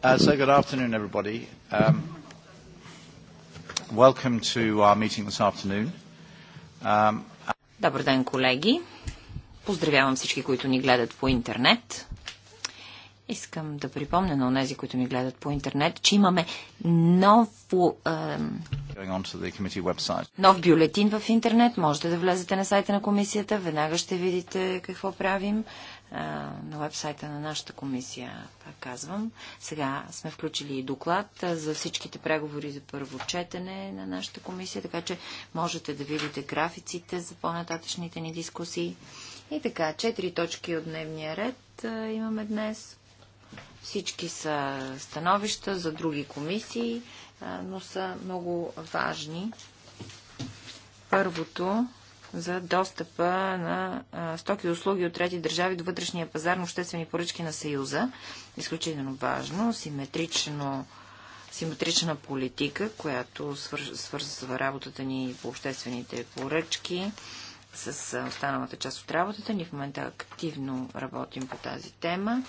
Uh, so good afternoon, everybody. Um, welcome to our meeting this afternoon. Um, Добър ден, колеги! Поздравявам всички, които ни гледат по интернет. Искам да припомня на онези, които ни гледат по интернет, че имаме ново, website. нов бюлетин в интернет. Можете да влезете на сайта на комисията, веднага ще видите какво правим на вебсайта на нашата комисия, пак казвам. Сега сме включили и доклад за всичките преговори за първо четене на нашата комисия, така че можете да видите графиците за по-нататъчните ни дискусии. И така, четири точки от дневния ред имаме днес. Всички са становища за други комисии, но са много важни. Първото за достъпа на стоки и услуги от трети държави до вътрешния пазар на обществени поръчки на Съюза. Изключително важно, симетрично симетрична политика, която свър... свързва работата ни по обществените поръчки с останалата част от работата. Ние в момента активно работим по тази тема.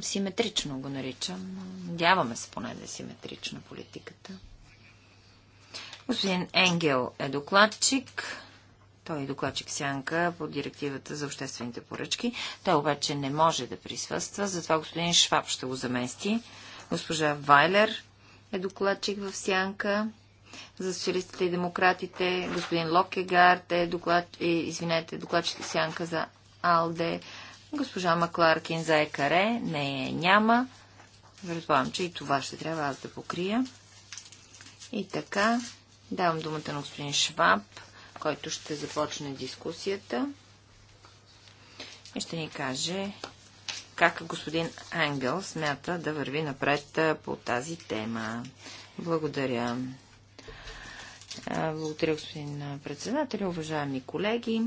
Симетрично го наричам. Надяваме се поне да е симетрична политиката. Господин Енгел е докладчик. Той е докладчик сянка по директивата за обществените поръчки. Той обаче не може да присъства, затова господин Шваб ще го замести. Госпожа Вайлер е докладчик в сянка за социалистите и демократите. Господин Локегард е доклад... Е, извинете, докладчик сянка за Алде. Госпожа Макларкин за Екаре. Не е, няма. Предполагам, че и това ще трябва аз да покрия. И така, Давам думата на господин Шваб, който ще започне дискусията и ще ни каже как господин Ангел смята да върви напред по тази тема. Благодаря. Благодаря, господин председател, уважаеми колеги.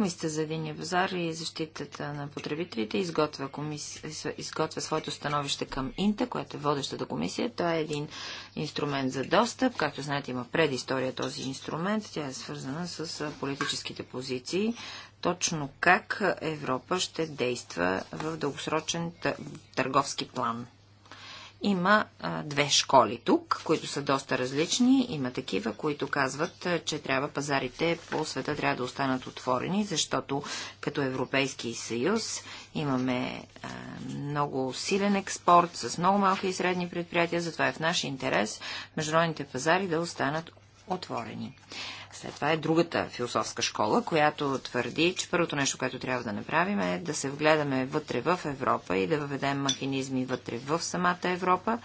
Комисията за единния пазар и защитата на потребителите изготвя, комис... изготвя своето становище към Инта, което е водещата комисия. Това е един инструмент за достъп. Както знаете, има предистория този инструмент. Тя е свързана с политическите позиции. Точно как Европа ще действа в дългосрочен търговски план. Има а, две школи тук, които са доста различни. Има такива, които казват, че трябва пазарите по света трябва да останат отворени, защото като Европейски съюз имаме а, много силен експорт с много малки и средни предприятия, затова е в наш интерес международните пазари да останат отворени. След това е другата философска школа, която твърди, че първото нещо, което трябва да направим е да се вгледаме вътре в Европа и да въведем механизми вътре в самата Европа,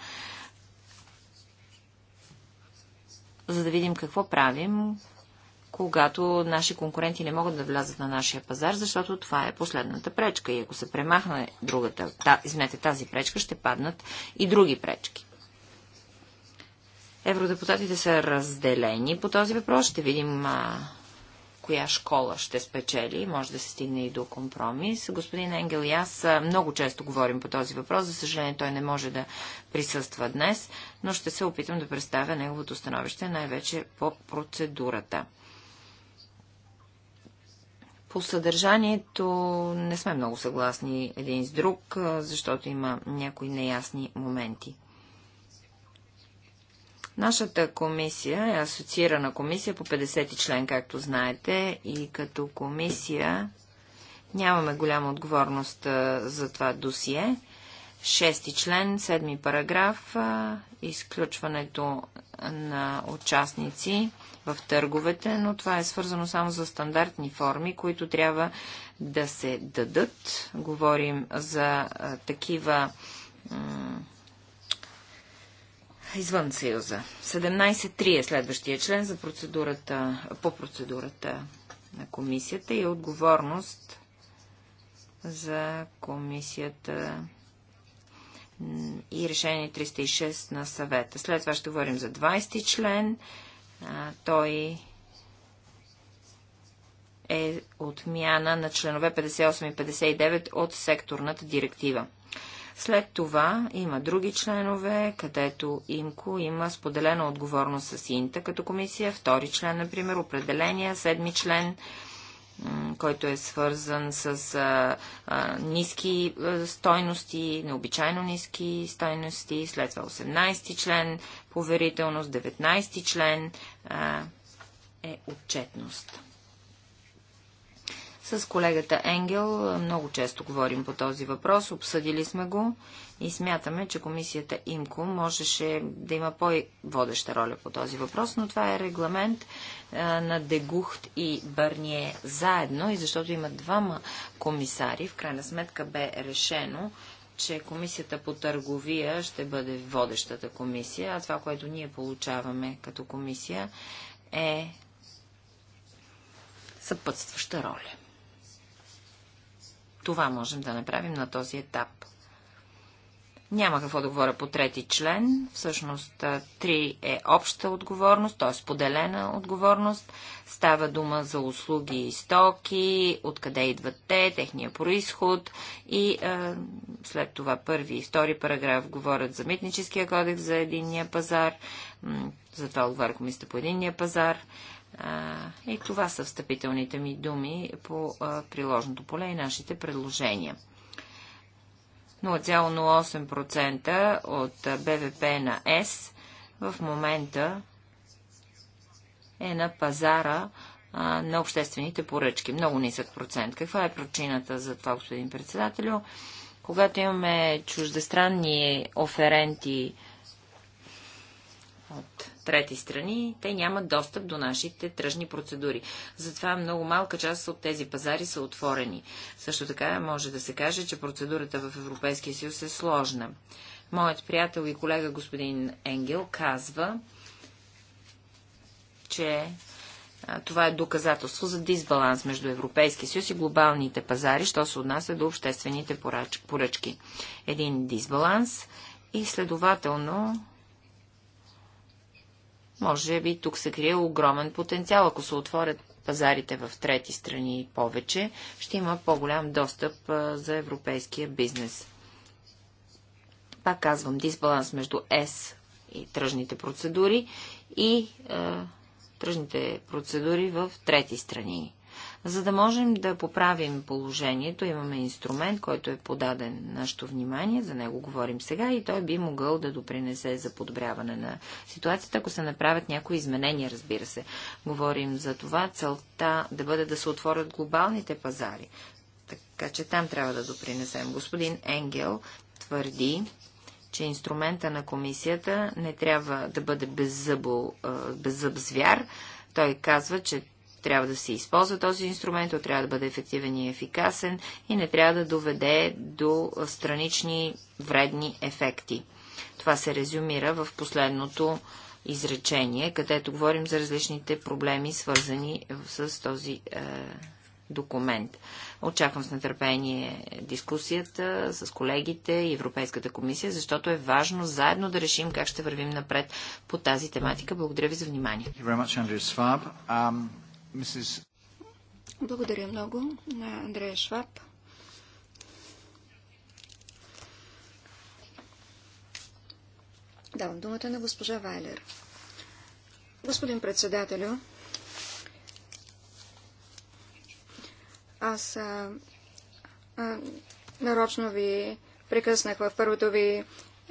за да видим какво правим, когато наши конкуренти не могат да влязат на нашия пазар, защото това е последната пречка. И ако се премахне другата, та, извинете, тази пречка, ще паднат и други пречки. Евродепутатите са разделени по този въпрос. Ще видим а, коя школа ще спечели. Може да се стигне и до компромис. Господин Енгел и аз много често говорим по този въпрос. За съжаление, той не може да присъства днес, но ще се опитам да представя неговото становище, най-вече по процедурата. По съдържанието не сме много съгласни един с друг, защото има някои неясни моменти. Нашата комисия е асоциирана комисия по 50 член, както знаете, и като комисия нямаме голяма отговорност за това досие. Шести член, седми параграф, изключването на участници в търговете, но това е свързано само за стандартни форми, които трябва да се дадат. Говорим за такива извън Съюза. 17.3 е следващия член за процедурата, по процедурата на комисията и отговорност за комисията и решение 306 на съвета. След това ще говорим за 20 член. А, той е отмяна на членове 58 и 59 от секторната директива. След това има други членове, където ИМКО има споделена отговорност с ИНТА като комисия, втори член, например, определения, седми член, който е свързан с а, а, ниски стойности, необичайно ниски стойности, след това 18-ти член поверителност, 19-ти член а, е отчетност. С колегата Енгел много често говорим по този въпрос, обсъдили сме го и смятаме, че комисията ИМКО можеше да има по-водеща роля по този въпрос, но това е регламент на Дегухт и Бърние заедно и защото има двама комисари, в крайна сметка бе решено, че комисията по търговия ще бъде водещата комисия, а това, което ние получаваме като комисия е съпътстваща роля. Това можем да направим на този етап. Няма какво да говоря по трети член. Всъщност, три е обща отговорност, т.е. поделена отговорност. Става дума за услуги и стоки, откъде идват те, техния происход и е, след това първи и втори параграф говорят за митническия кодекс, за единния пазар. Затова отговаря комисията по единния пазар и това са встъпителните ми думи по приложното поле и нашите предложения. 0,08% от БВП на ЕС в момента е на пазара на обществените поръчки. Много нисък процент. Каква е причината за това, господин председателю? Когато имаме чуждестранни оференти от трети страни, те нямат достъп до нашите тръжни процедури. Затова много малка част от тези пазари са отворени. Също така може да се каже, че процедурата в Европейския съюз е сложна. Моят приятел и колега господин Енгел казва, че това е доказателство за дисбаланс между Европейския съюз и глобалните пазари, що се отнася до обществените поръчки. Един дисбаланс и следователно може би тук се крие огромен потенциал. Ако се отворят пазарите в трети страни повече, ще има по-голям достъп за европейския бизнес. Пак казвам, дисбаланс между ЕС и тръжните процедури и е, тръжните процедури в трети страни. За да можем да поправим положението, имаме инструмент, който е подаден нашето внимание, за него говорим сега и той би могъл да допринесе за подобряване на ситуацията, ако се направят някои изменения, разбира се. Говорим за това целта да бъде да се отворят глобалните пазари. Така че там трябва да допринесем. Господин Енгел твърди, че инструмента на комисията не трябва да бъде беззъбо, беззъб звяр. Той казва, че трябва да се използва този инструмент, той трябва да бъде ефективен и ефикасен и не трябва да доведе до странични вредни ефекти. Това се резюмира в последното изречение, където говорим за различните проблеми, свързани с този е, документ. Очаквам с нетърпение дискусията с колегите и Европейската комисия, защото е важно заедно да решим как ще вървим напред по тази тематика. Благодаря ви за внимание. Mrs. Благодаря много на Андрея Шваб. Давам думата на госпожа Вайлер. Господин председателю, аз а, а, нарочно ви прекъснах в първото ви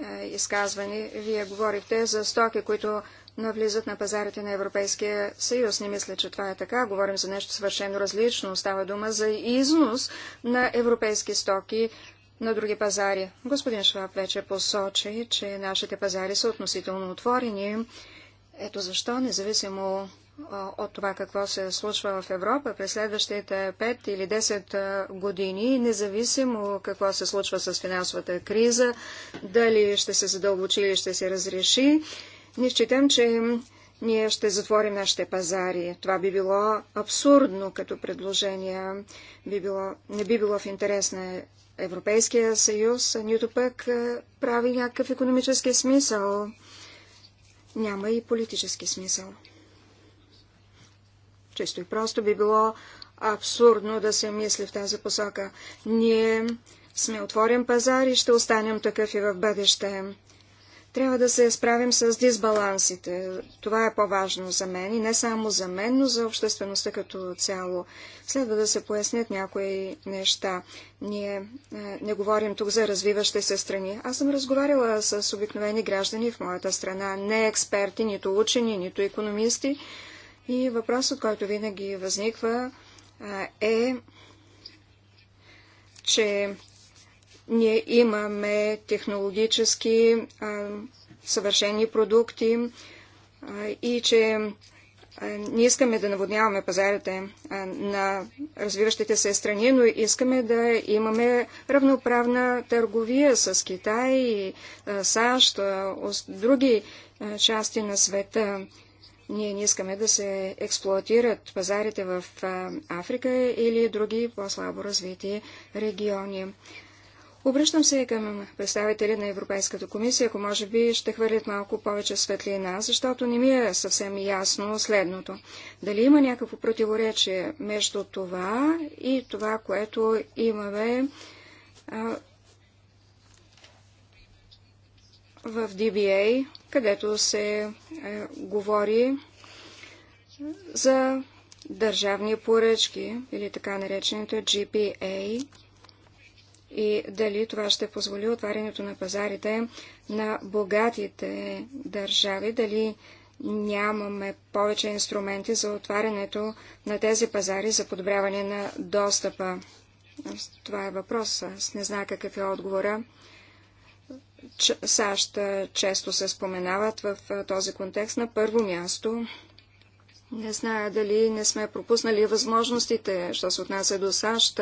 а, изказване. Вие говорихте за стоки, които навлизат на пазарите на Европейския съюз. Не мисля, че това е така. Говорим за нещо съвършено различно. Става дума за износ на европейски стоки на други пазари. Господин Шваб вече посочи, че нашите пазари са относително отворени. Ето защо, независимо от това какво се случва в Европа през следващите 5 или 10 години, независимо какво се случва с финансовата криза, дали ще се задълбочи или ще се разреши, не считам, че ние ще затворим нашите пазари. Това би било абсурдно като предложение. Би било, не би било в интерес на Европейския съюз, нито пък прави някакъв економически смисъл. Няма и политически смисъл. Често и просто би било абсурдно да се мисли в тази посока. Ние сме отворен пазар и ще останем такъв и в бъдеще. Трябва да се справим с дисбалансите. Това е по-важно за мен и не само за мен, но за обществеността като цяло. Следва да се пояснят някои неща. Ние е, не говорим тук за развиващи се страни. Аз съм разговаряла с обикновени граждани в моята страна, не експерти, нито учени, нито економисти. И въпросът, който винаги възниква е, че ние имаме технологически а, съвършени продукти а, и че а, не искаме да наводняваме пазарите а, на развиващите се страни, но искаме да имаме равноправна търговия с Китай, и, а, САЩ, а, с други а, части на света. Ние не искаме да се експлуатират пазарите в Африка или други по-слабо развити региони. Обръщам се и към представители на Европейската комисия, ако може би ще хвърлят малко повече светлина, защото не ми е съвсем ясно следното. Дали има някакво противоречие между това и това, което имаме а, в DBA, където се е, говори за държавни поръчки или така наречените GPA, и дали това ще позволи отварянето на пазарите на богатите държави, дали нямаме повече инструменти за отварянето на тези пазари за подобряване на достъпа. Това е въпрос. Аз не знам какъв е отговора. Ч САЩ често се споменават в този контекст. На първо място не зная дали не сме пропуснали възможностите, що се отнася до САЩ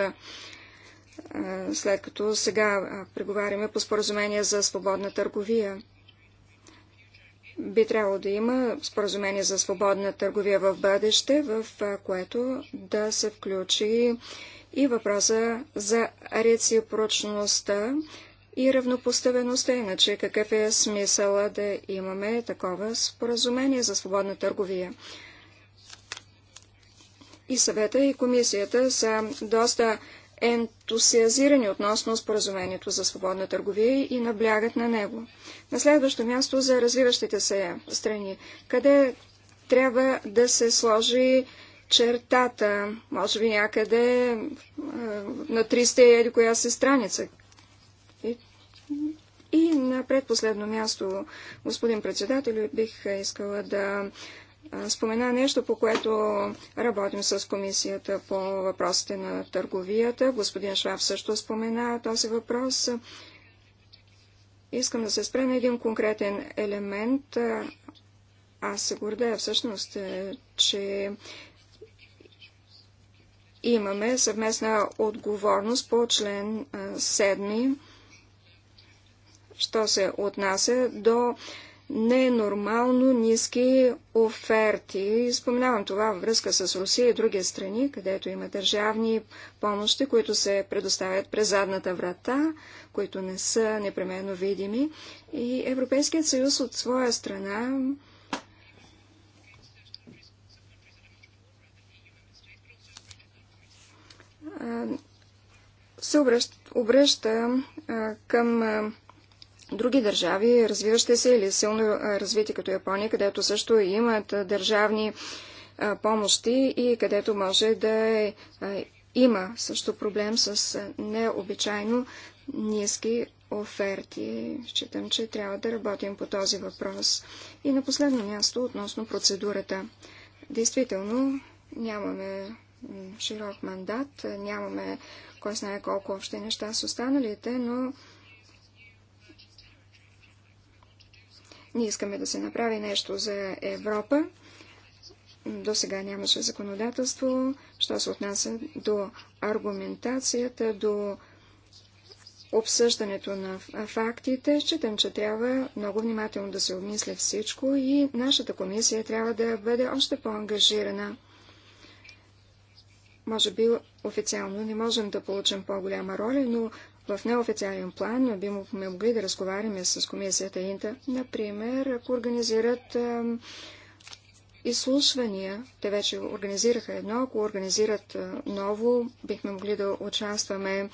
след като сега преговаряме по споразумение за свободна търговия. Би трябвало да има споразумение за свободна търговия в бъдеще, в което да се включи и въпроса за реципрочността и равнопоставеността. Иначе какъв е смисъла да имаме такова споразумение за свободна търговия? И съвета и комисията са доста ентусиазирани относно споразумението за свободна търговия и наблягат на него. На следващо място за развиващите се страни, къде трябва да се сложи чертата, може би някъде на 300 или коя се страница. И, и на предпоследно място, господин председател, бих искала да спомена нещо, по което работим с комисията по въпросите на търговията. Господин Шваб също спомена този въпрос. Искам да се спре на един конкретен елемент. Аз се гордея всъщност, е, че имаме съвместна отговорност по член 7, що се отнася до ненормално е ниски оферти. Споменавам това във връзка с Русия и други страни, където има държавни помощи, които се предоставят през задната врата, които не са непременно видими. И Европейският съюз от своя страна се обръща, обръща към други държави, развиващи се или силно развити като Япония, където също имат държавни помощи и където може да е, има също проблем с необичайно ниски оферти. Считам, че трябва да работим по този въпрос. И на последно място относно процедурата. Действително, нямаме широк мандат, нямаме кой знае колко още неща са останалите, но Ние искаме да се направи нещо за Европа. До сега нямаше законодателство, що се отнася до аргументацията, до обсъждането на фактите. Считам, че трябва много внимателно да се обмисля всичко и нашата комисия трябва да бъде още по-ангажирана. Може би официално не можем да получим по-голяма роля, но в неофициален план бихме могли да разговаряме с комисията Инта, например, ако организират изслушвания. Те вече организираха едно, ако организират ново, бихме могли да участваме.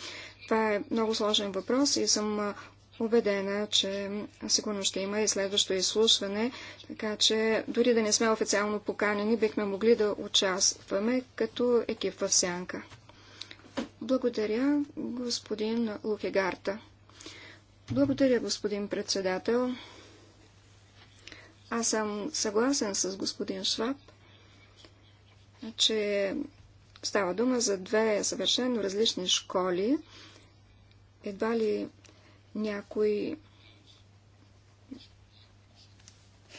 Това е много сложен въпрос и съм убедена, че сигурно ще има и следващо изслушване, така че дори да не сме официално поканени, бихме могли да участваме като екип в сянка. Благодаря, господин Лукегарта. Благодаря, господин председател. Аз съм съгласен с господин Шваб, че става дума за две съвършено различни школи. Едва ли някой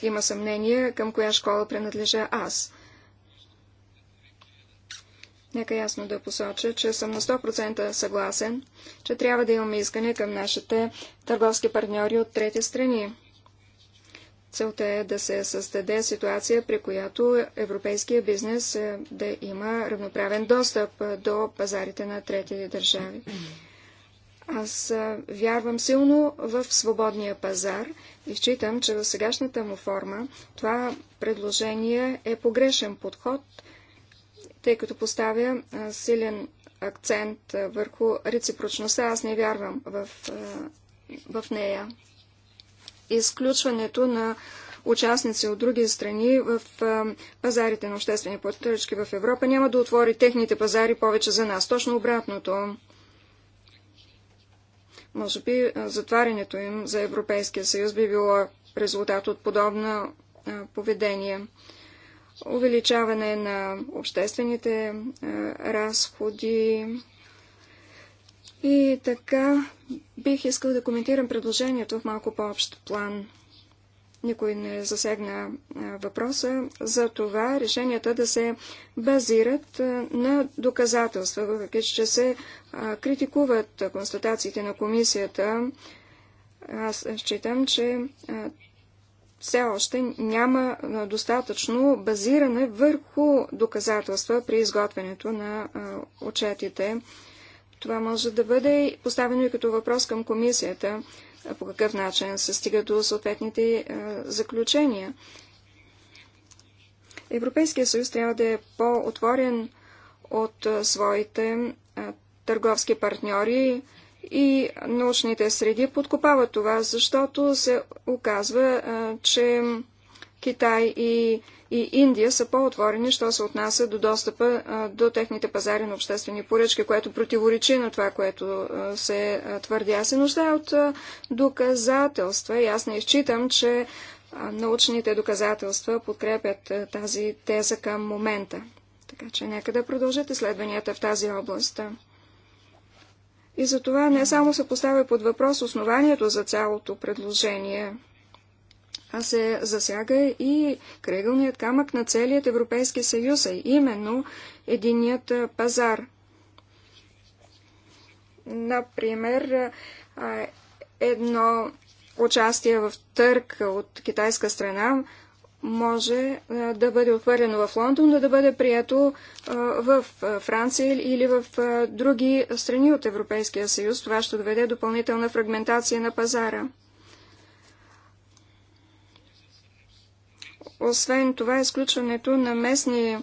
има съмнение към коя школа принадлежа аз. Нека ясно да посоча, че съм на 100% съгласен, че трябва да имаме искане към нашите търговски партньори от трети страни. Целта е да се създаде ситуация, при която европейския бизнес е, да има равноправен достъп е, до пазарите на трети държави. Аз е, вярвам силно в свободния пазар и считам, че в сегашната му форма това предложение е погрешен подход – тъй като поставя силен акцент върху реципрочността. Аз не вярвам в, в нея. Изключването на участници от други страни в пазарите на обществени поръчки в Европа няма да отвори техните пазари повече за нас. Точно обратното. Може би затварянето им за Европейския съюз би било резултат от подобно поведение увеличаване на обществените е, разходи. И така бих искал да коментирам предложението в малко по-общ план. Никой не засегна е, въпроса за това решенията да се базират е, на доказателства, въпреки че се критикуват констатациите на комисията. Аз считам, че все още няма достатъчно базиране върху доказателства при изготвянето на отчетите. Това може да бъде поставено и като въпрос към комисията, по какъв начин се стига до съответните заключения. Европейския съюз трябва да е по-отворен от своите търговски партньори и научните среди подкопават това, защото се оказва, че Китай и, и Индия са по-отворени, що се отнася до достъпа до техните пазари на обществени поръчки, което противоречи на това, което се твърди. Аз се нуждая от доказателства и аз не изчитам, че научните доказателства подкрепят тази теза към момента. Така че нека да продължат изследванията в тази област. И за това не само се поставя под въпрос основанието за цялото предложение, а се засяга и кръгълният камък на целият Европейски съюз, а именно единият пазар. Например, едно участие в търг от китайска страна може е, да бъде отвърлено в Лондон, но да бъде прието е, в е, Франция или в други страни от Европейския съюз. Това ще доведе допълнителна фрагментация на пазара. Освен това, изключването на местни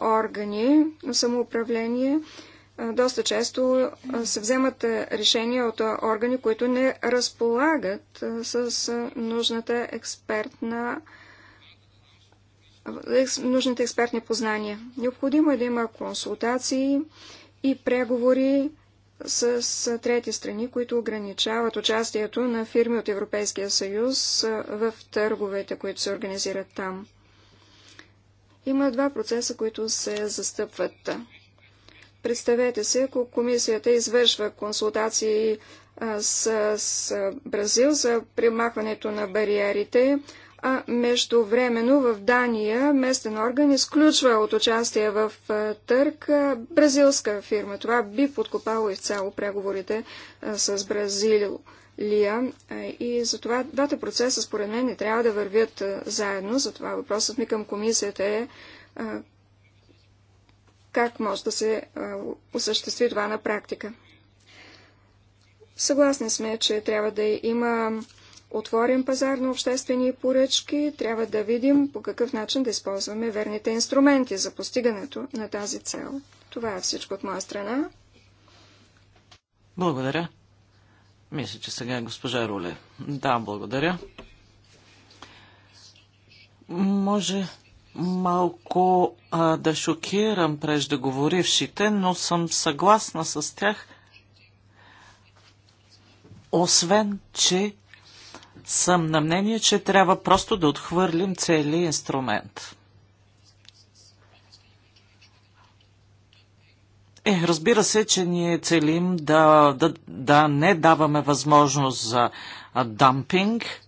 органи на самоуправление доста често се вземат решения от органи, които не разполагат с нужната експертна нужните експертни познания. Необходимо е да има консултации и преговори с трети страни, които ограничават участието на фирми от Европейския съюз в търговете, които се организират там. Има два процеса, които се застъпват. Представете се, ако комисията извършва консултации с, с Бразил за примахването на бариерите, а междувременно в Дания местен орган изключва от участие в търг бразилска фирма. Това би подкопало изцяло преговорите с Бразилия. Лия. И затова двата процеса, според мен, не трябва да вървят заедно. Затова въпросът ми към комисията е как може да се осъществи това на практика. Съгласни сме, че трябва да има отворен пазар на обществени поръчки, трябва да видим по какъв начин да използваме верните инструменти за постигането на тази цел. Това е всичко от моя страна. Благодаря. Мисля, че сега е госпожа Руле. Да, благодаря. Може малко а, да шокирам преждеговорившите, но съм съгласна с тях, освен, че съм на мнение, че трябва просто да отхвърлим целият инструмент. Е, разбира се, че ние целим да, да, да не даваме възможност за дампинг –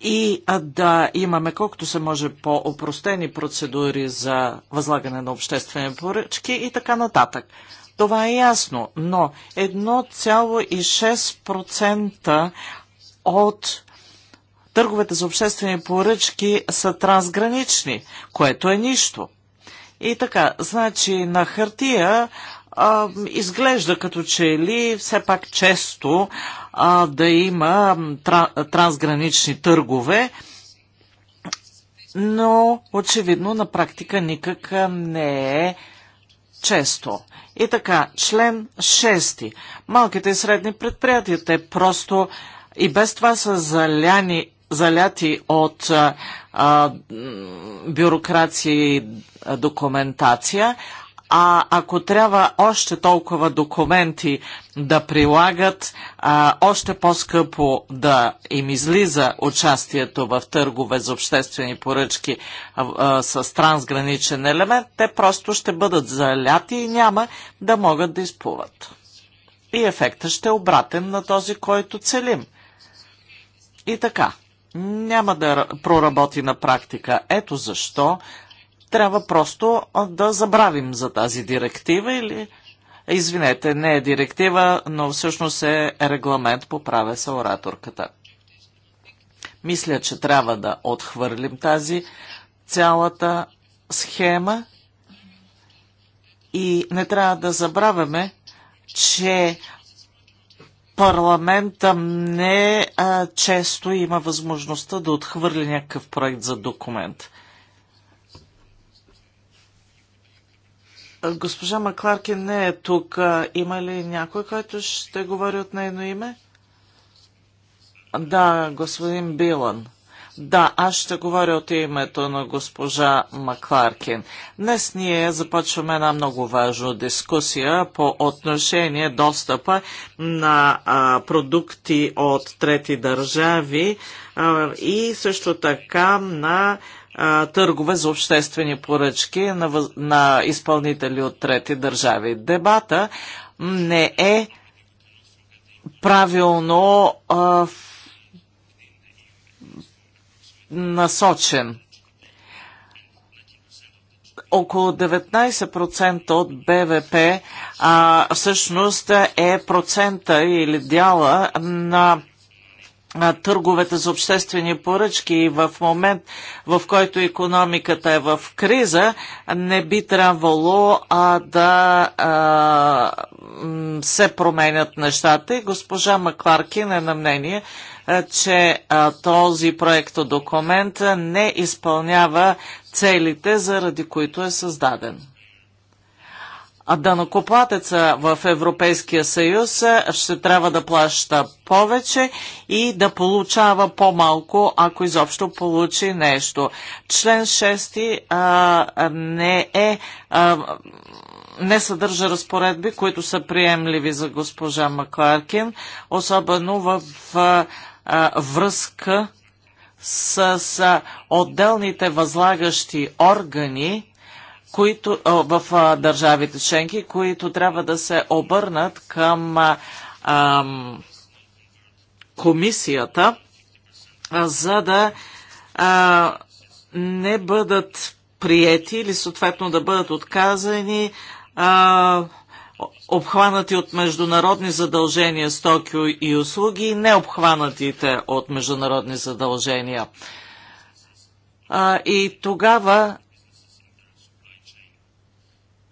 и да имаме колкото се може по-опростени процедури за възлагане на обществени поръчки и така нататък. Това е ясно, но 1,6% от търговете за обществени поръчки са трансгранични, което е нищо. И така, значи на хартия а, изглежда като че ли все пак често а, да има трансгранични търгове, но очевидно на практика никак не е често. И така, член 6. Малките и средни предприятия, те просто и без това са заляни, заляти от а, бюрокрация и документация, а ако трябва още толкова документи да прилагат, а, още по-скъпо да им излиза участието в търгове за обществени поръчки а, а, с трансграничен елемент, те просто ще бъдат заляти и няма да могат да изплуват. И ефектът ще е обратен на този, който целим. И така, няма да проработи на практика. Ето защо трябва просто да забравим за тази директива или... Извинете, не е директива, но всъщност е регламент, поправя се ораторката. Мисля, че трябва да отхвърлим тази цялата схема и не трябва да забравяме, че парламента не а, често има възможността да отхвърли някакъв проект за документ. Госпожа Макларкин не е тук. Има ли някой, който ще говори от нейно име? Да, господин Билан. Да, аз ще говоря от името на госпожа Макларкин. Днес ние започваме една много важна дискусия по отношение достъпа на а, продукти от трети държави а, и също така на търгове за обществени поръчки на, въз... на изпълнители от трети държави. Дебата не е правилно а, насочен. Около 19% от БВП а, всъщност е процента или дяла на търговете за обществени поръчки и в момент, в който економиката е в криза, не би трябвало а, да а, се променят нещата. И госпожа Макларкин е на мнение, а, че а, този проект документ не изпълнява целите, заради които е създаден данокоплатеца в Европейския съюз е, ще трябва да плаща повече и да получава по-малко, ако изобщо получи нещо. Член 6 а, не е а, не съдържа разпоредби, които са приемливи за госпожа Макларкин, особено в връзка с, с отделните възлагащи органи, които, в държавите членки, които трябва да се обърнат към ам, комисията, за да а, не бъдат приети или съответно да бъдат отказани а, обхванати от международни задължения стоки и услуги и необхванатите от международни задължения. А, и тогава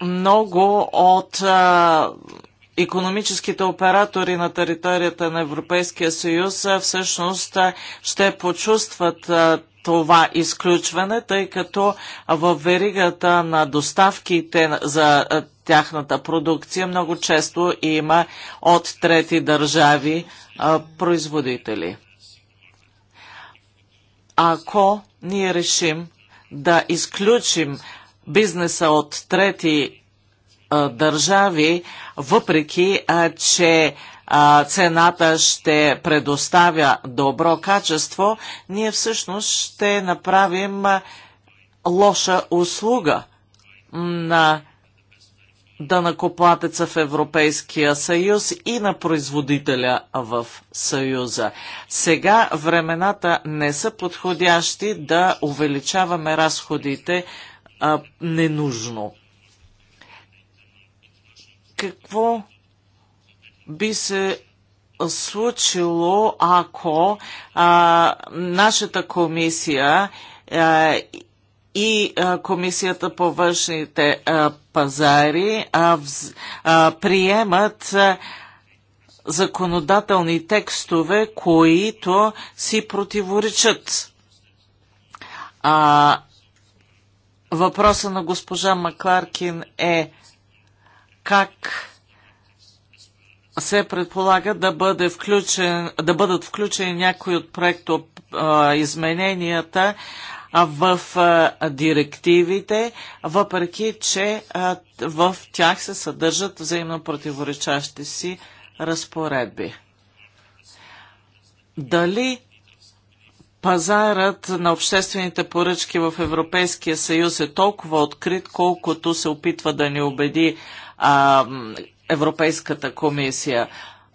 много от а, економическите оператори на територията на Европейския съюз а, всъщност а, ще почувстват а, това изключване, тъй като в веригата на доставките за тяхната продукция много често има от трети държави а, производители. Ако ние решим да изключим бизнеса от трети а, държави, въпреки а, че а, цената ще предоставя добро качество, ние всъщност ще направим лоша услуга на данакоплатеца в Европейския съюз и на производителя в съюза. Сега времената не са подходящи да увеличаваме разходите а, ненужно. Какво би се случило, ако а, нашата комисия а, и а, Комисията по външните а, пазари а, вз, а, приемат а, законодателни текстове, които си противоречат. А, Въпроса на госпожа Макларкин е как се предполага да, бъде включен, да бъдат включени някои от проекто измененията в директивите, въпреки че в тях се съдържат взаимно противоречащи си разпоредби. Дали пазарът на обществените поръчки в Европейския съюз е толкова открит, колкото се опитва да ни убеди а, Европейската комисия.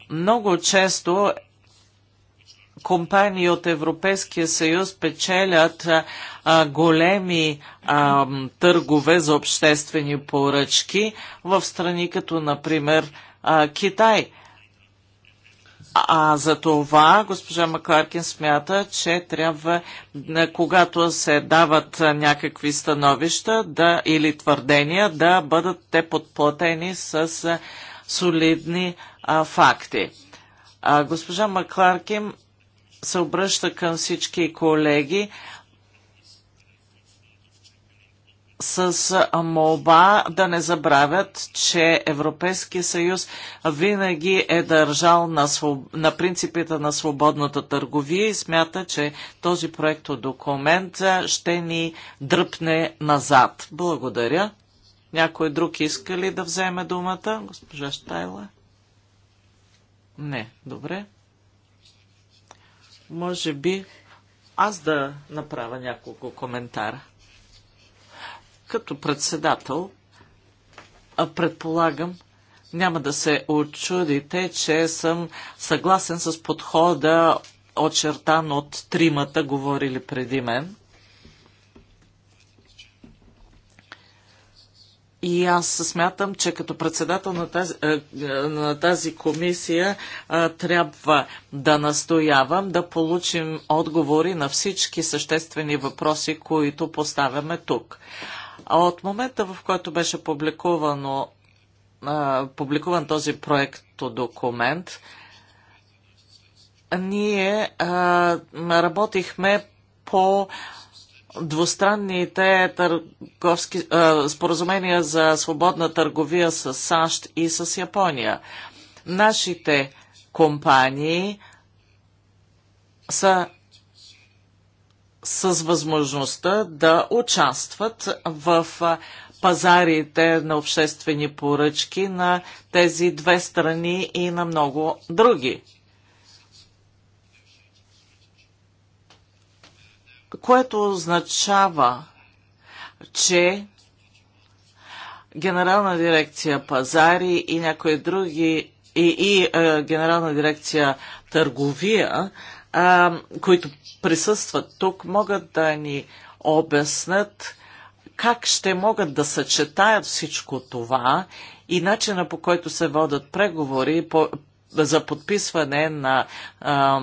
Много често компании от Европейския съюз печелят а, големи а, търгове за обществени поръчки в страни като, например, а, Китай – а за това госпожа Макларкин смята, че трябва, когато се дават някакви становища да, или твърдения, да бъдат те подплатени с солидни а, факти. А, госпожа Макларкин се обръща към всички колеги с молба да не забравят, че Европейския съюз винаги е държал на, своб... на принципите на свободната търговия и смята, че този проект от документ ще ни дръпне назад. Благодаря. Някой друг иска ли да вземе думата? Госпожа Штайла? Не, добре. Може би аз да направя няколко коментара. Като председател, предполагам, няма да се очудите, че съм съгласен с подхода очертан от тримата, говорили преди мен. И аз смятам, че като председател на тази, е, е, на тази комисия е, трябва да настоявам да получим отговори на всички съществени въпроси, които поставяме тук. А от момента, в който беше публикувано, а, публикуван този проект документ, ние а, работихме по двустранните търговски а, споразумения за свободна търговия с САЩ и с Япония. Нашите компании са с възможността да участват в пазарите на обществени поръчки на тези две страни и на много други. Което означава, че Генерална дирекция пазари и някои други и, и е, Генерална дирекция търговия а, които присъстват тук, могат да ни обяснат как ще могат да съчетаят всичко това и начина по който се водят преговори по, за подписване на а,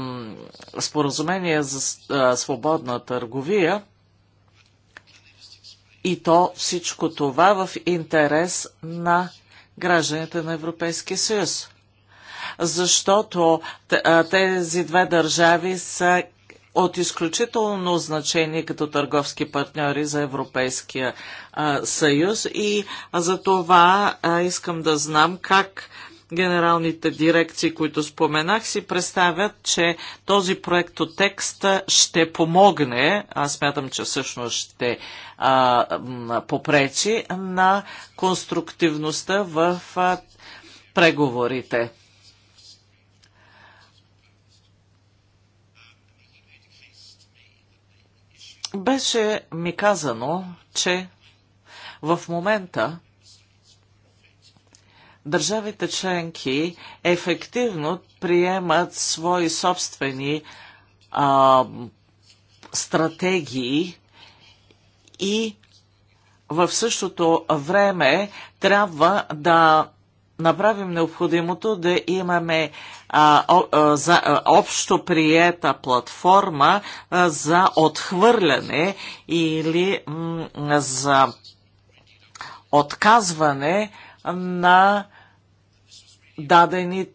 споразумение за а, свободна търговия и то всичко това в интерес на гражданите на Европейския съюз защото тези две държави са от изключително значение като търговски партньори за Европейския а, съюз и за това а, искам да знам как генералните дирекции, които споменах, си представят, че този проект от текста ще помогне, аз смятам, че всъщност ще а, попречи на конструктивността в а, преговорите. Беше ми казано, че в момента държавите членки ефективно приемат свои собствени а, стратегии и в същото време трябва да направим необходимото да имаме а, а, за, а, общо приета платформа а, за отхвърляне или м, за отказване на дадени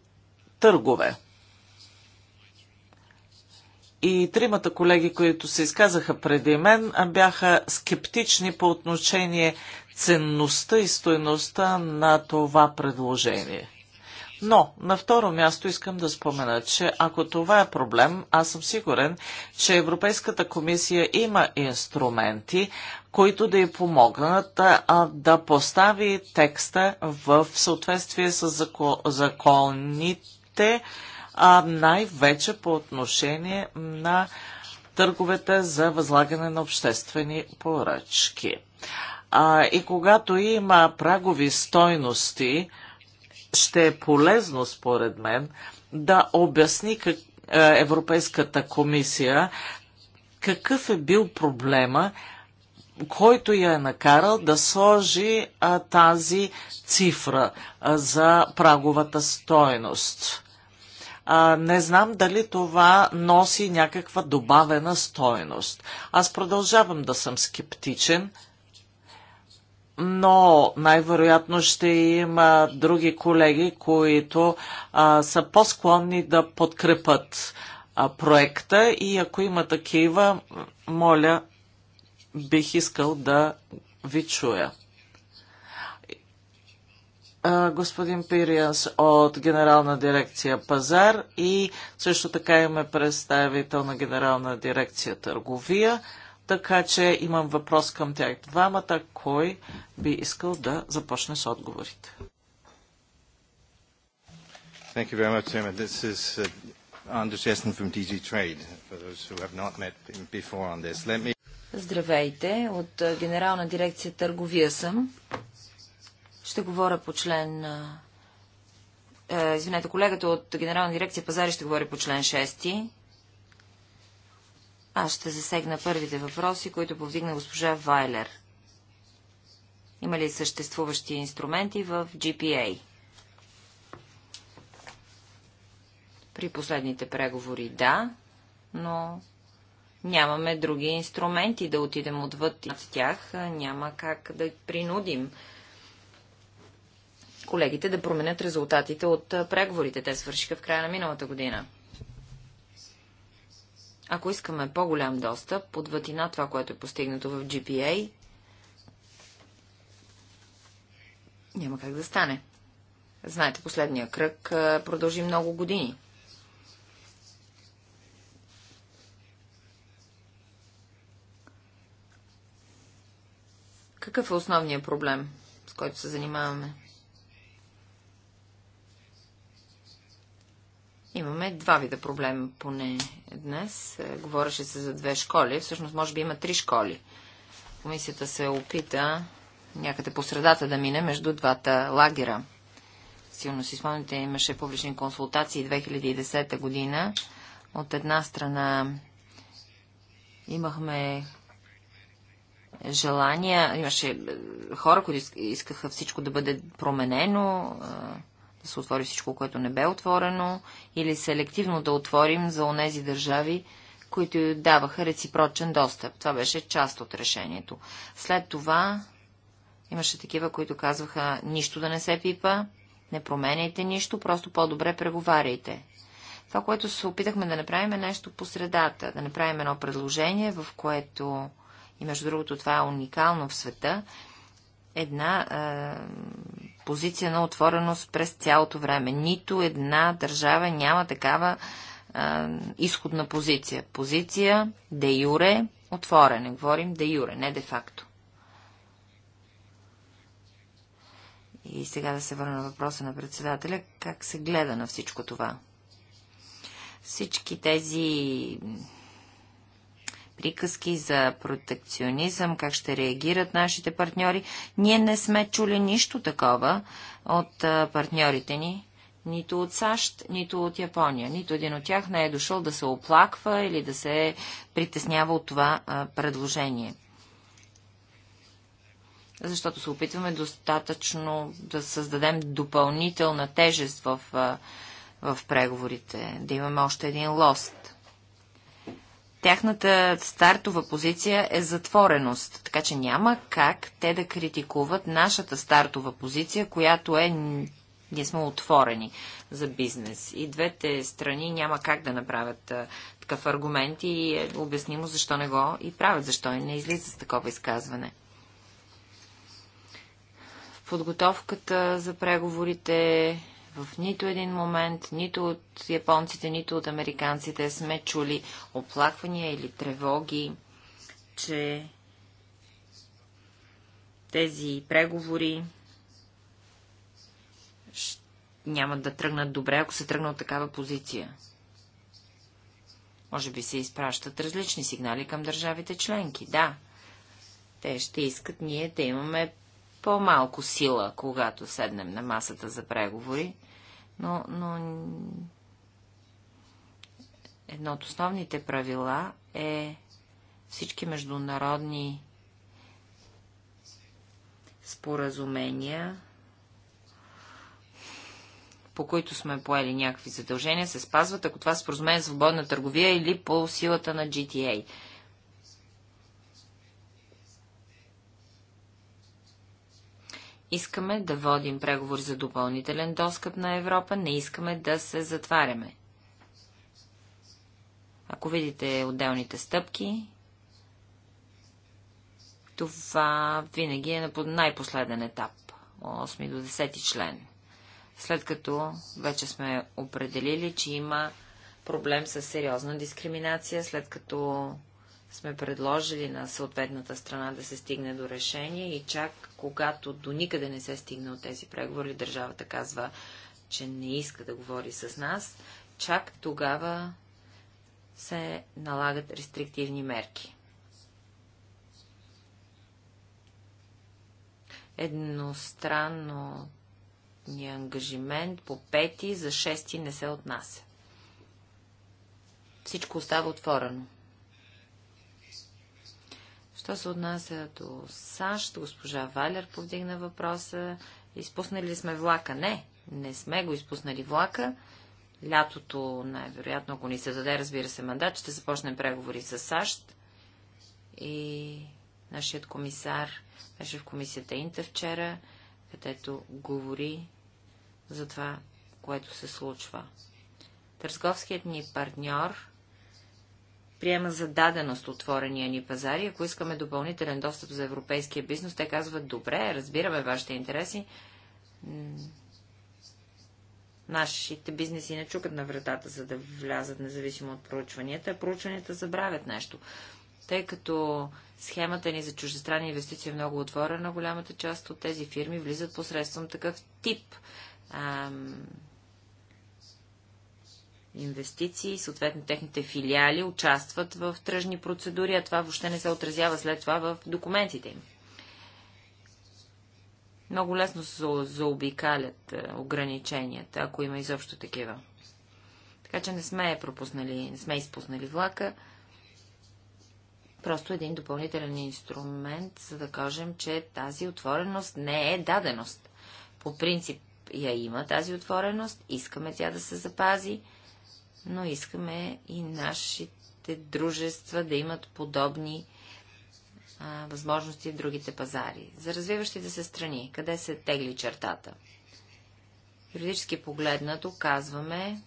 търгове. И тримата колеги, които се изказаха преди мен, бяха скептични по отношение ценността и стоеността на това предложение. Но на второ място искам да спомена, че ако това е проблем, аз съм сигурен, че Европейската комисия има инструменти, които да й помогнат да, да постави текста в съответствие с закон, законите, най-вече по отношение на търговете за възлагане на обществени поръчки. А, и когато има прагови стойности, ще е полезно, според мен, да обясни как, а, е, Европейската комисия какъв е бил проблема, който я е накарал да сложи а, тази цифра а, за праговата стойност. А, не знам дали това носи някаква добавена стойност. Аз продължавам да съм скептичен но най-вероятно ще има други колеги, които а, са по-склонни да подкрепят а, проекта и ако има такива, моля, бих искал да ви чуя. А, господин Пирианс от Генерална дирекция Пазар и също така имаме представител на Генерална дирекция Търговия така че имам въпрос към тях двамата. Кой би искал да започне с отговорите? Thank you very much, This is uh, Anders Jessen from DG Trade, for those who have not met before on this. Let me... Здравейте, от uh, Генерална дирекция Търговия съм. Ще говоря по член... Uh, извинете, колегата от Генерална дирекция Пазари ще говори по член 6. Аз ще засегна първите въпроси, които повдигна госпожа Вайлер. Има ли съществуващи инструменти в GPA? При последните преговори да, но нямаме други инструменти да отидем отвъд от тях. Няма как да принудим колегите да променят резултатите от преговорите. Те свършиха в края на миналата година. Ако искаме по-голям достъп, вътина това, което е постигнато в GPA, няма как да стане. Знаете, последния кръг продължи много години. Какъв е основният проблем, с който се занимаваме? Имаме два вида проблем поне днес. Е, говореше се за две школи. Всъщност, може би има три школи. Комисията се опита някъде по средата да мине между двата лагера. Силно си спомните, имаше публични консултации 2010 година. От една страна имахме желания, имаше е, хора, които искаха всичко да бъде променено, да се отвори всичко, което не бе отворено, или селективно да отворим за онези държави, които даваха реципрочен достъп. Това беше част от решението. След това имаше такива, които казваха нищо да не се пипа, не променяйте нищо, просто по-добре преговаряйте. Това, което се опитахме да направим е нещо по средата, да направим едно предложение, в което, и между другото това е уникално в света, една е, позиция на отвореност през цялото време. Нито една държава няма такава а, изходна позиция. Позиция де юре отворене. Говорим де юре, не де факто. И сега да се върна на въпроса на председателя. Как се гледа на всичко това? Всички тези приказки за протекционизъм, как ще реагират нашите партньори. Ние не сме чули нищо такова от партньорите ни, нито от САЩ, нито от Япония. Нито един от тях не е дошъл да се оплаква или да се притеснява от това предложение защото се опитваме достатъчно да създадем допълнителна тежест в, в преговорите, да имаме още един лост тяхната стартова позиция е затвореност, така че няма как те да критикуват нашата стартова позиция, която е ние сме отворени за бизнес. И двете страни няма как да направят а, такъв аргумент и е обяснимо защо не го и правят, защо и не излиза с такова изказване. В подготовката за преговорите в нито един момент, нито от японците, нито от американците сме чули оплаквания или тревоги, че тези преговори нямат да тръгнат добре, ако се тръгна от такава позиция. Може би се изпращат различни сигнали към държавите членки. Да, те ще искат ние да имаме по-малко сила, когато седнем на масата за преговори, но, но едно от основните правила е всички международни споразумения, по които сме поели някакви задължения, се спазват, ако това споразумение е свободна търговия или по силата на GTA. Искаме да водим преговори за допълнителен достъп на Европа, не искаме да се затваряме. Ако видите отделните стъпки, това винаги е на най-последен етап, 8 до 10 член. След като вече сме определили, че има проблем с сериозна дискриминация, след като сме предложили на съответната страна да се стигне до решение и чак когато до никъде не се стигне от тези преговори, държавата казва, че не иска да говори с нас, чак тогава се налагат рестриктивни мерки. Едностранно ни ангажимент по пети за шести не се отнася. Всичко остава отворено. Що се отнася до САЩ, госпожа Валер повдигна въпроса. Изпуснали ли сме влака? Не, не сме го изпуснали влака. Лятото, най-вероятно, ако ни се даде, разбира се, мандат, ще започнем преговори с САЩ. И нашият комисар беше в комисията Инта вчера, където говори за това, което се случва. Търговският ни партньор приема за даденост отворения ни пазар и ако искаме допълнителен достъп за европейския бизнес, те казват, добре, разбираме вашите интереси. Нашите бизнеси не чукат на вратата, за да влязат независимо от проучванията, а проучванията забравят нещо. Тъй като схемата ни за чуждестранни инвестиции е много отворена, голямата част от тези фирми влизат посредством такъв тип ам, инвестиции, съответно техните филиали участват в тръжни процедури, а това въобще не се отразява след това в документите им. Много лесно се заобикалят е, ограниченията, ако има изобщо такива. Така че не сме пропуснали, не сме изпуснали влака. Просто един допълнителен инструмент, за да кажем, че тази отвореност не е даденост. По принцип я има тази отвореност, искаме тя да се запази, но искаме и нашите дружества да имат подобни а, възможности в другите пазари. За развиващите се страни, къде се тегли чертата? Юридически погледнато казваме,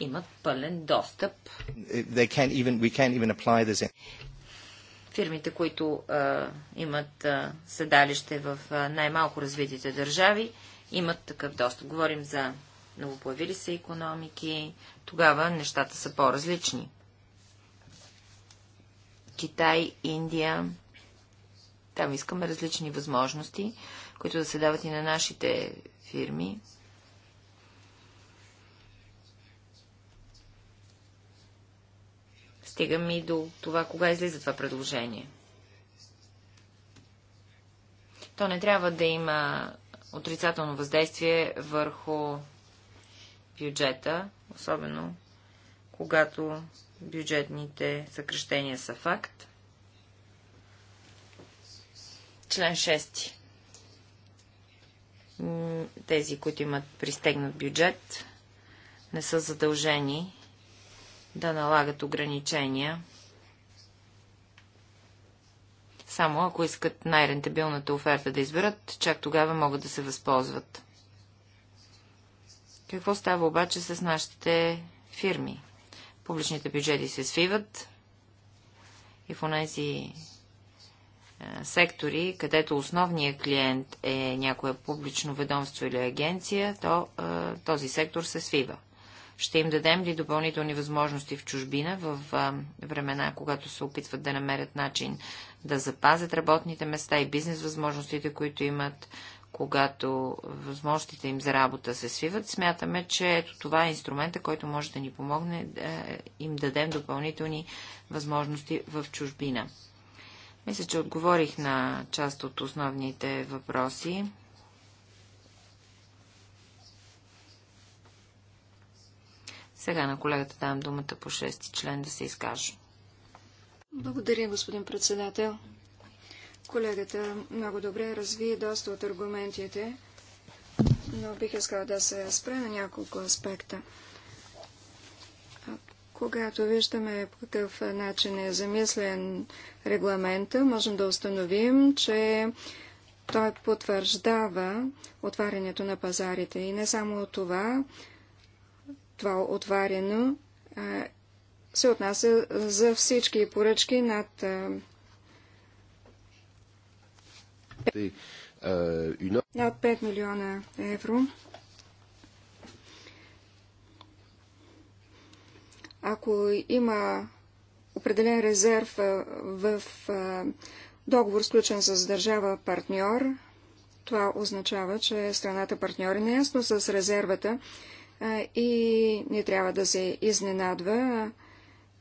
имат пълен достъп. Even, Фирмите, които а, имат а, седалище в най-малко развитите държави, имат такъв достъп. Говорим за новопоявили се економики, тогава нещата са по-различни. Китай, Индия, там искаме различни възможности, които да се дават и на нашите фирми, Стигаме и до това, кога излиза това предложение. То не трябва да има отрицателно въздействие върху бюджета, особено когато бюджетните съкрещения са факт. Член 6. Тези, които имат пристегнат бюджет, не са задължени да налагат ограничения, само ако искат най-рентабилната оферта да изберат, чак тогава могат да се възползват. Какво става обаче с нашите фирми? Публичните бюджети се свиват и в тези сектори, където основният клиент е някое публично ведомство или агенция, то този сектор се свива. Ще им дадем ли допълнителни възможности в чужбина, в времена, когато се опитват да намерят начин да запазят работните места и бизнес възможностите, които имат, когато възможностите им за работа се свиват, смятаме, че ето това е инструмента, който може да ни помогне да е, им дадем допълнителни възможности в чужбина. Мисля, че отговорих на част от основните въпроси. Сега на колегата давам думата по 6 член да се изкаже. Благодаря, господин председател. Колегата много добре разви доста от аргументите, но бих искала да се спре на няколко аспекта. Когато виждаме по какъв начин е замислен регламента, можем да установим, че той потвърждава отварянето на пазарите. И не само това, това отваряно се отнася за всички поръчки над е, е, над 5 милиона евро. Ако има определен резерв в договор, сключен с държава партньор, това означава, че страната партньор е неясно с резервата и не трябва да се изненадва,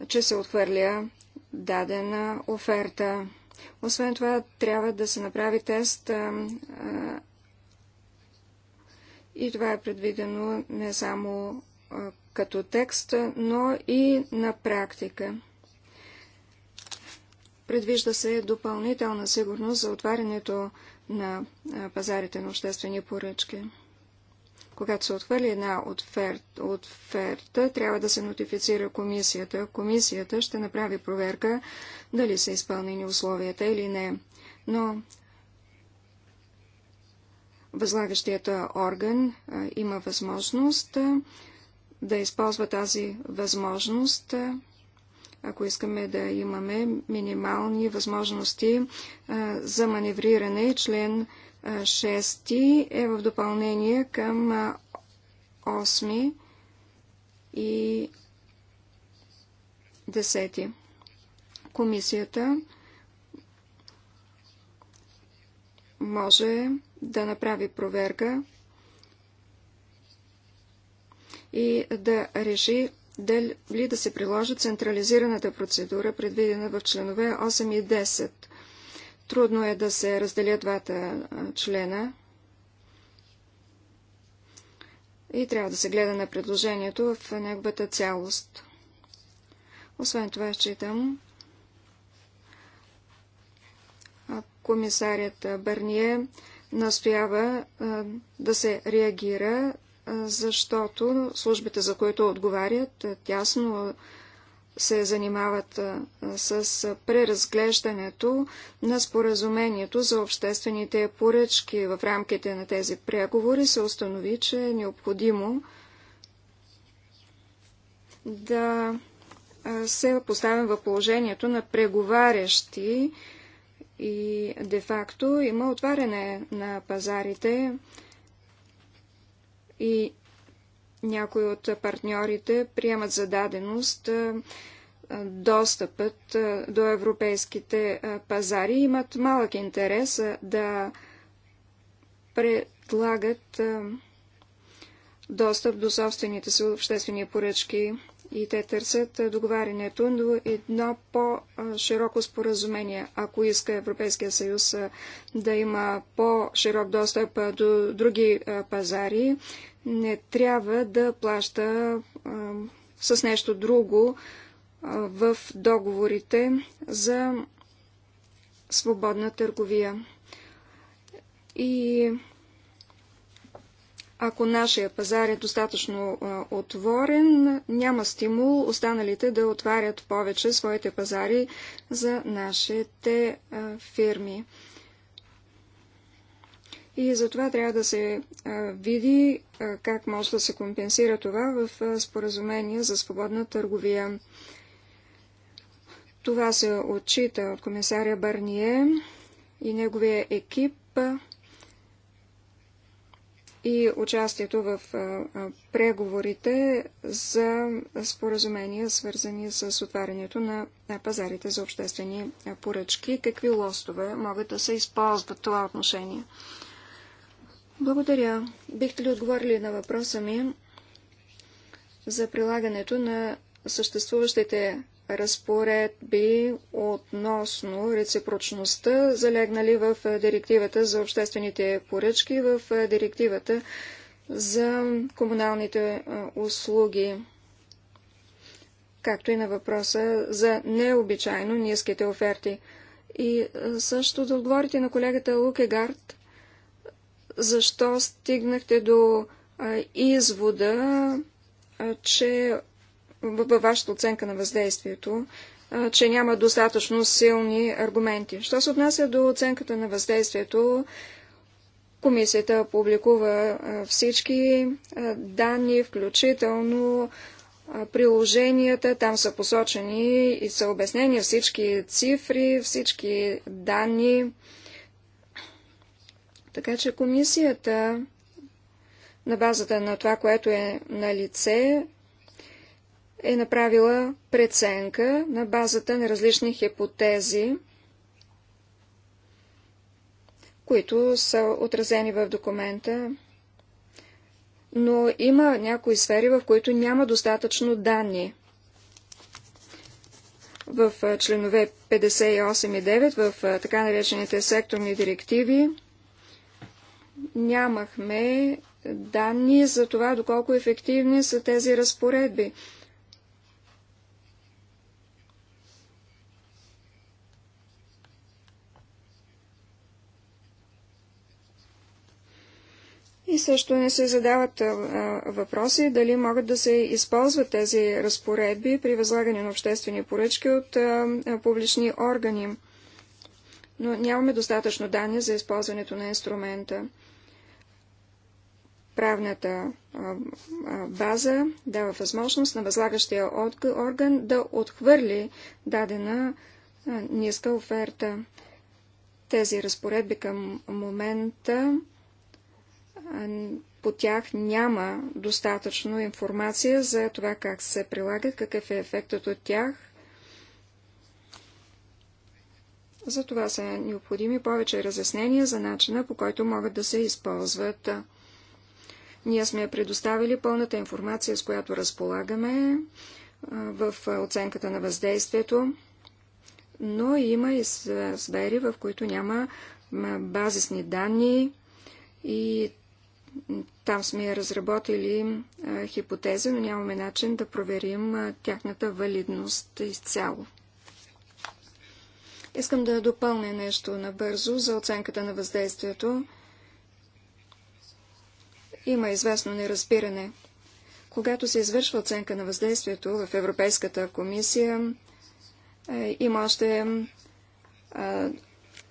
че се отхвърля дадена оферта. Освен това, трябва да се направи тест и това е предвидено не само като текст, но и на практика. Предвижда се допълнителна сигурност за отварянето на пазарите на обществени поръчки. Когато се отхвърли една оферта, трябва да се нотифицира комисията. Комисията ще направи проверка дали са изпълнени условията или не. Но възлагащият орган има възможност да използва тази възможност, ако искаме да имаме минимални възможности за маневриране, член 6 е в допълнение към 8 и 10. Комисията може да направи проверка и да реши дали да се приложи централизираната процедура, предвидена в членове 8 и 10 Трудно е да се разделят двата члена. И трябва да се гледа на предложението в неговата цялост. Освен това, считам, комисарят Бърние настоява да се реагира, защото службите, за които отговарят, тясно се занимават с преразглеждането на споразумението за обществените поръчки в рамките на тези преговори, се установи, че е необходимо да се поставим в положението на преговарящи и де-факто има отваряне на пазарите и някои от партньорите приемат за даденост достъпът до европейските пазари, и имат малък интерес да предлагат достъп до собствените си обществени поръчки и те търсят договарянето но едно по-широко споразумение. Ако иска Европейския съюз да има по-широк достъп до други пазари, не трябва да плаща с нещо друго в договорите за свободна търговия. И ако нашия пазар е достатъчно отворен, няма стимул останалите да отварят повече своите пазари за нашите фирми. И затова трябва да се види как може да се компенсира това в споразумение за свободна търговия. Това се отчита от комисаря Барние и неговия екип и участието в преговорите за споразумения, свързани с отварянето на пазарите за обществени поръчки. Какви лостове могат да се използват това отношение? Благодаря. Бихте ли отговорили на въпроса ми за прилагането на съществуващите разпоредби относно реципрочността, залегнали в е, директивата за обществените поръчки, в е, директивата за комуналните е, услуги, както и на въпроса за необичайно ниските оферти. И също да отговорите на колегата Лукегард, защо стигнахте до извода, че във вашата оценка на въздействието, че няма достатъчно силни аргументи. Що се отнася до оценката на въздействието, комисията публикува всички данни, включително приложенията, там са посочени и са обяснени всички цифри, всички данни. Така че комисията на базата на това, което е на лице, е направила преценка на базата на различни хипотези, които са отразени в документа. Но има някои сфери, в които няма достатъчно данни. В членове 58 и 9, в така наречените секторни директиви, нямахме данни за това, доколко ефективни са тези разпоредби. И също не се задават а, въпроси дали могат да се използват тези разпоредби при възлагане на обществени поръчки от а, публични органи. Но нямаме достатъчно данни за използването на инструмента. Правната а, база дава възможност на възлагащия орган да отхвърли дадена ниска оферта. Тези разпоредби към момента по тях няма достатъчно информация за това как се прилагат, какъв е ефектът от тях. За това са необходими повече разяснения за начина, по който могат да се използват. Ние сме предоставили пълната информация, с която разполагаме в оценката на въздействието, но има и сфери, в които няма базисни данни и там сме разработили хипотеза, но нямаме начин да проверим тяхната валидност изцяло. Искам да допълня нещо набързо за оценката на въздействието. Има известно неразбиране. Когато се извършва оценка на въздействието в Европейската комисия, е, има още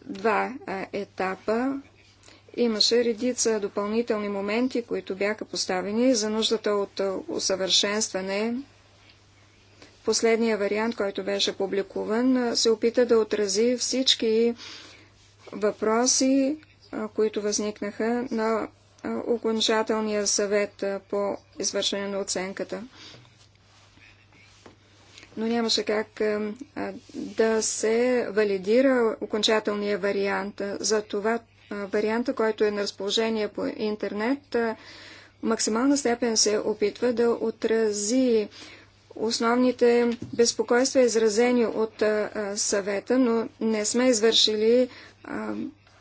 два етапа. Имаше редица допълнителни моменти, които бяха поставени за нуждата от усъвършенстване. Последния вариант, който беше публикуван, се опита да отрази всички въпроси, които възникнаха на окончателния съвет по извършване на оценката. Но нямаше как да се валидира окончателния вариант. За това варианта, който е на разположение по интернет, в максимална степен се опитва да отрази основните безпокойства, изразени от съвета, но не сме извършили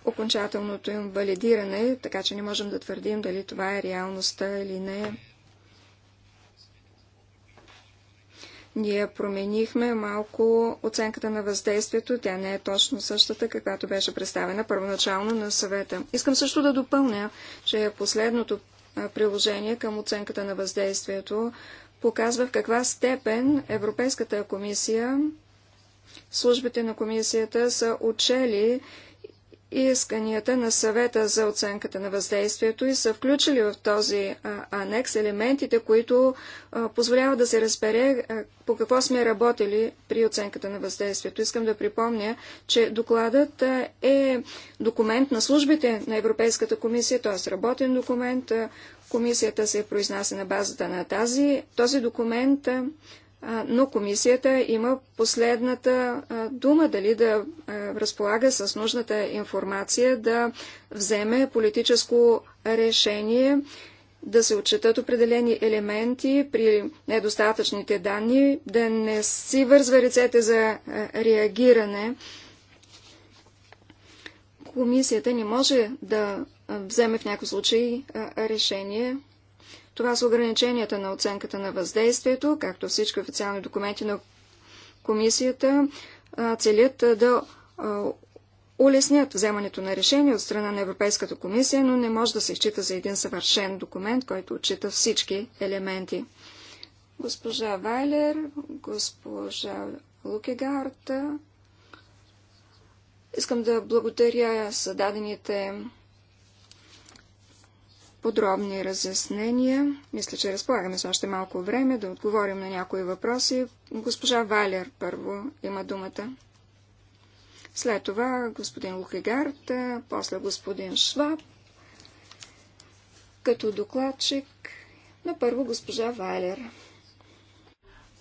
окончателното им валидиране, така че не можем да твърдим дали това е реалността или не. Ние променихме малко оценката на въздействието. Тя не е точно същата, каквато беше представена първоначално на съвета. Искам също да допълня, че последното приложение към оценката на въздействието показва в каква степен Европейската комисия, службите на комисията са отчели исканията на съвета за оценката на въздействието и са включили в този анекс елементите, които позволяват да се разбере по какво сме работили при оценката на въздействието. Искам да припомня, че докладът е документ на службите на Европейската комисия, т.е. работен документ. Комисията се произнася на базата на тази, този документ но комисията има последната дума дали да разполага с нужната информация, да вземе политическо решение, да се отчетат определени елементи при недостатъчните данни, да не си вързва ръцете за реагиране. Комисията не може да вземе в някакъв случай решение това са ограниченията на оценката на въздействието, както всички официални документи на комисията целят да улеснят вземането на решение от страна на Европейската комисия, но не може да се счита за един съвършен документ, който отчита всички елементи. Госпожа Вайлер, госпожа Лукегарта, искам да благодаря създадените подробни разяснения. Мисля, че разполагаме с още малко време да отговорим на някои въпроси. Госпожа Валер първо има думата. След това господин Лукегард, после господин Шваб. Като докладчик на първо госпожа Вайлер.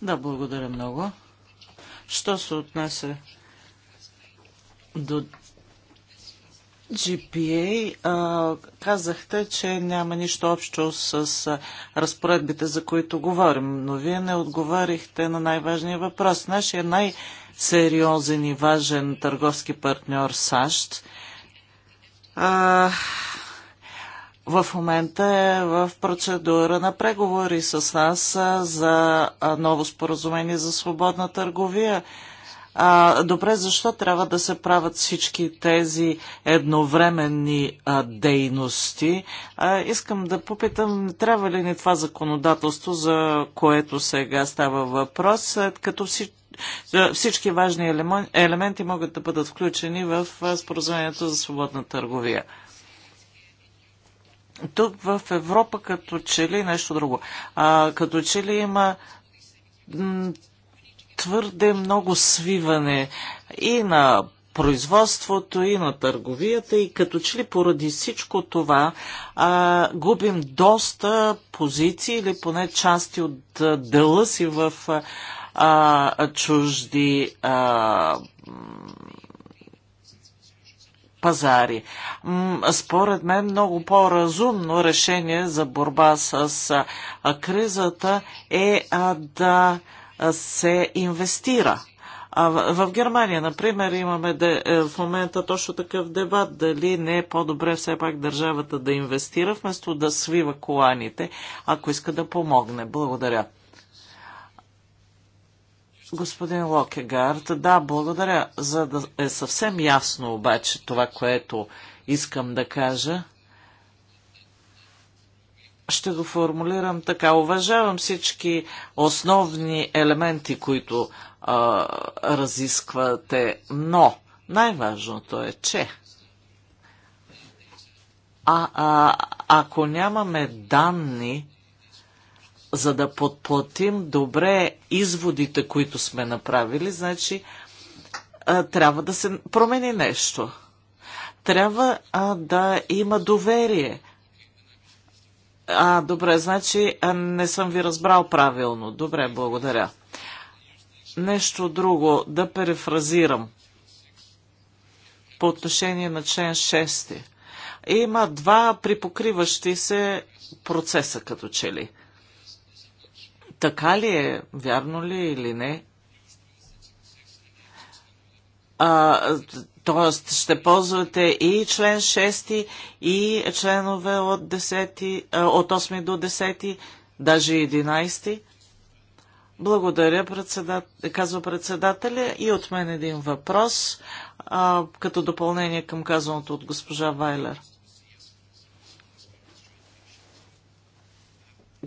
Да, благодаря много. Що се отнася до GPA а, казахте, че няма нищо общо с а, разпоредбите, за които говорим, но вие не отговорихте на най-важния въпрос. Нашия най-сериозен и важен търговски партньор САЩ а, в момента е в процедура на преговори с нас а, за а, ново споразумение за свободна търговия а, добре, защо трябва да се правят всички тези едновременни а, дейности? А, искам да попитам, трябва ли ни това законодателство, за което сега става въпрос, след като всички всички важни елементи могат да бъдат включени в споразумението за свободна търговия. Тук в Европа като че ли нещо друго. А, като че ли има твърде много свиване и на производството, и на търговията, и като че ли поради всичко това а, губим доста позиции или поне части от дела си в а, чужди а, пазари. Според мен много по-разумно решение за борба с кризата е да се инвестира. А в Германия, например, имаме де, е, в момента точно такъв дебат, дали не е по-добре все пак държавата да инвестира, вместо да свива коланите, ако иска да помогне. Благодаря. Господин Локегард, да, благодаря. За да е съвсем ясно обаче това, което искам да кажа, ще го формулирам така. Уважавам всички основни елементи, които а, разисквате, но най-важното е, че а, а, ако нямаме данни, за да подплатим добре изводите, които сме направили, значи а, трябва да се промени нещо. Трябва а, да има доверие – а, добре, значи не съм ви разбрал правилно. Добре, благодаря. Нещо друго, да перефразирам. По отношение на член 6. Има два припокриващи се процеса, като че ли. Така ли е? Вярно ли е или не? А, Тоест ще ползвате и член 6 и членове от, 10, от 8 до 10, даже 11. Благодаря, председател, казва председателя. И от мен един въпрос, а, като допълнение към казаното от госпожа Вайлер.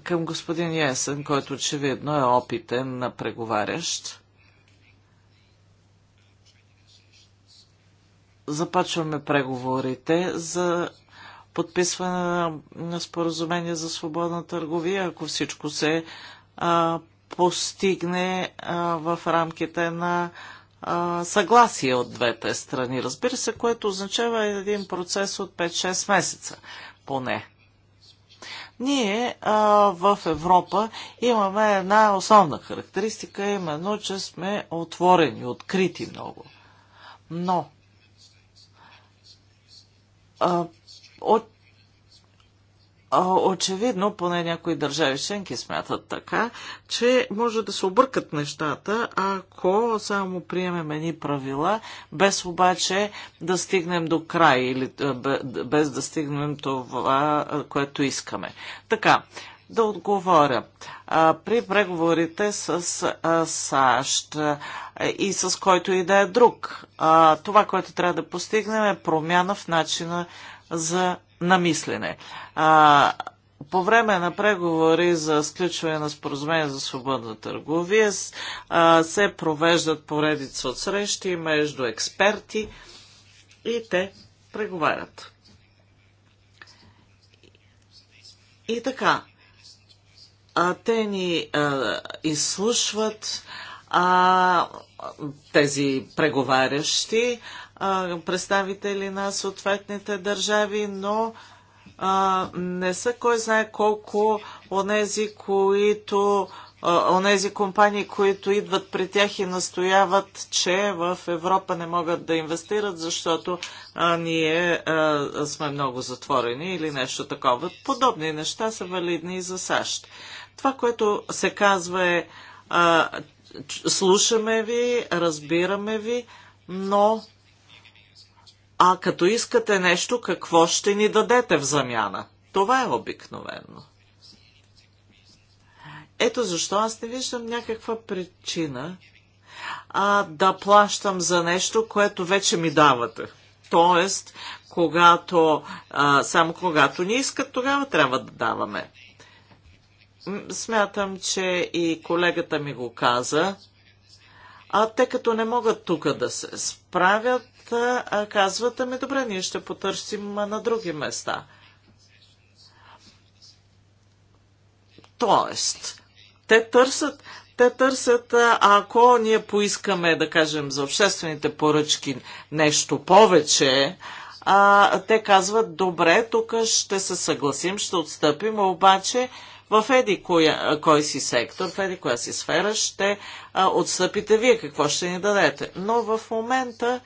Към господин Ясен, който очевидно е опитен на преговарящ. започваме преговорите за подписване на споразумение за свободна търговия, ако всичко се а, постигне а, в рамките на а, съгласие от двете страни. Разбира се, което означава един процес от 5-6 месеца, поне. Ние а, в Европа имаме една основна характеристика, именно, че сме отворени, открити много. Но от Очевидно, поне някои държави членки смятат така, че може да се объркат нещата, ако само приемем едни правила, без обаче да стигнем до край или без да стигнем това, което искаме. Така, да отговоря. При преговорите с САЩ и с който и да е друг, това, което трябва да постигнем е промяна в начина за намислене. По време на преговори за сключване на споразумение за свободна търговия се провеждат поредица от срещи между експерти и те преговарят. И така, а, те ни а, изслушват а, тези преговарящи а, представители на съответните държави, но а, не са кой знае колко онези, които онези компании, които идват при тях и настояват, че в Европа не могат да инвестират, защото а, ние а, сме много затворени или нещо такова. Подобни неща са валидни и за САЩ. Това, което се казва е а, слушаме ви, разбираме ви, но а като искате нещо, какво ще ни дадете в замяна? Това е обикновено. Ето защо аз не виждам някаква причина а, да плащам за нещо, което вече ми давате. Тоест, когато, а, само когато ни искат, тогава трябва да даваме. Смятам, че и колегата ми го каза. А те като не могат тук да се справят, казват, ами добре, ние ще потърсим на други места. Тоест, те търсят, те търсят, ако ние поискаме, да кажем, за обществените поръчки нещо повече, а, те казват, добре, тук ще се съгласим, ще отстъпим, обаче в еди коя, кой си сектор, в еди коя си сфера ще а, отстъпите вие, какво ще ни дадете. Но в момента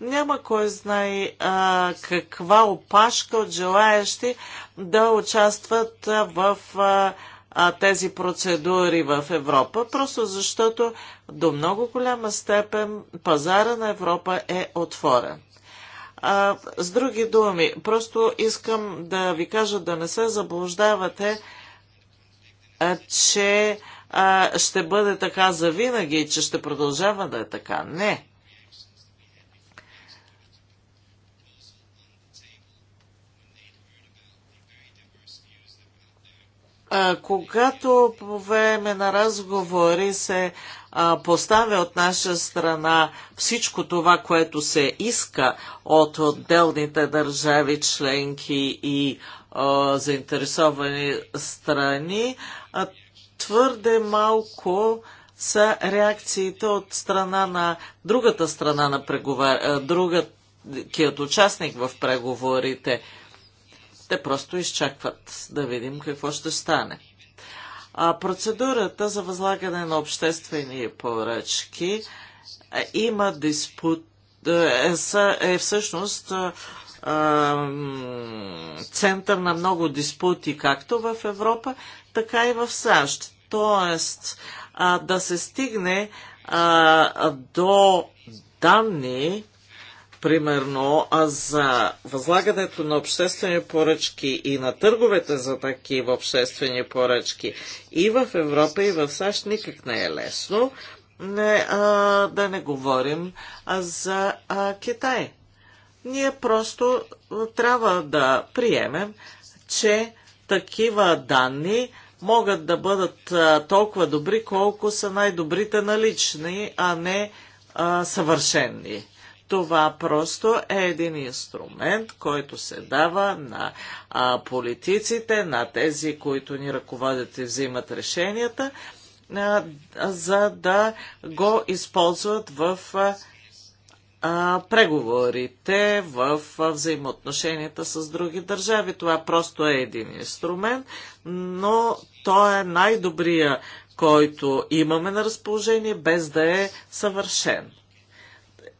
няма кой знае а, каква опашка от желаящи да участват а, в а, а, тези процедури в Европа, просто защото до много голяма степен пазара на Европа е отворен. А, с други думи, просто искам да ви кажа да не се заблуждавате че а, ще бъде така завинаги и че ще продължава да е така. Не. А, когато по време на разговори се а, поставя от наша страна всичко това, което се иска от отделните държави членки и заинтересовани страни, а твърде малко са реакциите от страна на другата страна на преговар... другият участник в преговорите. Те просто изчакват да видим какво ще стане. А процедурата за възлагане на обществени поръчки има диспут, е, е, е всъщност център на много диспути, както в Европа, така и в САЩ. Тоест, а, да се стигне а, до данни, примерно, а за възлагането на обществени поръчки и на търговете за такива обществени поръчки и в Европа, и в САЩ никак не е лесно. Не, а, да не говорим а за а, Китай. Ние просто трябва да приемем, че такива данни могат да бъдат толкова добри, колко са най-добрите налични, а не а, съвършенни. Това просто е един инструмент, който се дава на а, политиците, на тези, които ни ръководят и взимат решенията, а, за да го използват в а, а, преговорите в взаимоотношенията с други държави. Това просто е един инструмент, но той е най-добрия, който имаме на разположение, без да е съвършен.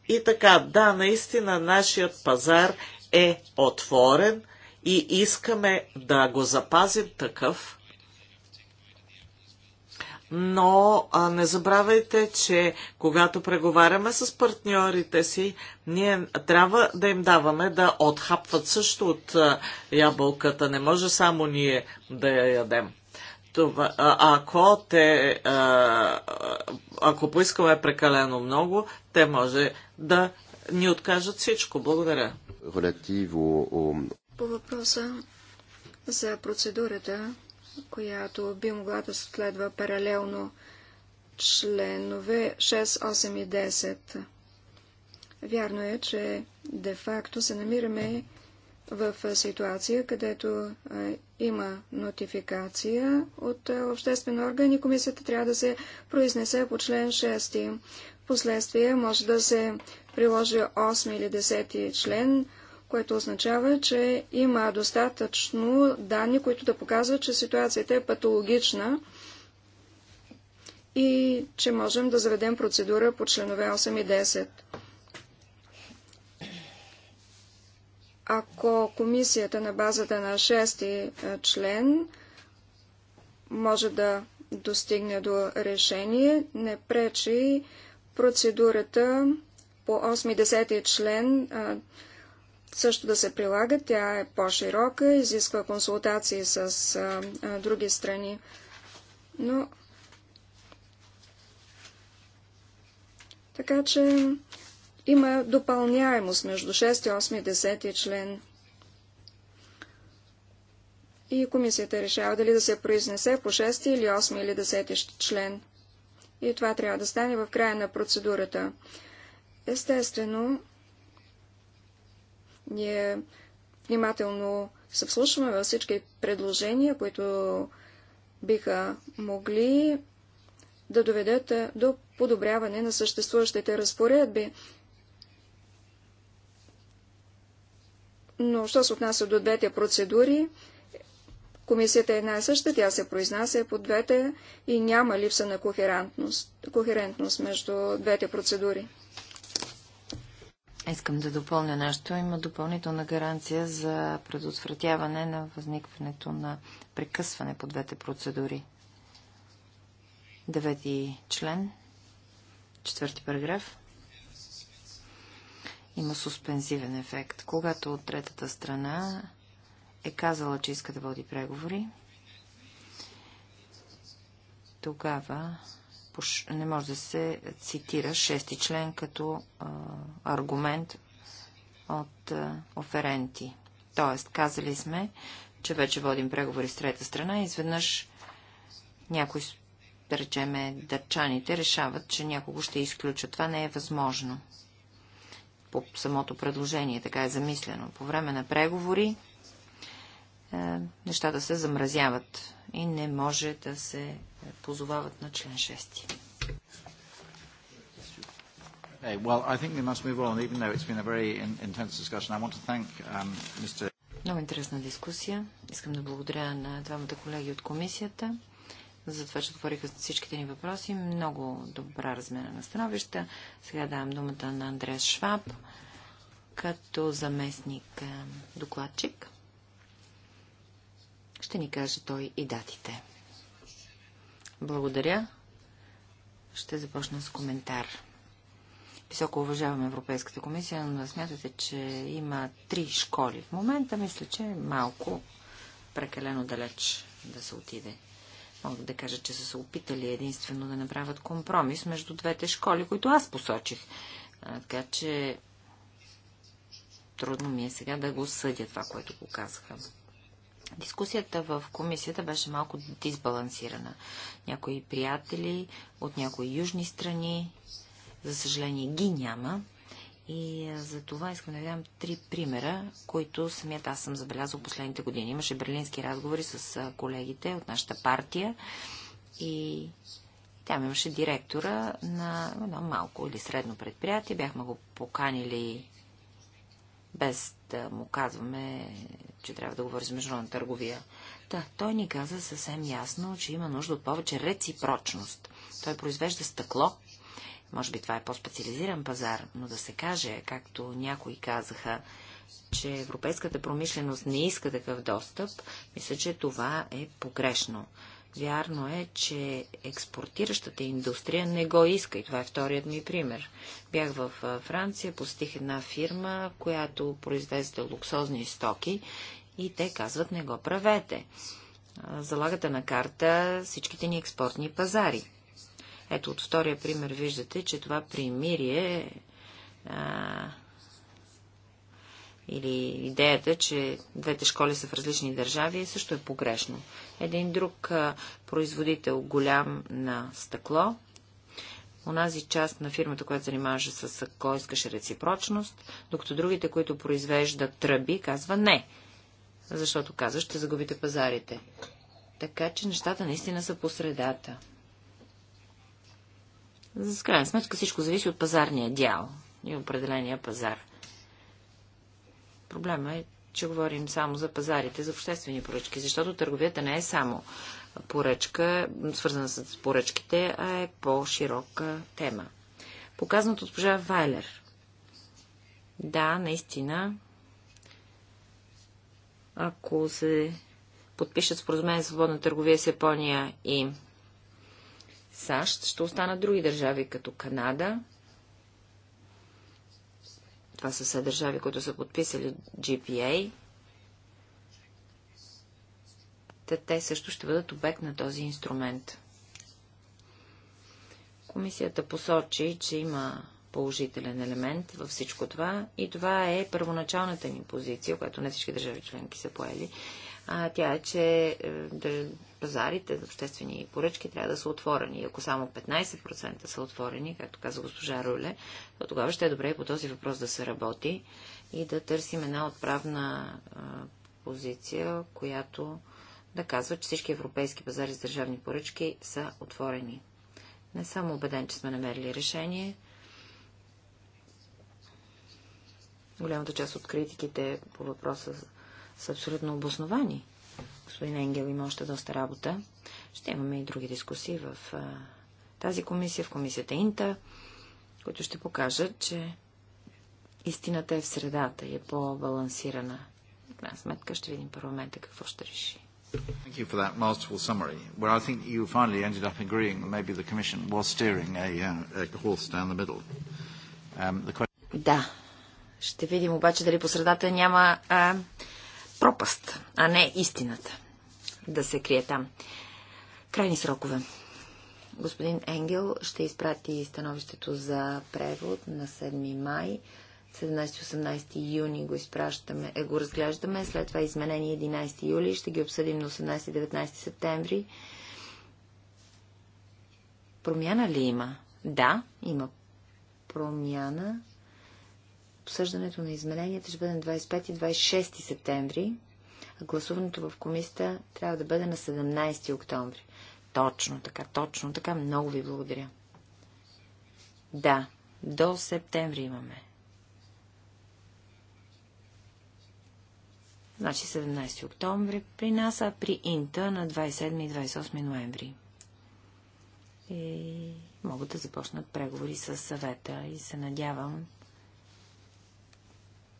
И така, да, наистина нашият пазар е отворен и искаме да го запазим такъв, но а, не забравяйте, че когато преговаряме с партньорите си, ние трябва да им даваме да отхапват също от а, ябълката. Не може само ние да я ядем. Това, а, ако те, а, ако поискаме прекалено много, те може да ни откажат всичко. Благодаря. По въпроса за процедурата която би могла да следва паралелно членове 6, 8 и 10. Вярно е, че де-факто се намираме в ситуация, където има нотификация от обществен орган и комисията трябва да се произнесе по член 6. Впоследствие може да се приложи 8 или 10 член, което означава, че има достатъчно данни, които да показват, че ситуацията е патологична и че можем да заведем процедура по членове 8 и 10. Ако комисията на базата на 6 е, член може да достигне до решение, не пречи процедурата по 8-10 член е, също да се прилага. Тя е по-широка, изисква консултации с а, а, други страни. Но така че има допълняемост между 6, 8 и 10 член. И комисията решава дали да се произнесе по 6 или 8 или 10 член. И това трябва да стане в края на процедурата. Естествено, ние внимателно се вслушваме във всички предложения, които биха могли да доведат до подобряване на съществуващите разпоредби. Но, що се отнася до двете процедури, комисията е една и съща, тя се произнася по двете и няма липса на кохерентност, кохерентност между двете процедури. Искам да допълня нещо. Има допълнителна гаранция за предотвратяване на възникването на прекъсване по двете процедури. Девети член, четвърти параграф. Има суспензивен ефект. Когато от третата страна е казала, че иска да води преговори, тогава не може да се цитира шести член като а, аргумент от а, оференти. Тоест, казали сме, че вече водим преговори с трета страна и изведнъж някой, да речеме, дърчаните решават, че някого ще изключат. Това не е възможно. По самото предложение така е замислено. По време на преговори е, нещата се замразяват и не може да се позовават на член 6. Okay, well, I think we must move on, even though it's been a very intense discussion. I want to thank um, Mr. Много интересна дискусия. Искам да благодаря на двамата колеги от комисията за това, че отвориха всичките ни въпроси. Много добра размена на становища. Сега давам думата на Андреас Шваб като заместник е, докладчик. Ще ни каже той и датите. Благодаря. Ще започна с коментар. Високо уважавам Европейската комисия, но да смятате, че има три школи. В момента мисля, че е малко прекалено далеч да се отиде. Мога да кажа, че са се опитали единствено да направят компромис между двете школи, които аз посочих. А, така че трудно ми е сега да го съдя това, което го казаха. Дискусията в комисията беше малко дисбалансирана. Някои приятели от някои южни страни, за съжаление, ги няма. И за това искам да ви дам три примера, които самият аз съм забелязал последните години. Имаше берлински разговори с колегите от нашата партия и там имаше директора на едно малко или средно предприятие. Бяхме го поканили без да му казваме, че трябва да говори за международна търговия. Та, той ни каза съвсем ясно, че има нужда от повече реципрочност. Той произвежда стъкло. Може би това е по-специализиран пазар, но да се каже, както някои казаха, че европейската промишленост не иска такъв достъп, мисля, че това е погрешно. Вярно е, че експортиращата индустрия не го иска и това е вторият ми пример. Бях в Франция, посетих една фирма, която произвежда луксозни стоки и те казват не го правете. Залагате на карта всичките ни експортни пазари. Ето от втория пример виждате, че това примирие а, или идеята, че двете школи са в различни държави, е също е погрешно. Един друг производител, голям на стъкло, онази част на фирмата, която занимаваше с стъкло, искаше реципрочност, докато другите, които произвеждат тръби, казва не, защото каза, ще загубите пазарите. Така че нещата наистина са по средата. За крайна сметка всичко зависи от пазарния дял и определения пазар. Проблема е, че говорим само за пазарите, за обществени поръчки, защото търговията не е само поръчка, свързана с поръчките, а е по-широка тема. Показано от госпожа Вайлер. Да, наистина, ако се подпишат споразумение за свободна търговия с Япония и САЩ, ще останат други държави, като Канада, това са все държави, които са подписали GPA. Те, те също ще бъдат обект на този инструмент. Комисията посочи, че има положителен елемент във всичко това и това е първоначалната ни позиция, която не всички държави членки са поели. А тя е, че е, пазарите за обществени поръчки трябва да са отворени. И ако само 15% са отворени, както каза госпожа Руле, то тогава ще е добре и по този въпрос да се работи и да търсим една отправна позиция, която да казва, че всички европейски пазари с държавни поръчки са отворени. Не съм убеден, че сме намерили решение. Голямата част от критиките по въпроса са абсолютно обосновани господин Енгел има още доста работа. Ще имаме и други дискусии в тази комисия, в комисията Инта, които ще покажат, че истината е в средата и е по-балансирана. В крайна сметка ще видим парламента какво ще реши. Thank you for that masterful summary, where I think you finally ended up agreeing that maybe the Commission was steering a, uh, a horse down the middle. Um, the question... Да. Ще видим обаче дали по средата няма uh, пропаст, а не истината да се крие там. Крайни срокове. Господин Енгел ще изпрати становището за превод на 7 май. 17-18 юни го изпращаме, е, го разглеждаме, след това изменение 11 юли, ще ги обсъдим на 18-19 септември. Промяна ли има? Да, има промяна Обсъждането на измененията ще бъде на 25 и 26 септември, а гласуването в комисията трябва да бъде на 17 октомври. Точно така, точно така. Много ви благодаря. Да, до септември имаме. Значи 17 октомври при нас, а при Инта на 27 и 28 ноември. И могат да започнат преговори с съвета и се надявам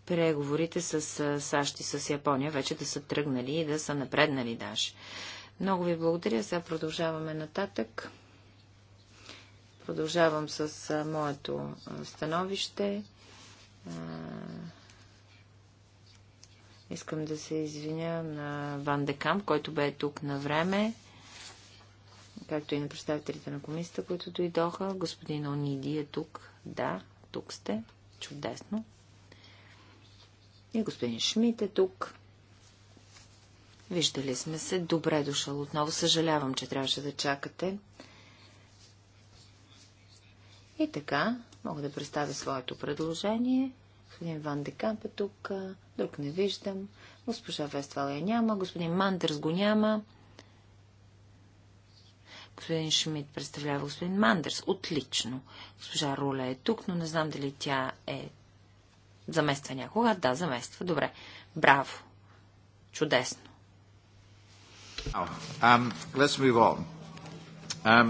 преговорите с САЩ и с Япония вече да са тръгнали и да са напреднали даже. Много ви благодаря. Сега продължаваме нататък. Продължавам с моето становище. Искам да се извиня на Ван Декам, който бе тук на време, както и на представителите на комисията, които дойдоха. Господин Ониди е тук. Да, тук сте. Чудесно. И господин Шмидт е тук. Виждали сме се. Добре е дошъл отново. Съжалявам, че трябваше да чакате. И така, мога да представя своето предложение. Господин Ван Декамп е тук, друг не виждам. Госпожа Вествала я няма, господин Мандърс го няма. Господин Шмидт представлява господин Мандърс. Отлично. Госпожа Руля е тук, но не знам дали тя е Замества някога? Да, замества. Добре. Браво. Чудесно. Um, let's move on. Um,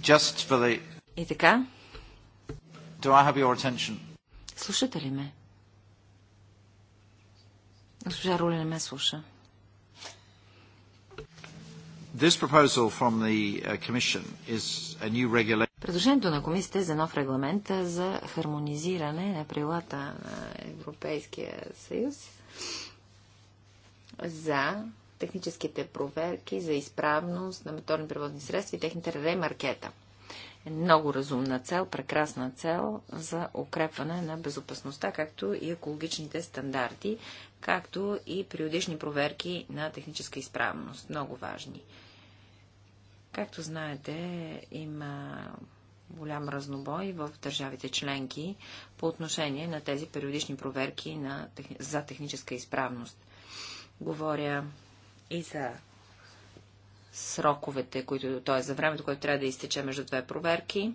just for the... И така? Do I have your attention? Слушате ли ме? Госпожа Рули не ме слуша. This proposal from the uh, Commission is a new regulation. Предложението на комисията е за нов регламент за хармонизиране на правилата на Европейския съюз за техническите проверки за изправност на моторни превозни средства и техните ремаркета. Е много разумна цел, прекрасна цел за укрепване на безопасността, както и екологичните стандарти, както и периодични проверки на техническа изправност. Много важни Както знаете, има голям разнобой в държавите членки по отношение на тези периодични проверки на, за техническа изправност. Говоря и за сроковете, които, т.е. за времето, което трябва да изтече между две проверки,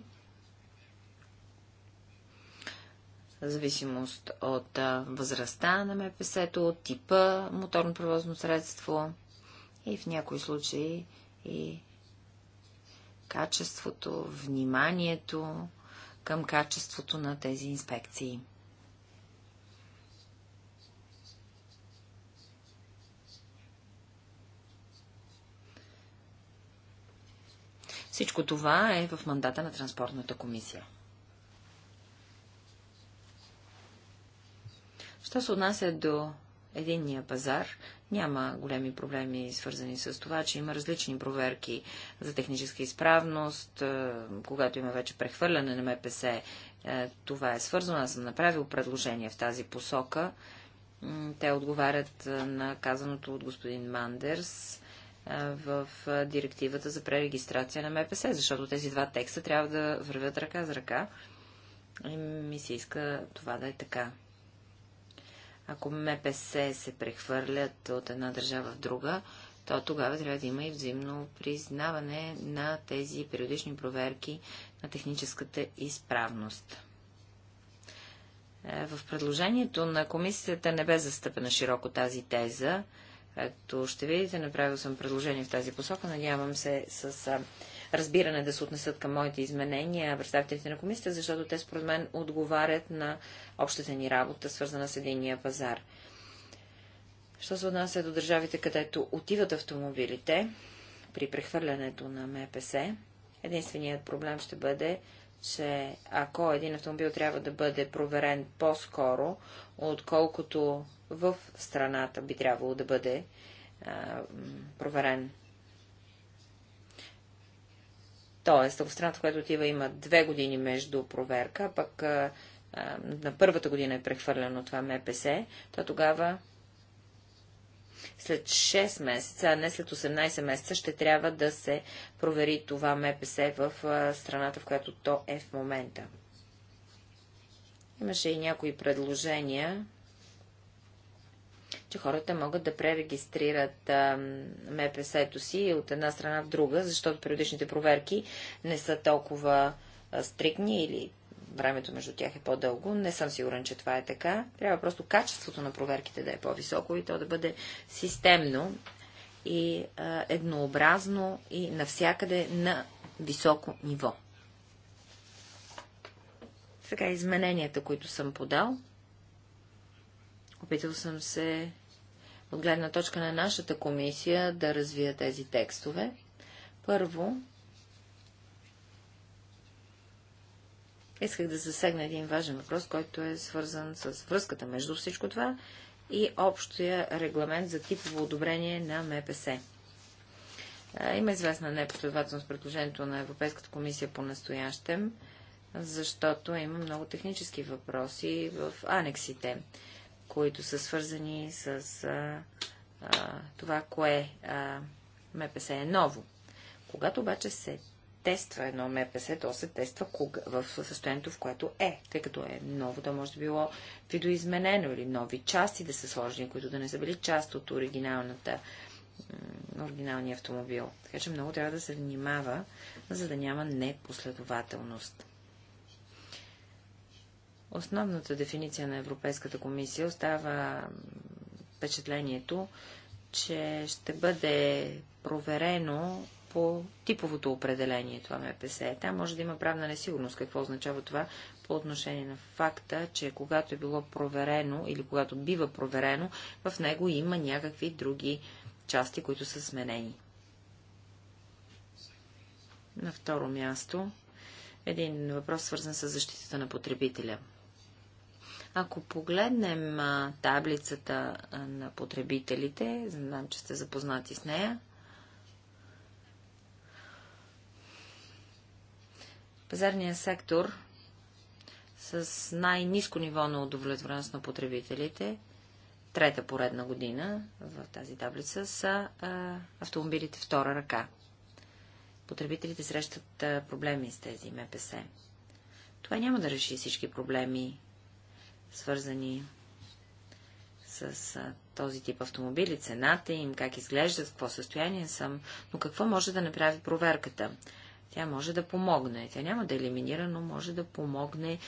в зависимост от възрастта на МПС-то, типа моторно превозно средство и в някои случаи и качеството, вниманието към качеството на тези инспекции. Всичко това е в мандата на Транспортната комисия. Що се отнася до единния пазар, няма големи проблеми, свързани с това, че има различни проверки за техническа изправност, е, когато има вече прехвърляне на МПС. Е, това е свързано. Аз съм направил предложение в тази посока. Те отговарят е, на казаното от господин Мандерс в директивата за пререгистрация на МПС, защото тези два текста трябва да вървят ръка за ръка. И ми се иска това да е така. Ако МПС се прехвърлят от една държава в друга, то тогава трябва да има и взаимно признаване на тези периодични проверки на техническата изправност. Е, в предложението на комисията не бе застъпена широко тази теза. Както ще видите, направил съм предложение в тази посока. Надявам се с разбиране да се отнесат към моите изменения представителите на комисията, защото те според мен отговарят на общата ни работа, свързана с единния пазар. Що се отнася до държавите, където отиват автомобилите при прехвърлянето на МПС, единственият проблем ще бъде, че ако един автомобил трябва да бъде проверен по-скоро, отколкото в страната би трябвало да бъде а, проверен Тоест, ако страната, която отива, има две години между проверка, пък а, на първата година е прехвърлено това МПС, то тогава след 6 месеца, а не след 18 месеца, ще трябва да се провери това МПС в страната, в която то е в момента. Имаше и някои предложения че хората могат да пререгистрират МПС-то си от една страна в друга, защото периодичните проверки не са толкова стрикни или времето между тях е по-дълго. Не съм сигурен, че това е така. Трябва просто качеството на проверките да е по-високо и то да бъде системно и еднообразно и навсякъде на високо ниво. Сега измененията, които съм подал. Опитал съм се от гледна точка на нашата комисия да развия тези текстове. Първо, исках да засегна един важен въпрос, който е свързан с връзката между всичко това и общия регламент за типово одобрение на МПС. Има известна непоследователност предложението на Европейската комисия по настоящем, защото има много технически въпроси в анексите които са свързани с а, а, това, кое а, МПС е ново. Когато обаче се тества едно МПС, то се тества кога, в състоянието, в което е. Тъй като е ново, то може да било видоизменено или нови части да са сложени, които да не са били част от оригиналната оригиналния автомобил. Така че много трябва да се внимава, за да няма непоследователност. Основната дефиниция на Европейската комисия остава впечатлението, че ще бъде проверено по типовото определение това МПС. Там може да има правна несигурност. Какво означава това по отношение на факта, че когато е било проверено или когато бива проверено, в него има някакви други части, които са сменени. На второ място един въпрос, свързан с защитата на потребителя. Ако погледнем таблицата на потребителите, знам, че сте запознати с нея, пазарният сектор с най-низко ниво на удовлетвореност на потребителите, трета поредна година в тази таблица, са автомобилите втора ръка. Потребителите срещат проблеми с тези МПС. Това няма да реши всички проблеми свързани с а, този тип автомобили, цената им, как изглеждат, в какво състояние съм, но какво може да направи проверката? Тя може да помогне. Тя няма да елиминира, но може да помогне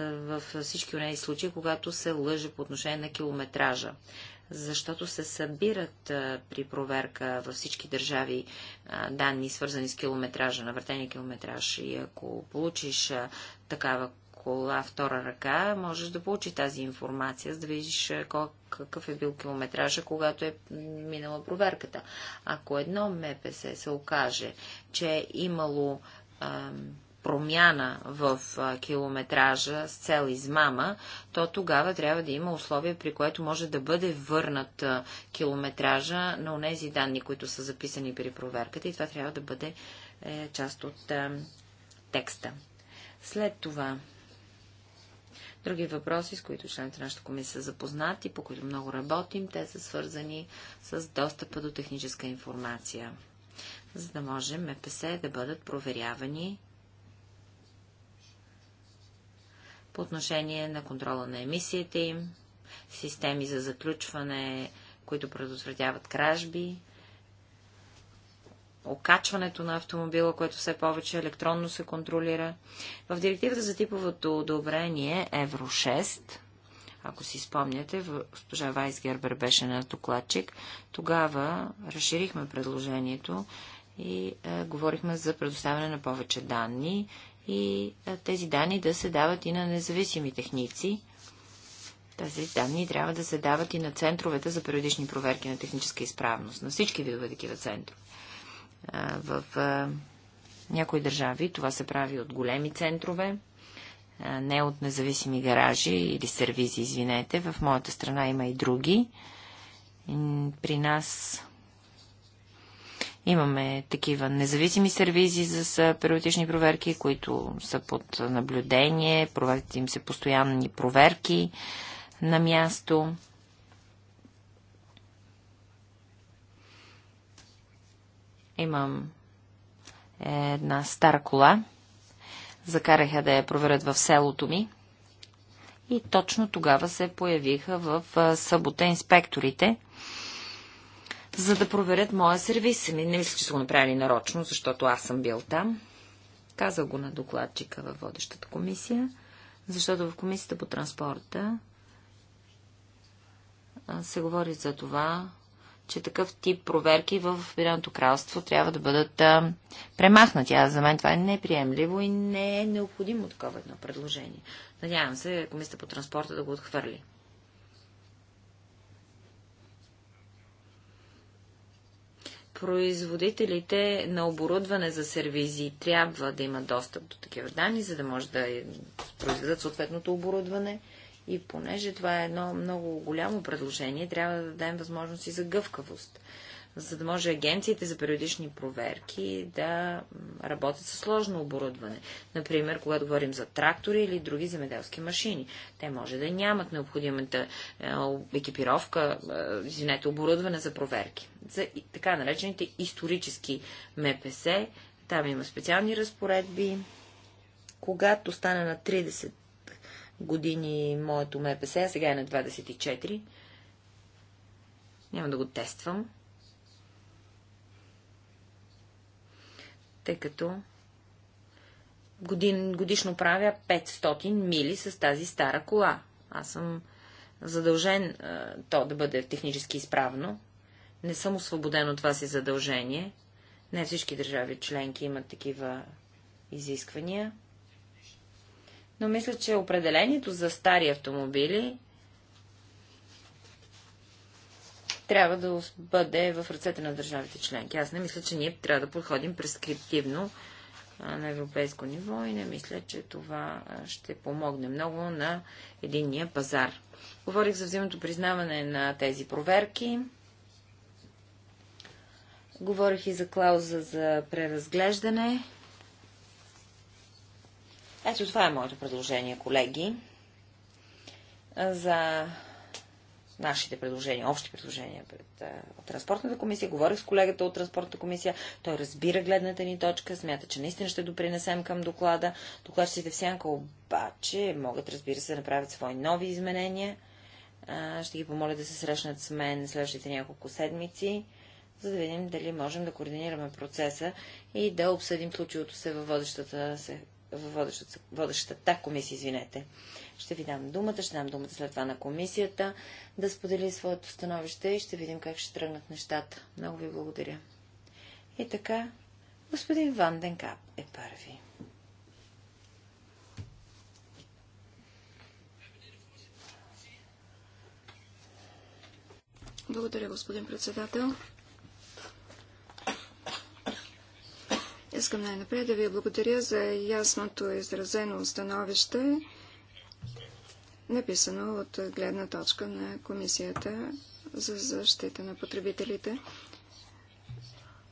в всички тези случаи, когато се лъже по отношение на километража. Защото се събират при проверка във всички държави данни, свързани с километража, навъртени километраж. И ако получиш такава кола втора ръка, можеш да получи тази информация, за да видиш какъв е бил километража, когато е минала проверката. Ако едно МПС се окаже, че е имало ам, промяна в километража с цел измама, то тогава трябва да има условие, при което може да бъде върнат километража на онези данни, които са записани при проверката и това трябва да бъде е, част от а, текста. След това Други въпроси, с които члените на нашата комисия са запознати, по които много работим, те са свързани с достъпа до техническа информация, за да може МПС да бъдат проверявани по отношение на контрола на емисиите им, системи за заключване, които предотвратяват кражби, окачването на автомобила, което все повече електронно се контролира. В директивата за типовото одобрение Евро 6, ако си спомняте, госпожа Вайсгербер беше на докладчик, тогава разширихме предложението и е, говорихме за предоставяне на повече данни и е, тези данни да се дават и на независими техници. Тези данни трябва да се дават и на центровете за периодични проверки на техническа изправност, на всички видове такива центрове. В някои държави това се прави от големи центрове, не от независими гаражи или сервизи, извинете. В моята страна има и други. При нас имаме такива независими сервизи за периодични проверки, които са под наблюдение, провеждат им се постоянни проверки на място. Имам една стара кола. Закараха да я проверят в селото ми. И точно тогава се появиха в събота инспекторите, за да проверят моя сервис. Ами, не мисля, че са го направили нарочно, защото аз съм бил там. Каза го на докладчика във водещата комисия, защото в комисията по транспорта се говори за това, че такъв тип проверки в Обединеното кралство трябва да бъдат а, премахнати. А за мен това е неприемливо и не е необходимо такова едно предложение. Надявам се комисията по транспорта да го отхвърли. производителите на оборудване за сервизи трябва да имат достъп до такива данни, за да може да произведат съответното оборудване. И понеже това е едно много голямо предложение, трябва да дадем възможности за гъвкавост, за да може агенциите за периодични проверки да работят със сложно оборудване. Например, когато говорим за трактори или други земеделски машини. Те може да нямат необходимата е, екипировка, е, извинете, оборудване за проверки. За така наречените исторически МПС, там има специални разпоредби. Когато стане на 30 години моето МПС, а сега е на 24. Няма да го тествам. Тъй като годин, годишно правя 500 мили с тази стара кола. Аз съм задължен то да бъде технически изправно. Не съм освободен от това си задължение. Не всички държави членки имат такива изисквания. Но мисля, че определението за стари автомобили трябва да бъде в ръцете на държавите членки. Аз не мисля, че ние трябва да подходим прескриптивно на европейско ниво и не мисля, че това ще помогне много на единния пазар. Говорих за взимното признаване на тези проверки. Говорих и за клауза за преразглеждане. Ето това е моето предложение, колеги, за нашите предложения, общи предложения пред Транспортната комисия. Говорих с колегата от Транспортната комисия. Той разбира гледната ни точка, смята, че наистина ще допринесем към доклада. Докладчиците в сянка обаче могат, разбира се, да направят свои нови изменения. Ще ги помоля да се срещнат с мен следващите няколко седмици, за да видим дали можем да координираме процеса и да обсъдим случилото се във водещата се водещата, водещата комисия, извинете. Ще ви дам думата, ще дам думата след това на комисията да сподели своето становище и ще видим как ще тръгнат нещата. Много ви благодаря. И така, господин Ванденкап е първи. Благодаря, господин председател. Искам най-напред да ви благодаря за ясното изразено становище, написано от гледна точка на Комисията за защита на потребителите.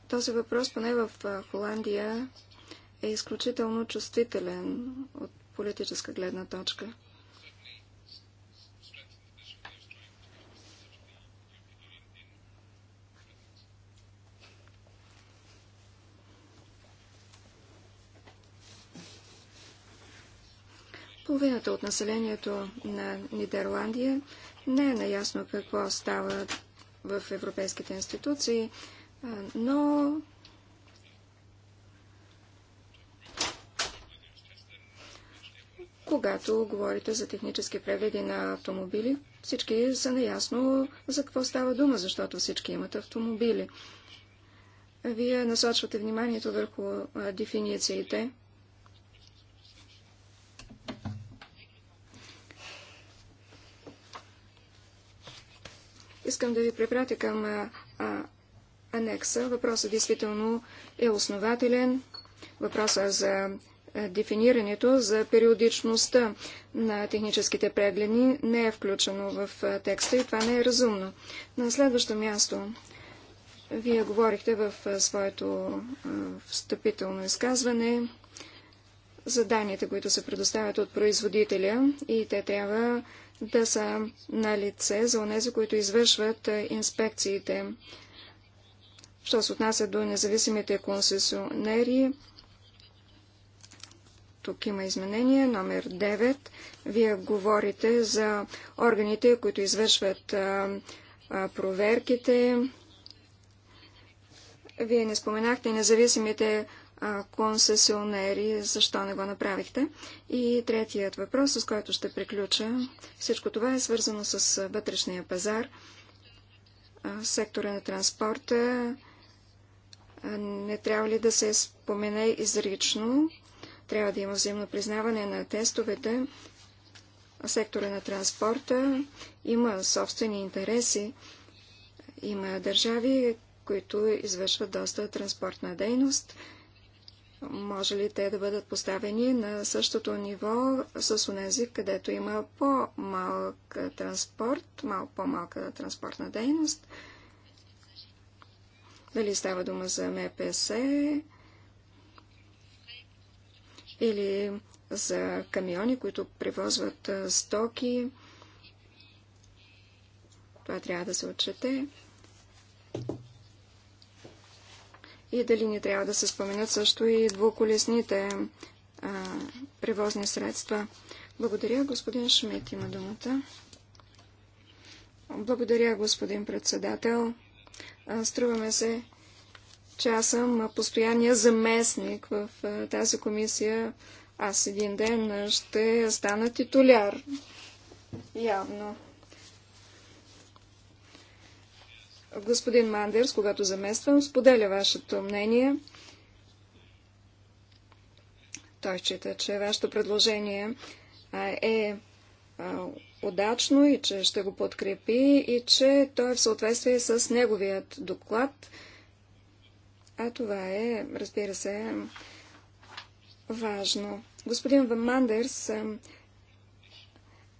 Този въпрос, поне в Холандия, е изключително чувствителен от политическа гледна точка. Половината от населението на Нидерландия не е наясно какво става в европейските институции, но когато говорите за технически прегледи на автомобили, всички са наясно за какво става дума, защото всички имат автомобили. Вие насочвате вниманието върху дефинициите. Искам да ви препратя към а, а, анекса. Въпросът действително е основателен. Въпросът е за дефинирането за периодичността на техническите прегледи не е включено в текста и това не е разумно. На следващо място, вие говорихте в своето встъпително изказване за данните, които се предоставят от производителя и те трябва да са на лице за онези, които извършват е, инспекциите. Що се отнася до независимите консесионери, тук има изменение, номер 9. Вие говорите за органите, които извършват проверките. Вие не споменахте независимите концесионери, защо не го направихте? И третият въпрос, с който ще приключа, всичко това е свързано с вътрешния пазар. Сектора на транспорта не трябва ли да се спомене изрично? Трябва да има взаимно признаване на тестовете. Сектора на транспорта има собствени интереси. Има държави, които извършват доста транспортна дейност. Може ли те да бъдат поставени на същото ниво с онези, където има по-малък транспорт, мал, по-малка транспортна дейност? Дали става дума за МПС или за камиони, които превозват стоки? Това трябва да се отчете и дали не трябва да се споменят също и двуколесните а, превозни средства. Благодаря, господин Шмет, има думата. Благодаря, господин председател. Струваме се, че аз съм постоянния заместник в тази комисия. Аз един ден ще стана титуляр. Явно. господин Мандерс, когато замествам, споделя вашето мнение. Той счита, че вашето предложение е удачно и че ще го подкрепи и че то е в съответствие с неговият доклад. А това е, разбира се, важно. Господин Мандерс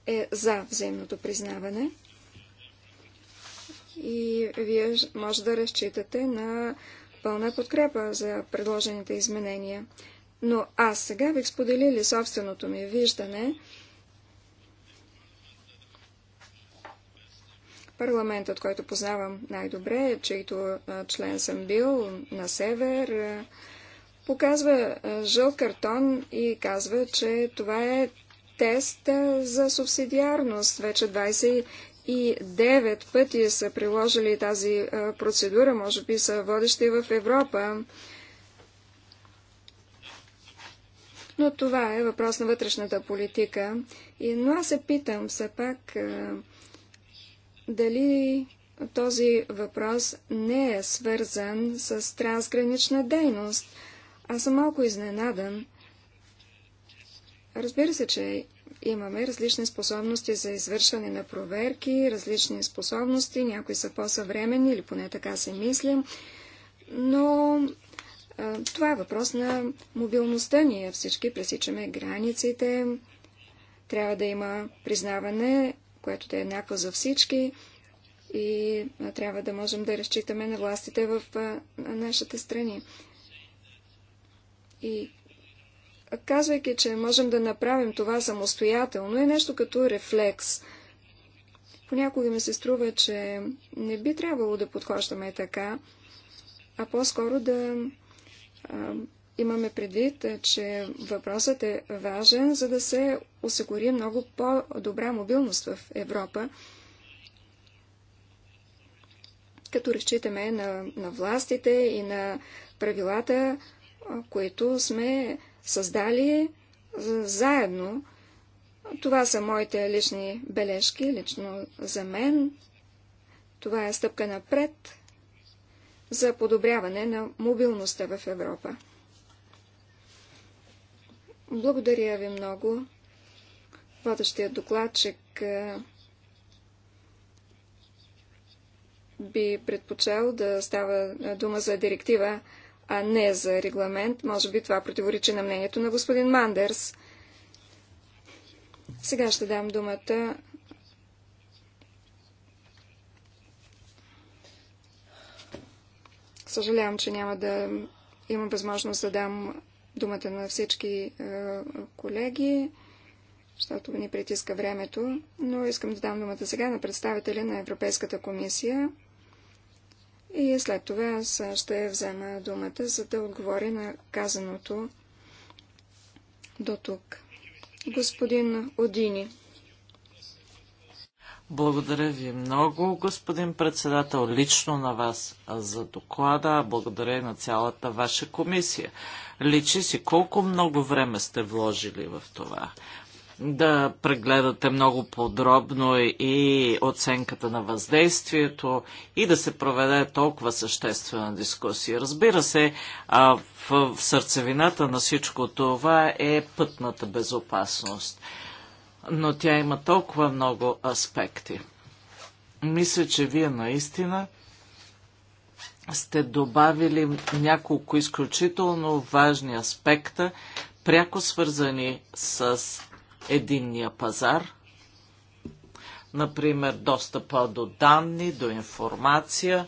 е за взаимното признаване и вие може да разчитате на пълна подкрепа за предложените изменения. Но аз сега бих споделили собственото ми виждане. Парламентът, който познавам най-добре, чийто член съм бил на север, показва жъл картон и казва, че това е тест за субсидиарност. Вече и девет пъти са приложили тази процедура, може би са водещи в Европа. Но това е въпрос на вътрешната политика. И, но аз се питам все пак дали този въпрос не е свързан с трансгранична дейност. Аз съм малко изненадан. Разбира се, че имаме различни способности за извършване на проверки, различни способности, някои са по-съвременни или поне така се мислим, но а, това е въпрос на мобилността. Ние всички пресичаме границите, трябва да има признаване, което да е еднакво за всички и а, трябва да можем да разчитаме на властите в а, на нашите страни. И казвайки, че можем да направим това самостоятелно, е нещо като рефлекс. Понякога ми се струва, че не би трябвало да подхождаме така, а по-скоро да а, имаме предвид, че въпросът е важен, за да се осигури много по-добра мобилност в Европа, като разчитаме на, на властите и на правилата, които сме създали заедно. Това са моите лични бележки, лично за мен. Това е стъпка напред за подобряване на мобилността в Европа. Благодаря ви много. Водещия докладчик би предпочел да става дума за директива а не за регламент. Може би това противоречи на мнението на господин Мандерс. Сега ще дам думата Съжалявам, че няма да имам възможност да дам думата на всички е, колеги, защото ни притиска времето, но искам да дам думата сега на представителя на Европейската комисия. И след това аз ще взема думата, за да отговоря на казаното до тук. Господин Одини. Благодаря ви много, господин председател, лично на вас за доклада. Благодаря и на цялата ваша комисия. Личи си колко много време сте вложили в това да прегледате много подробно и оценката на въздействието и да се проведе толкова съществена дискусия. Разбира се, в сърцевината на всичко това е пътната безопасност, но тя има толкова много аспекти. Мисля, че вие наистина сте добавили няколко изключително важни аспекта, пряко свързани с единния пазар, например достъпа до данни, до информация,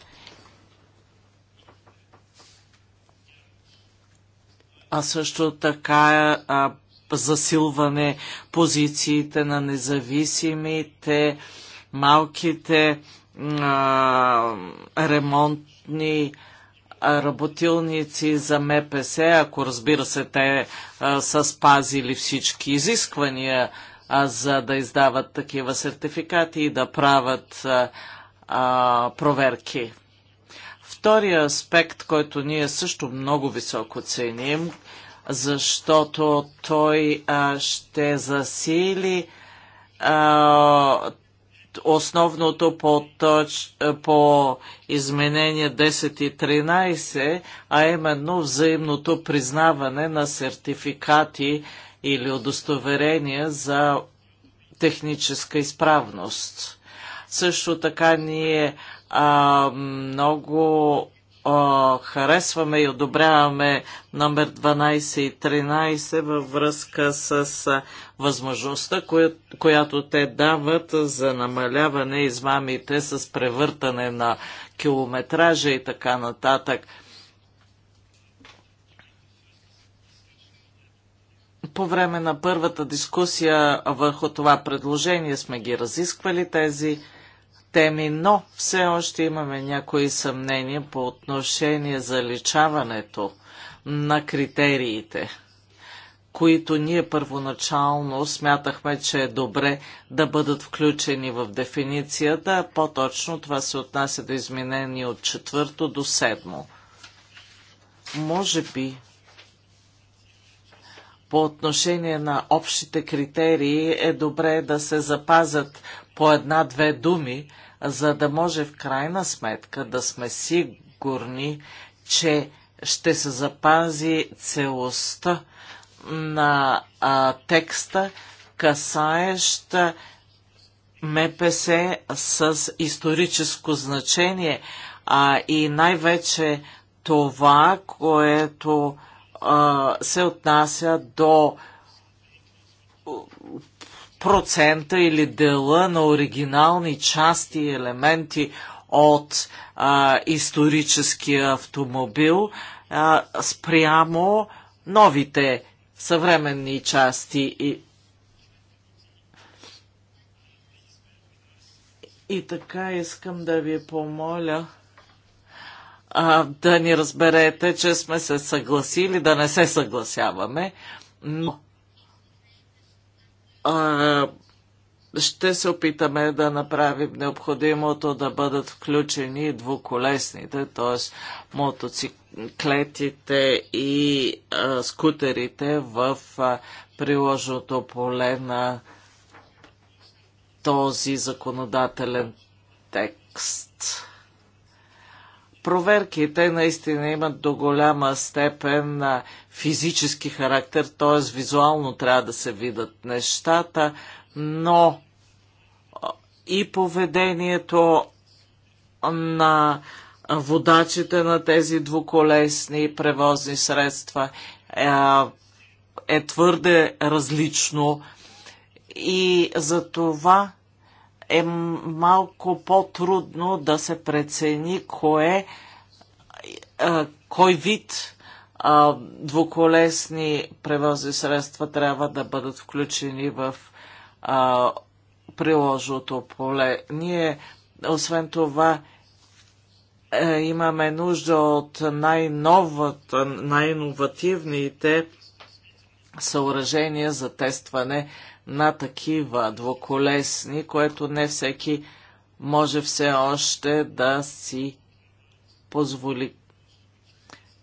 а също така а, засилване позициите на независимите, малките а, ремонтни а, работилници за МПС, ако разбира се те са спазили всички изисквания за да издават такива сертификати и да правят проверки. Втория аспект, който ние също много високо ценим, защото той ще засили основното по, точ, по изменение 10 и 13, а именно взаимното признаване на сертификати или удостоверения за техническа изправност. Също така ние а, много о, харесваме и одобряваме номер 12 и 13 във връзка с възможността, коя, която те дават за намаляване измамите с превъртане на километража и така нататък. По време на първата дискусия върху това предложение сме ги разисквали тези теми, но все още имаме някои съмнения по отношение заличаването на критериите, които ние първоначално смятахме, че е добре да бъдат включени в дефиницията, а по-точно това се отнася до изменение от четвърто до седмо. Може би по отношение на общите критерии е добре да се запазят по една-две думи, за да може в крайна сметка да сме сигурни, че ще се запази целостта на а, текста, касаещ МПС с историческо значение а, и най-вече това, което а, се отнася до процента или дела на оригинални части и елементи от а, историческия автомобил а, спрямо новите съвременни части и И така искам да ви помоля а, да ни разберете, че сме се съгласили да не се съгласяваме, но ще се опитаме да направим необходимото да бъдат включени двуколесните, т.е. мотоциклетите и а, скутерите в а, приложното поле на този законодателен текст. Проверки, те наистина имат до голяма степен физически характер, т.е. визуално трябва да се видят нещата, но и поведението на водачите на тези двуколесни превозни средства е, е твърде различно и за това е малко по-трудно да се прецени кое, е, кой вид двуколесни превозни средства трябва да бъдат включени в приложното поле. Ние, освен това, е, имаме нужда от най-новата, най-инновативните съоръжения за тестване на такива двуколесни, което не всеки може все още да си позволи.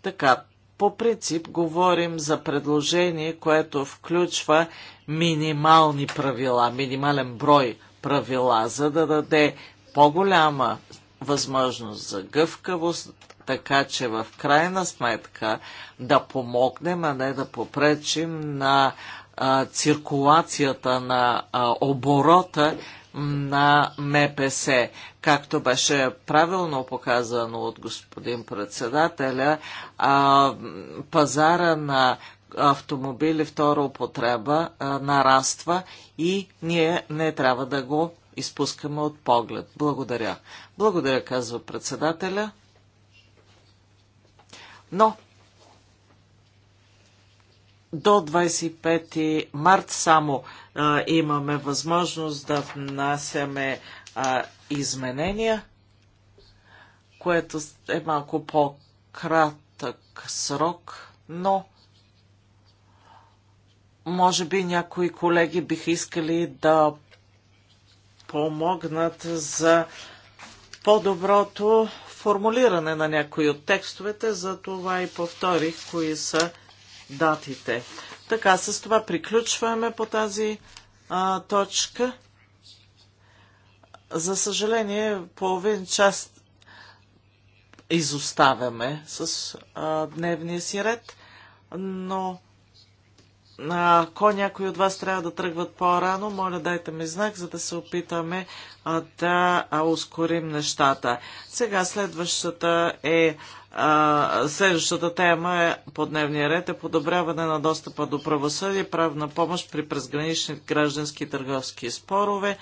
Така, по принцип говорим за предложение, което включва минимални правила, минимален брой правила, за да даде по-голяма възможност за гъвкавост, така че в крайна сметка да помогнем, а не да попречим на циркулацията на а, оборота на МПС. Както беше правилно показано от господин председателя, а, пазара на автомобили втора употреба а, нараства и ние не трябва да го изпускаме от поглед. Благодаря. Благодаря, казва председателя. Но до 25 март само а, имаме възможност да внасяме а, изменения, което е малко по-кратък срок, но може би някои колеги биха искали да помогнат за по-доброто формулиране на някои от текстовете, за това и повторих кои са датите. Така, с това приключваме по тази а, точка. За съжаление, половин час изоставяме с а, дневния си ред, но ако някои от вас трябва да тръгват по-рано, моля дайте ми знак, за да се опитаме а, да а, ускорим нещата. Сега следващата е а, следващата тема е по дневния ред е подобряване на достъпа до правосъдие, правна помощ при презгранични граждански и търговски спорове.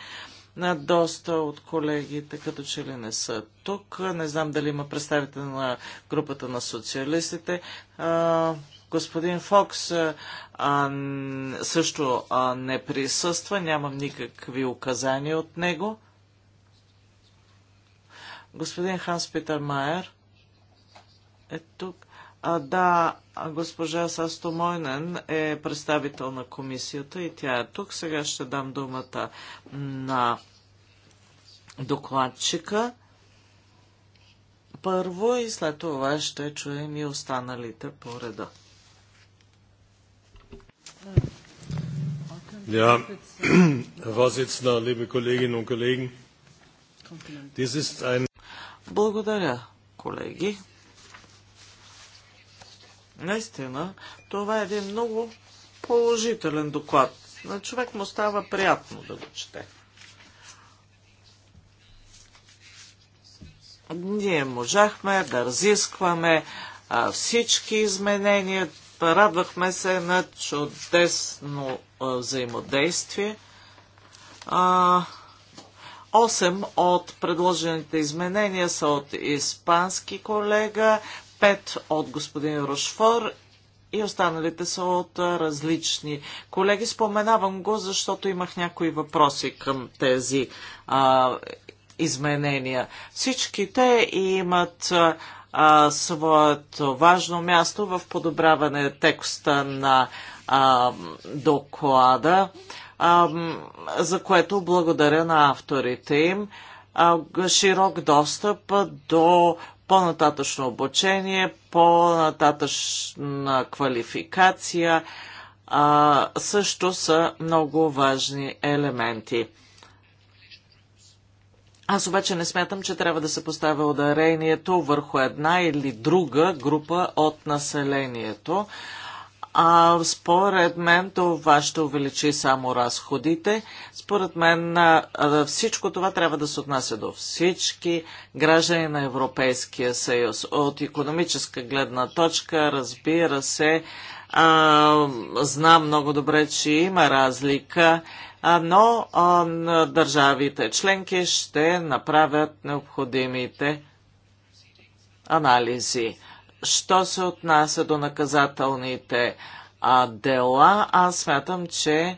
На доста от колегите, като че ли не са тук. Не знам дали има представител на групата на социалистите. А, господин Фокс а, също а, не присъства. Нямам никакви указания от него. Господин Ханс Питер Майер е тук. А, да, госпожа Састо Мойнен е представител на комисията и тя е тук. Сега ще дам думата на докладчика първо и след това ще чуем и останалите по реда. Ja, Herr Vorsitzender, liebe Kolleginnen und Kollegen, dies ist ein... Благодаря, колеги. Наистина, това е един много положителен доклад. На човек му става приятно да го чете. Ние можахме да разискваме а, всички изменения, радвахме се на чудесно а, взаимодействие. Осем, от предложените изменения са от испански колега, 5 от господин Рошфор и останалите са от различни колеги. Споменавам го, защото имах някои въпроси към тези а, изменения. Всички те имат а, своето важно място в подобряване текста на а, доклада, а, за което благодаря на авторите им. А, широк достъп до по-нататъчно обучение, по-нататъчна квалификация а, също са много важни елементи. Аз обаче не смятам, че трябва да се поставя ударението върху една или друга група от населението. А, а, според мен това ще увеличи само разходите. Според мен всичко това трябва да се отнася до всички граждани на Европейския съюз. От економическа гледна точка, разбира се, а, знам много добре, че има разлика, а, но а, държавите членки ще направят необходимите анализи. Що се отнася до наказателните а, дела, аз смятам, че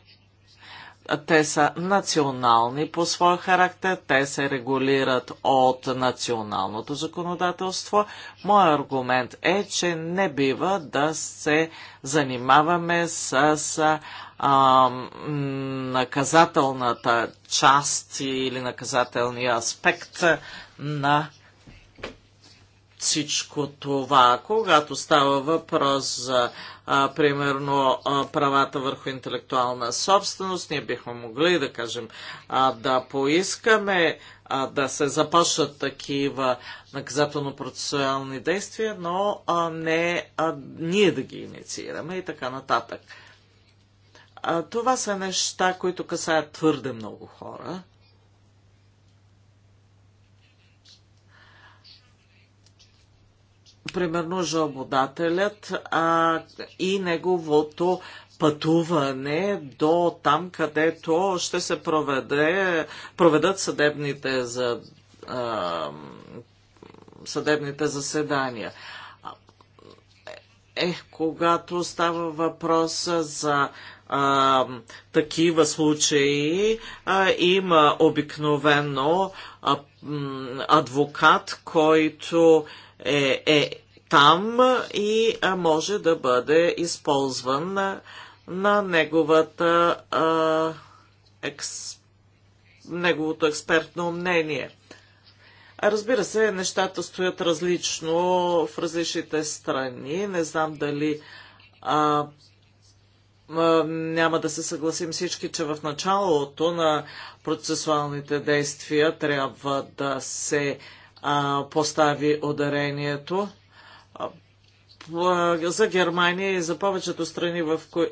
те са национални по своя характер, те се регулират от националното законодателство. Моят аргумент е, че не бива да се занимаваме с а, наказателната част или наказателния аспект на всичко това, когато става въпрос за, а, примерно, а, правата върху интелектуална собственост, ние бихме могли да кажем а, да поискаме а, да се започнат такива наказателно-процесуални действия, но а, не а, ние да ги инициираме и така нататък. А, това са неща, които касаят твърде много хора примерно жалбодателят а, и неговото пътуване до там, където ще се проведе, проведат съдебните, за, а, съдебните заседания. Ех, когато става въпрос за а, такива случаи, а, има обикновено а, адвокат, който а, е, е там и може да бъде използван на, на неговата, а, екс, неговото експертно мнение. Разбира се, нещата стоят различно в различните страни. Не знам дали а, а, няма да се съгласим всички, че в началото на процесуалните действия трябва да се а, а, постави ударението. За Германия и за повечето страни, в кои,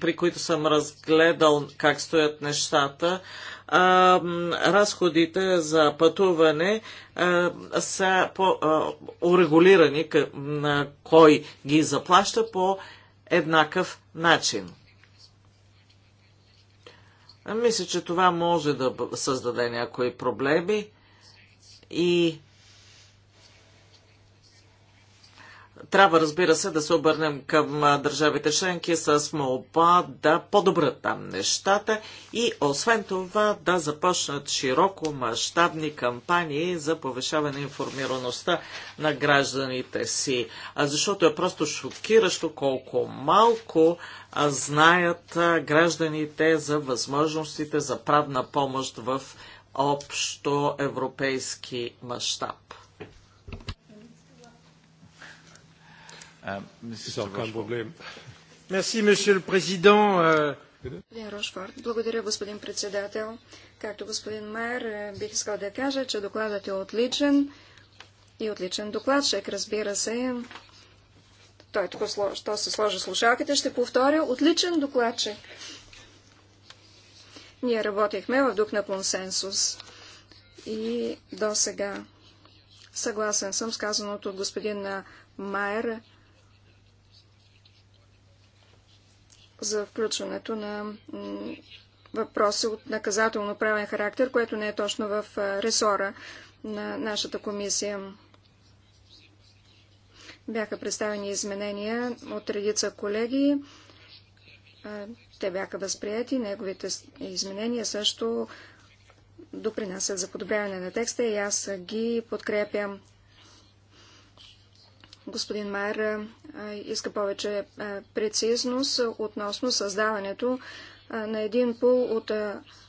при които съм разгледал как стоят нещата, разходите за пътуване са по, урегулирани на кой ги заплаща по еднакъв начин. Мисля, че това може да създаде някои проблеми. И трябва, разбира се, да се обърнем към държавите членки с молба да подобрат там нещата и освен това да започнат широко мащабни кампании за повишаване на информираността на гражданите си. Защото е просто шокиращо колко малко знаят гражданите за възможностите за правна помощ в общо европейски мащаб. Е, е. Благодаря, господин председател. Както господин Майер, е, бих искал да кажа, че докладът е отличен и отличен шек разбира се. Той тук, що се сложи слушалките, ще повторя. Отличен докладчик. Ние работихме в дух на консенсус и до сега. Съгласен съм с казаното от господин Майер за включването на въпроси от наказателно-правен характер, което не е точно в ресора на нашата комисия. Бяха представени изменения от редица колеги. Те бяха възприяти, неговите изменения също допринасят за подобряване на текста и аз ги подкрепям. Господин Майер иска повече прецизност относно създаването на един пул от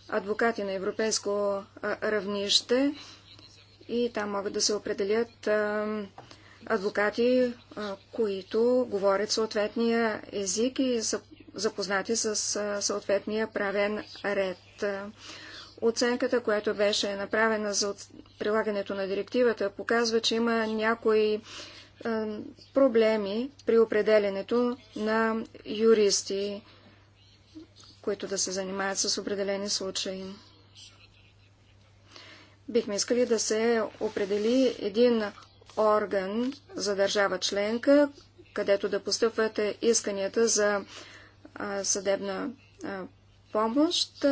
адвокати на европейско равнище и там могат да се определят адвокати, които говорят съответния език и са запознати с съответния правен ред. Оценката, която беше направена за прилагането на директивата, показва, че има някои проблеми при определенето на юристи, които да се занимават с определени случаи. Бихме искали да се определи един орган за държава членка, където да постъпвате исканията за съдебна помощ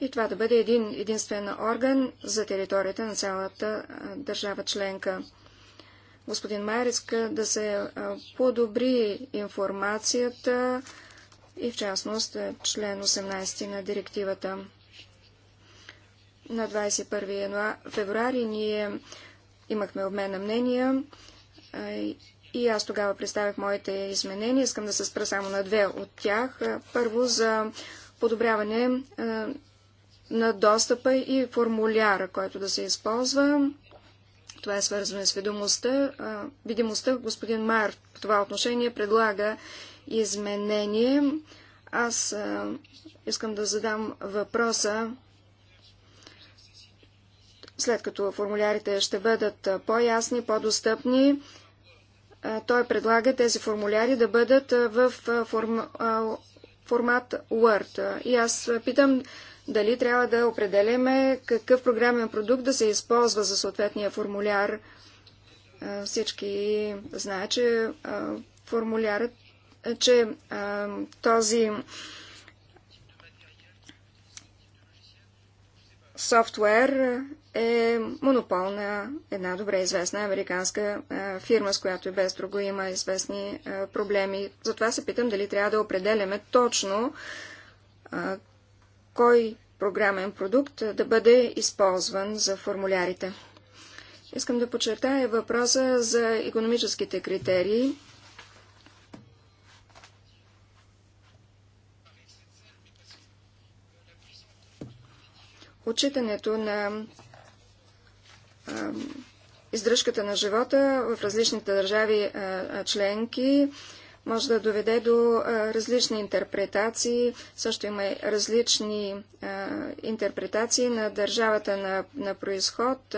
и това да бъде един единствен орган за територията на цялата държава членка. Господин Майер иска да се подобри информацията и в частност член 18 на директивата. На 21 февруари ние имахме обмен на мнения и аз тогава представях моите изменения. Искам да се спра само на две от тях. Е, първо за е, подобряване е, на достъпа и формуляра, който да се използва. Това е свързано с ведомостта. Видимостта господин Майер в това отношение предлага изменение. Аз искам да задам въпроса след като формулярите ще бъдат по-ясни, по-достъпни, той предлага тези формуляри да бъдат в форм... формат Word. И аз питам дали трябва да определяме какъв програмен продукт да се използва за съответния формуляр. Всички знаят, че формулярът, че този софтуер е монопол на една добре известна американска фирма, с която и без друго има известни проблеми. Затова се питам дали трябва да определяме точно кой програмен продукт да бъде използван за формулярите. Искам да подчертая въпроса за економическите критерии. Отчитането на издръжката на живота в различните държави членки може да доведе до различни интерпретации. Също има различни интерпретации на държавата на, на происход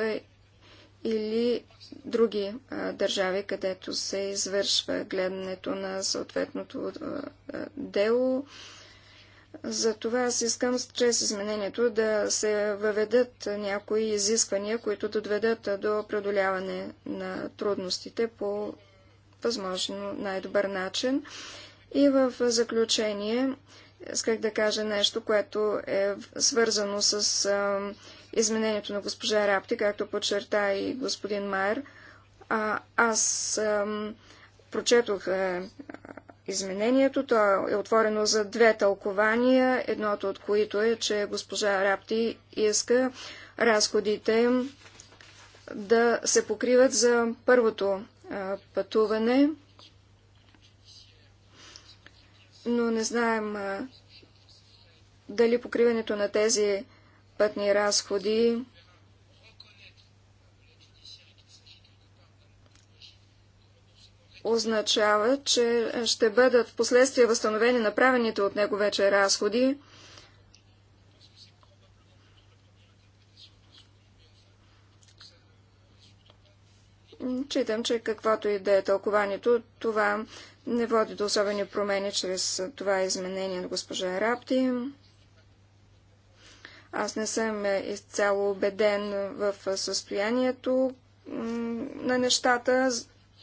или други държави, където се извършва гледането на съответното дело. Затова аз искам чрез изменението да се въведат някои изисквания, които доведат до преодоляване на трудностите по възможно най-добър начин. И в заключение исках да кажа нещо, което е свързано с а, изменението на госпожа Рапти, както подчерта и господин Майер. А, аз а, Прочетох е, изменението. То е отворено за две тълкования, едното от които е, че госпожа Рапти иска разходите да се покриват за първото е, пътуване, но не знаем е, дали покриването на тези пътни разходи означава, че ще бъдат в последствие възстановени направените от него вече разходи. Читам, че каквото и да е тълкованието, това не води до особени промени чрез това изменение на госпожа Рапти. Аз не съм изцяло убеден в състоянието на нещата,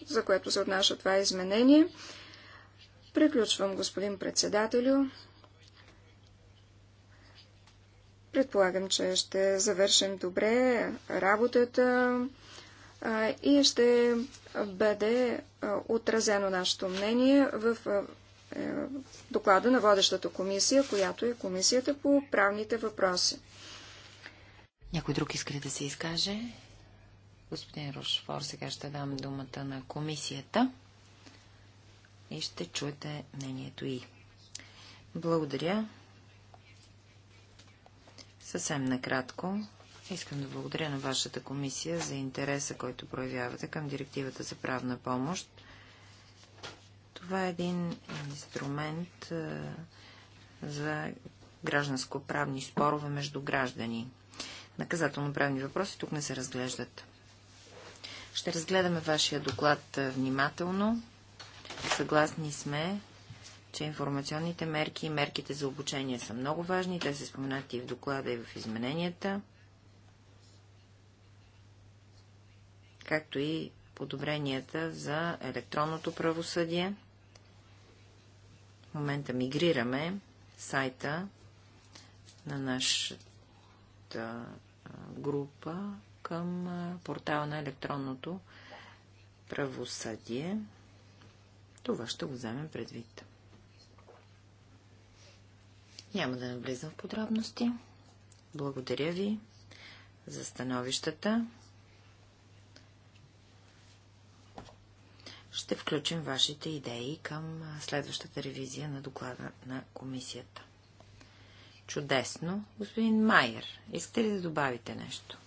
за което се отнаша това изменение. Приключвам, господин председателю. Предполагам, че ще завършим добре работата и ще бъде отразено нашето мнение в е, доклада на водещата комисия, която е комисията по правните въпроси. Някой друг иска да се изкаже? Господин Рошфор, сега ще дам думата на комисията и ще чуете мнението и. Благодаря. Съвсем накратко. Искам да благодаря на вашата комисия за интереса, който проявявате към директивата за правна помощ. Това е един инструмент за гражданско-правни спорове между граждани. Наказателно-правни въпроси тук не се разглеждат. Ще разгледаме вашия доклад внимателно. Съгласни сме, че информационните мерки и мерките за обучение са много важни. Те се споменат и в доклада, и в измененията. Както и подобренията за електронното правосъдие. В момента мигрираме сайта на нашата група към портала на електронното правосъдие. Това ще го вземем предвид. Няма да навлизам в подробности. Благодаря ви за становищата. Ще включим вашите идеи към следващата ревизия на доклада на комисията. Чудесно, господин Майер. Искате ли да добавите нещо?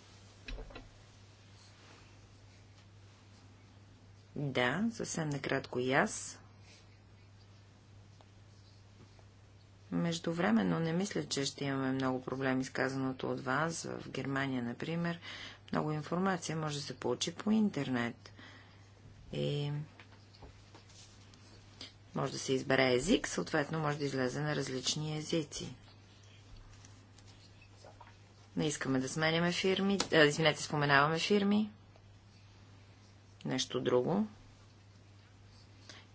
Да, съвсем накратко и аз. Междувременно не мисля, че ще имаме много проблеми с казаното от вас. В Германия, например, много информация може да се получи по интернет. И може да се избере език, съответно може да излезе на различни езици. Не искаме да сменяме фирми, а, извинете, споменаваме фирми нещо друго.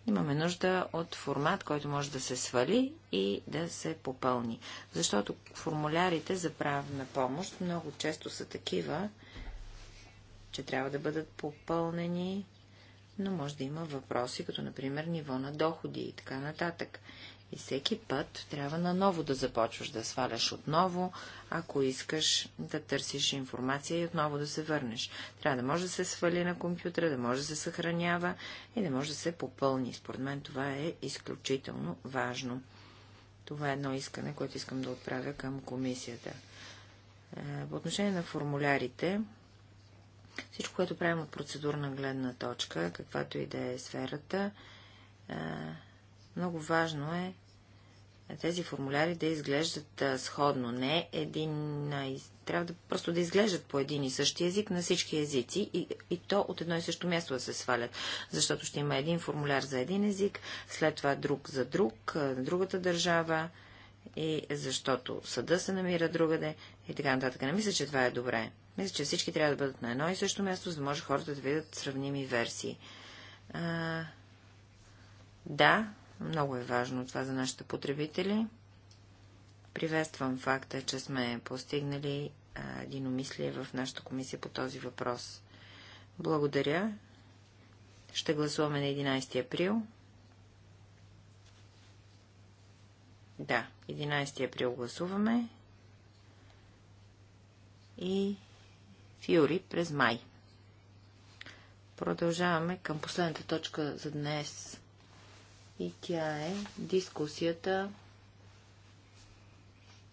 Имаме нужда от формат, който може да се свали и да се попълни. Защото формулярите за правна помощ много често са такива, че трябва да бъдат попълнени, но може да има въпроси, като например ниво на доходи и така нататък. И всеки път трябва наново да започваш да сваляш отново, ако искаш да търсиш информация и отново да се върнеш. Трябва да може да се свали на компютъра, да може да се съхранява и да може да се попълни. Според мен това е изключително важно. Това е едно искане, което искам да отправя към комисията. Е, по отношение на формулярите, всичко, което правим от процедурна гледна точка, каквато и да е сферата, е, много важно е тези формуляри да изглеждат сходно, не един, трябва да просто да изглеждат по един и същи език на всички езици и, и то от едно и също място да се свалят, защото ще има един формуляр за един език, след това друг за друг, на другата държава и защото съда се намира другаде и така нататък. Не мисля, че това е добре. Мисля, че всички трябва да бъдат на едно и също място, за да може хората да видят сравними версии. А, да, много е важно това за нашите потребители. Приветствам факта, че сме постигнали единомислие в нашата комисия по този въпрос. Благодаря. Ще гласуваме на 11 април. Да, 11 април гласуваме. И Фюри през май. Продължаваме към последната точка за днес. И тя е дискусията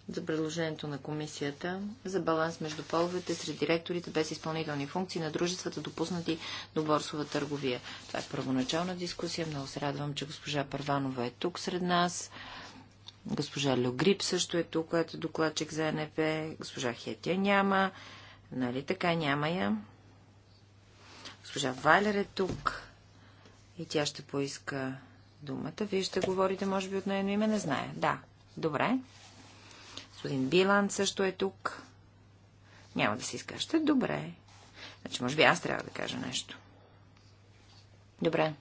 за предложението на комисията за баланс между половете сред директорите без изпълнителни функции на дружествата, допуснати до борсова търговия. Това е първоначална дискусия. Много се радвам, че госпожа Първанова е тук сред нас. Госпожа Люгрип също е тук, която е докладчик за НП. Госпожа Хетя няма. Нали така няма я? Госпожа Вайлер е тук. И тя ще поиска думата. Вие ще говорите, може би, от нейно име, не зная. Да, добре. Господин Билан също е тук. Няма да се изкажете. Добре. Значи, може би аз трябва да кажа нещо. Добре.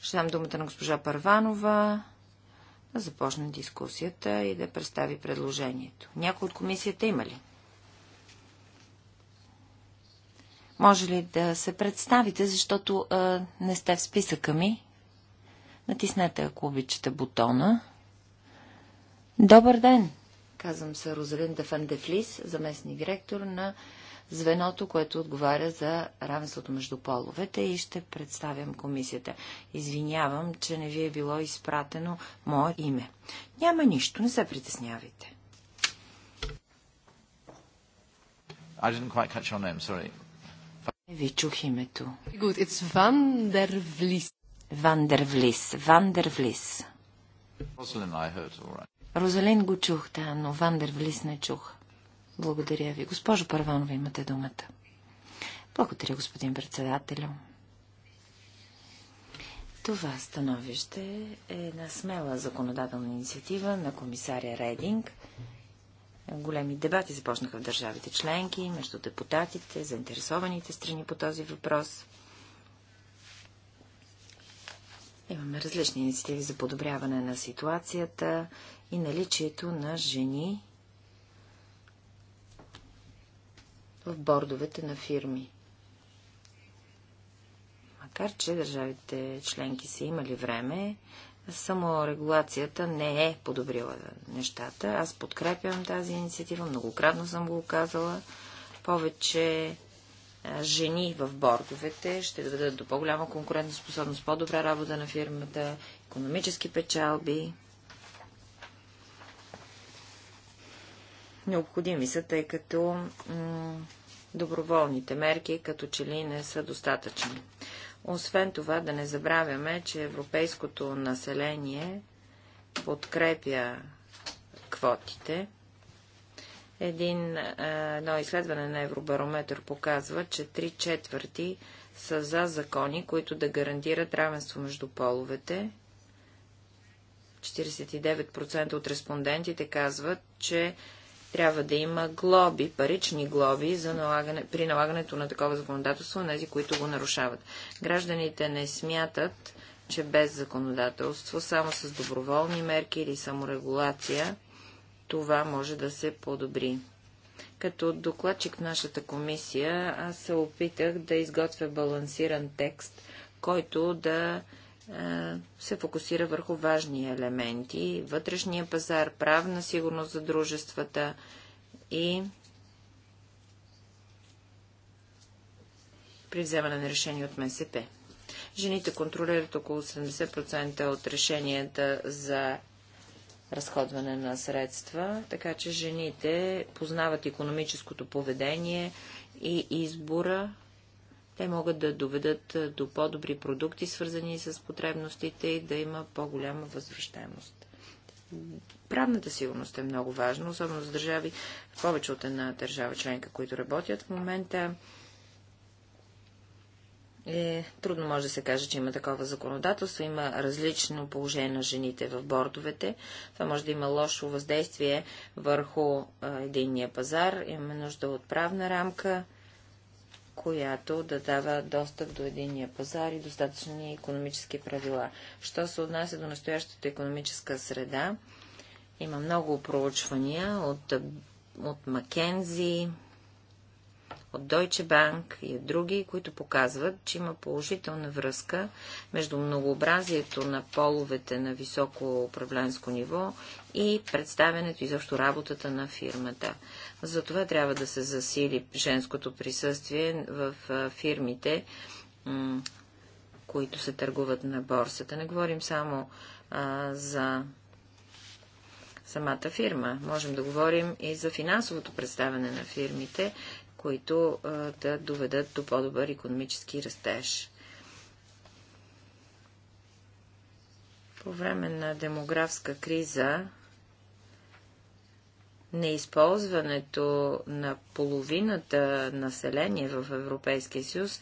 Ще дам думата на госпожа Парванова да започне дискусията и да представи предложението. Някой от комисията има ли? Може ли да се представите, защото а, не сте в списъка ми? Натиснете, ако обичате, бутона. Добър ден! Казвам се Розалинда Дефлис, заместник директор на звеното, което отговаря за равенството между половете и ще представям комисията. Извинявам, че не ви е било изпратено мое име. Няма нищо, не се притеснявайте. I didn't quite catch your name, sorry. Не ви чух името. Good, it's Van der Vlies. Вандервлис. Вандервлис. Розалин го чух, да, но Вандервлис не чух. Благодаря ви. Госпожо Първанова, имате думата. Благодаря, господин председателю. Това становище е една смела законодателна инициатива на комисаря Рейдинг. Големи дебати започнаха в държавите членки, между депутатите, заинтересованите страни по този въпрос – Имаме различни инициативи за подобряване на ситуацията и наличието на жени в бордовете на фирми. Макар, че държавите членки са имали време, само регулацията не е подобрила нещата. Аз подкрепям тази инициатива, многократно съм го казала. Повече жени в бордовете, ще доведат до по-голяма конкурентоспособност, по-добра работа на фирмата, економически печалби. Необходими са, тъй като доброволните мерки като че ли не са достатъчни. Освен това, да не забравяме, че европейското население подкрепя квотите – един, е, едно изследване на Евробарометър показва, че три четвърти са за закони, които да гарантират равенство между половете. 49% от респондентите казват, че трябва да има глоби, парични глоби за налагане, при налагането на такова законодателство, тези, които го нарушават. Гражданите не смятат, че без законодателство, само с доброволни мерки или саморегулация, това може да се подобри. Като докладчик в нашата комисия, аз се опитах да изготвя балансиран текст, който да се фокусира върху важни елементи – вътрешния пазар, правна сигурност за дружествата и при вземане на решение от МСП. Жените контролират около 70% от решенията за разходване на средства, така че жените познават економическото поведение и избора. Те могат да доведат до по-добри продукти, свързани с потребностите и да има по-голяма възвръщаемост. Правната сигурност е много важна, особено за държави, повече от една държава членка, които работят в момента е, трудно може да се каже, че има такова законодателство. Има различно положение на жените в бордовете. Това може да има лошо въздействие върху единния пазар. Имаме нужда от правна рамка, която да дава достъп до единния пазар и достатъчни економически правила. Що се отнася до настоящата економическа среда, има много проучвания от, от Макензи, от Deutsche Bank и други, които показват, че има положителна връзка между многообразието на половете на високо управленско ниво и представянето и защо работата на фирмата. Затова трябва да се засили женското присъствие в фирмите, които се търгуват на борсата. Не говорим само а, за самата фирма. Можем да говорим и за финансовото представяне на фирмите, които да доведат до по-добър економически растеж. По време на демографска криза неизползването на половината население в Европейския съюз,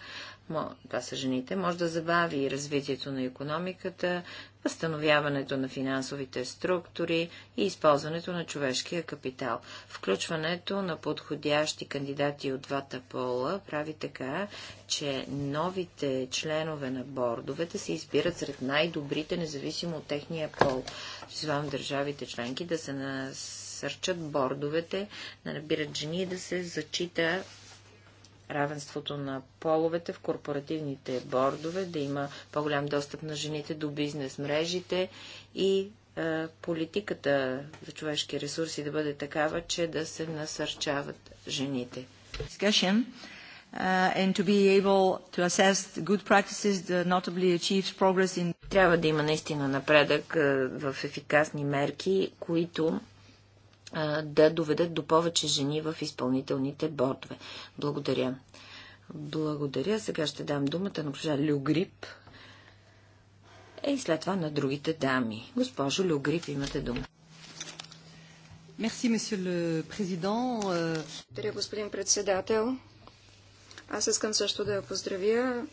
това са жените, може да забави развитието на економиката, възстановяването на финансовите структури и използването на човешкия капитал. Включването на подходящи кандидати от двата пола прави така, че новите членове на бордовете се избират сред най-добрите, независимо от техния пол. Призвам държавите членки да се насърчат бордовете, да набират жени и да се зачита равенството на половете в корпоративните бордове, да има по-голям достъп на жените до бизнес мрежите и е, политиката за човешки ресурси да бъде такава, че да се насърчават жените. Discussion. Uh, and to be able to assess good practices notably progress in... Трябва да има наистина напредък е, в ефикасни мерки, които да доведат до повече жени в изпълнителните бордове. Благодаря. Благодаря. Сега ще дам думата на госпожа Люгрип. Е, и след това на другите дами. Госпожо Люгрип, имате дума. Мерси, президент. Благодаря, господин председател. Аз искам също да поздравя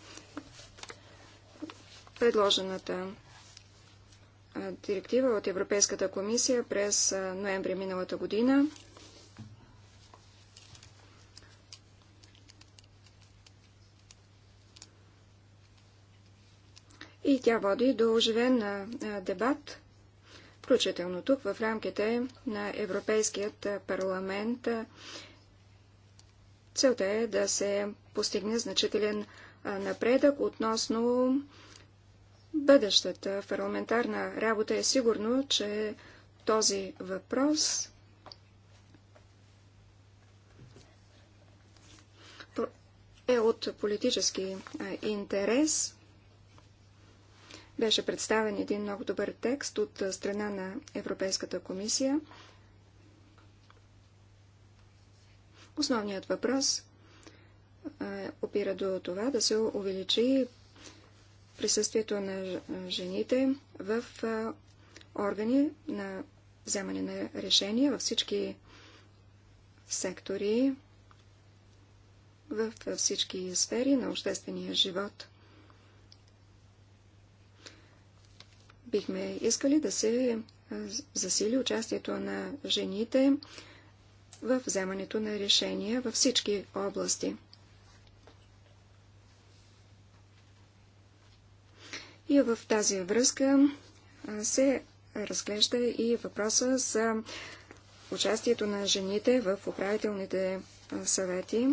предложената директива от Европейската комисия през ноември миналата година. И тя води до оживен дебат, включително тук в рамките на Европейският парламент. Целта е да се постигне значителен напредък относно бъдещата парламентарна работа е сигурно, че този въпрос е от политически интерес. Беше представен един много добър текст от страна на Европейската комисия. Основният въпрос опира до това да се увеличи присъствието на жените в органи на вземане на решения във всички сектори, в всички сфери на обществения живот. Бихме искали да се засили участието на жените в вземането на решения във всички области. И в тази връзка се разглежда и въпроса за участието на жените в управителните съвети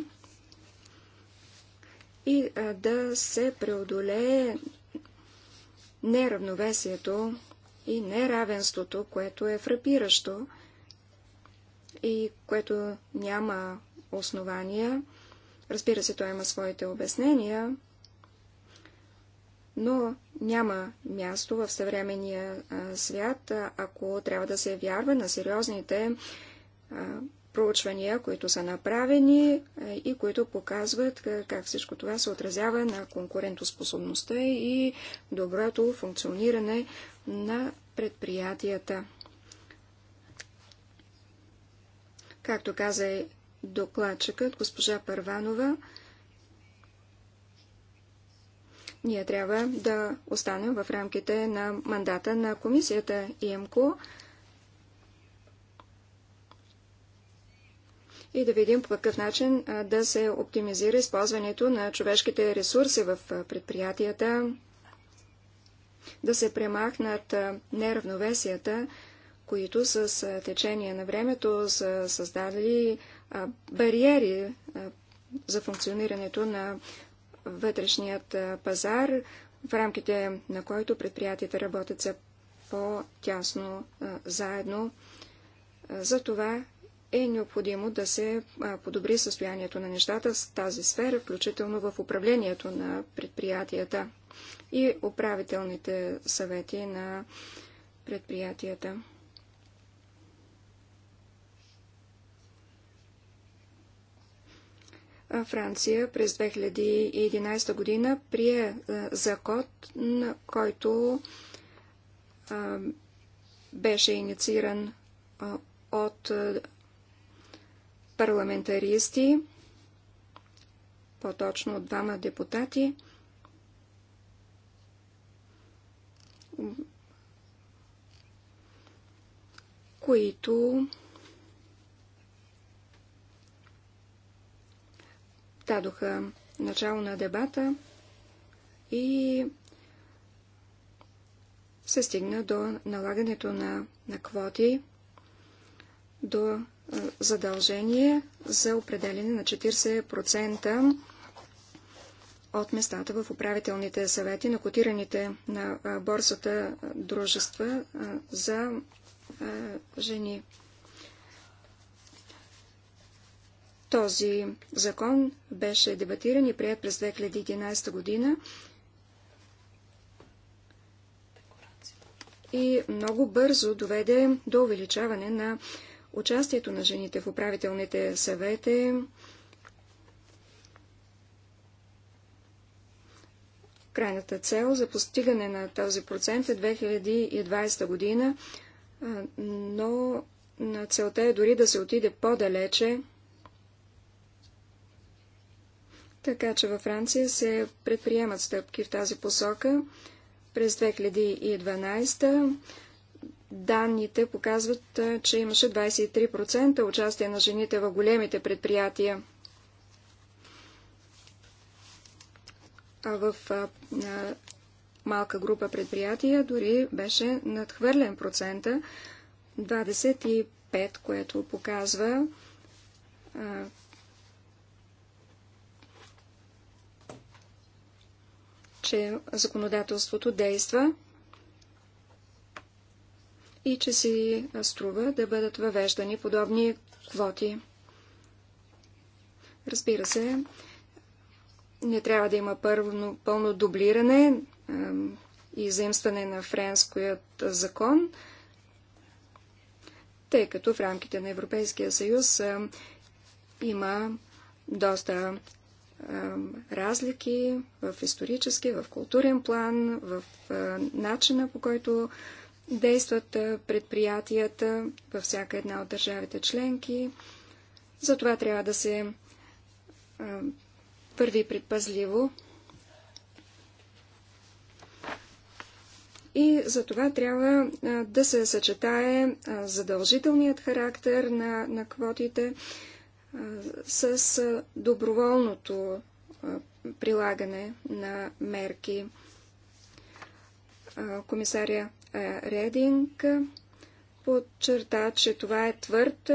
и да се преодолее неравновесието и неравенството, което е фрапиращо и което няма основания. Разбира се, той има своите обяснения, но няма място в съвременния свят, ако трябва да се вярва на сериозните проучвания, които са направени и които показват как всичко това се отразява на конкурентоспособността и доброто функциониране на предприятията. Както каза докладчикът, госпожа Първанова, ние трябва да останем в рамките на мандата на комисията ИМКО и да видим по какъв начин да се оптимизира използването на човешките ресурси в предприятията, да се премахнат неравновесията, които с течение на времето са създали бариери за функционирането на вътрешният пазар, в рамките на който предприятията работят за по-тясно заедно. За това е необходимо да се подобри състоянието на нещата с тази сфера, включително в управлението на предприятията и управителните съвети на предприятията. Франция през 2011 година прие е, закон, който беше иницииран от парламентаристи, по-точно от двама депутати. които дадоха начало на дебата и се стигна до налагането на, на квоти, до е, задължение за определене на 40% от местата в управителните съвети на котираните на е, борсата е, дружества за жени. Този закон беше дебатиран и прият през 2011 година и много бързо доведе до увеличаване на участието на жените в управителните съвети, Крайната цел за постигане на този процент е 2020 година, но на целта е дори да се отиде по-далече. Така че във Франция се предприемат стъпки в тази посока. През 2012 данните показват, че имаше 23% участие на жените в големите предприятия. А в а, малка група предприятия дори беше надхвърлен процента 25, което показва, а, че законодателството действа и че си струва да бъдат въвеждани подобни квоти. Разбира се, не трябва да има първо пълно дублиране и заимстване на френският закон, тъй като в рамките на Европейския съюз има доста разлики в исторически, в културен план, в начина по който действат предприятията във всяка една от държавите членки. Затова трябва да се първи предпазливо. И за това трябва да се съчетае задължителният характер на, на квотите с доброволното прилагане на мерки. Комисаря Рединг подчерта, че това е твърд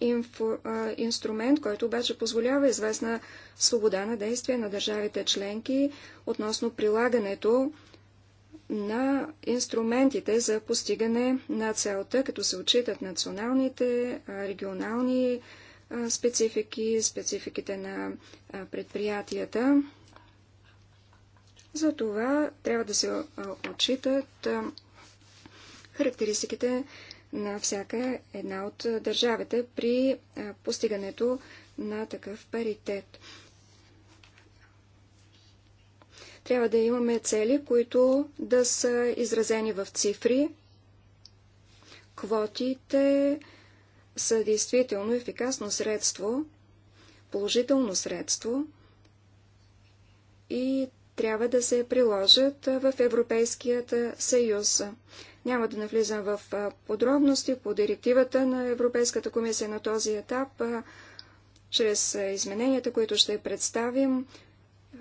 инфо, инструмент, който обаче позволява известна свобода на действие на държавите членки относно прилагането на инструментите за постигане на целта, като се отчитат националните, регионални специфики, спецификите на предприятията. За това трябва да се отчитат характеристиките на всяка една от държавите при постигането на такъв паритет. Трябва да имаме цели, които да са изразени в цифри. Квотите са действително ефикасно средство, положително средство и трябва да се приложат в Европейският съюз. Няма да навлизам в подробности по директивата на Европейската комисия на този етап, чрез измененията, които ще представим,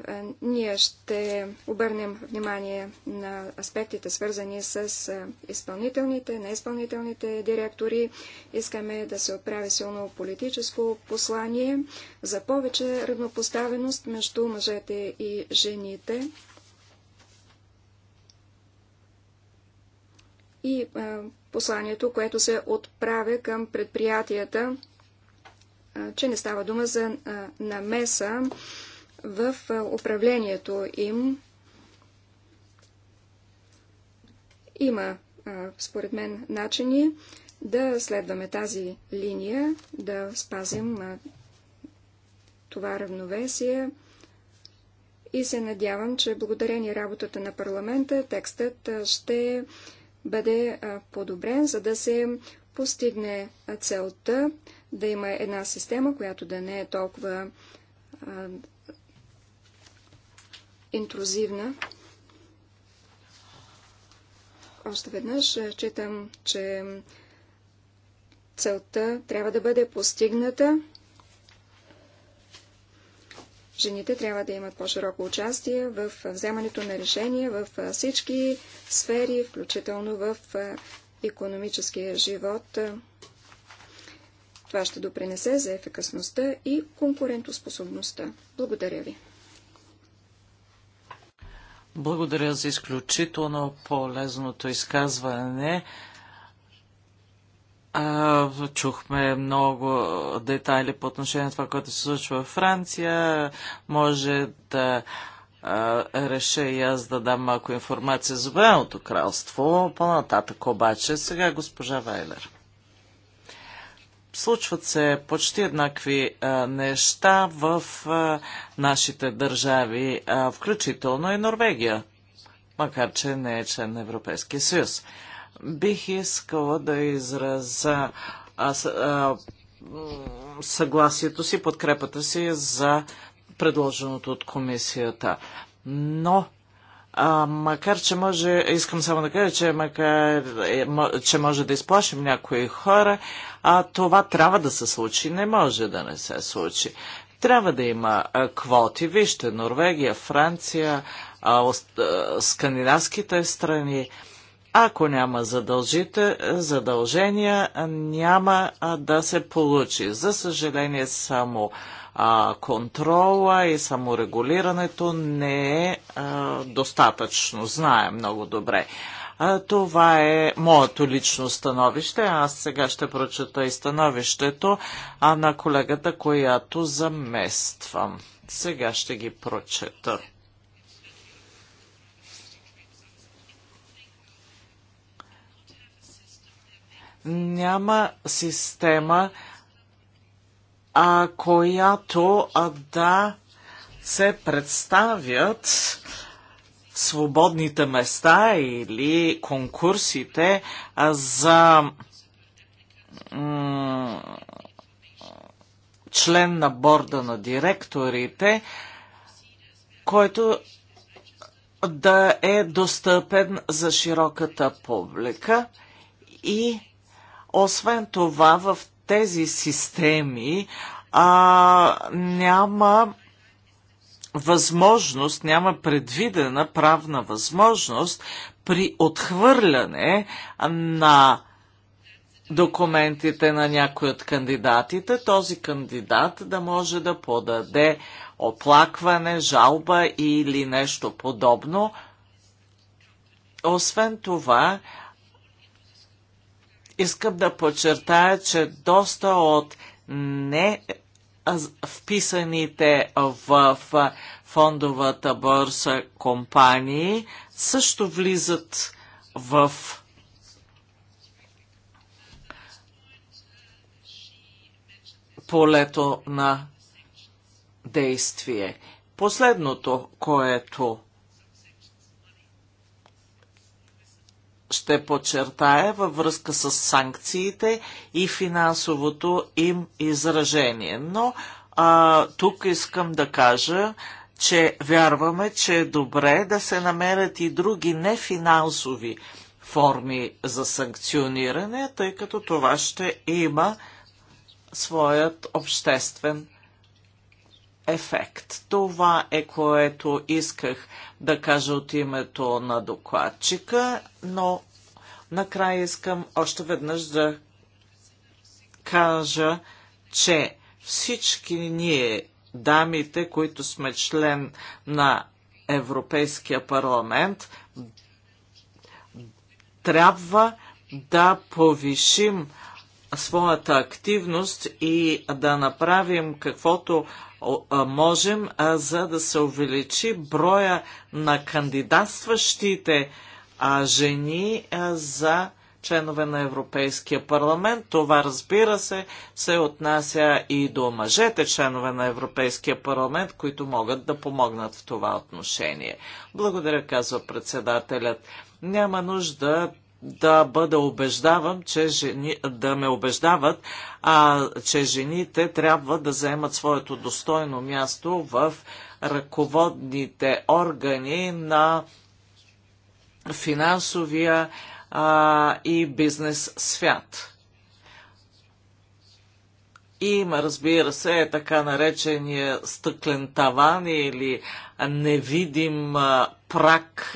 е, ние ще обърнем внимание на аспектите, свързани с е, изпълнителните, неизпълнителните директори. Искаме да се отправи силно политическо послание за повече равнопоставеност между мъжете и жените. И е, посланието, което се отправя към предприятията, че не става дума за намеса в управлението им. Има, според мен, начини да следваме тази линия, да спазим това равновесие и се надявам, че благодарение работата на парламента текстът ще бъде подобрен, за да се постигне целта да има една система, която да не е толкова интрузивна. Още веднъж е, читам, че целта трябва да бъде постигната. Жените трябва да имат по-широко участие в е, вземането на решения в е, всички сфери, включително в економическия живот. Това ще допринесе за ефикасността и конкурентоспособността. Благодаря ви. Благодаря за изключително полезното изказване. А, чухме много детайли по отношение на това, което се случва в Франция. Може да а, реша и аз да дам малко информация за Обединеното кралство. По-нататък обаче, сега госпожа Вайлер. Случват се почти еднакви а, неща в а, нашите държави, а, включително и Норвегия, макар че не е член на Европейския съюз. Бих искала да израза аз, а, съгласието си, подкрепата си за предложеното от комисията. Но а, макар, че може, искам само да кажа, че макар, е, че може да изплашим някои хора, а това трябва да се случи, не може да не се случи. Трябва да има квоти. Вижте, Норвегия, Франция, скандинавските страни. Ако няма задължите, задължения, няма да се получи. За съжаление, само а, контрола и саморегулирането не е а, достатъчно. Знае много добре. А, това е моето лично становище. Аз сега ще прочета и становището а на колегата, която замествам. Сега ще ги прочета. Няма система, а, която а, да се представят свободните места или конкурсите а, за член на борда на директорите, който да е достъпен за широката публика и освен това в тези системи а, няма възможност, няма предвидена правна възможност при отхвърляне на документите на някой от кандидатите, този кандидат да може да подаде оплакване, жалба или нещо подобно. Освен това, Искам да подчертая, че доста от не вписаните в фондовата борса компании също влизат в полето на действие. Последното, което ще подчертая във връзка с санкциите и финансовото им изражение. Но а, тук искам да кажа, че вярваме, че е добре да се намерят и други нефинансови форми за санкциониране, тъй като това ще има своят обществен ефект. Това е което исках да кажа от името на докладчика, но накрая искам още веднъж да кажа, че всички ние, дамите, които сме член на Европейския парламент, трябва да повишим своята активност и да направим каквото можем, за да се увеличи броя на кандидатстващите жени за членове на Европейския парламент. Това, разбира се, се отнася и до мъжете, членове на Европейския парламент, които могат да помогнат в това отношение. Благодаря, казва председателят. Няма нужда да бъда убеждавам, че жени, да ме убеждават, а, че жените трябва да заемат своето достойно място в ръководните органи на финансовия а, и бизнес свят. И има, разбира се, така наречения стъклен таван или невидим прак,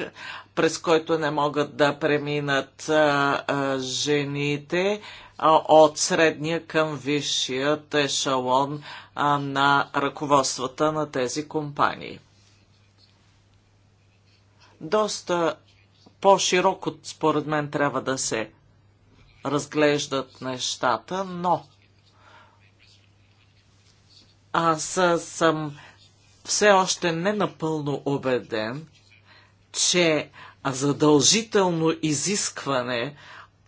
през който не могат да преминат а, а, жените а, от средния към висшият ешалон а, на ръководствата на тези компании. Доста по-широко, според мен, трябва да се разглеждат нещата, но аз съм все още не напълно убеден, че задължително изискване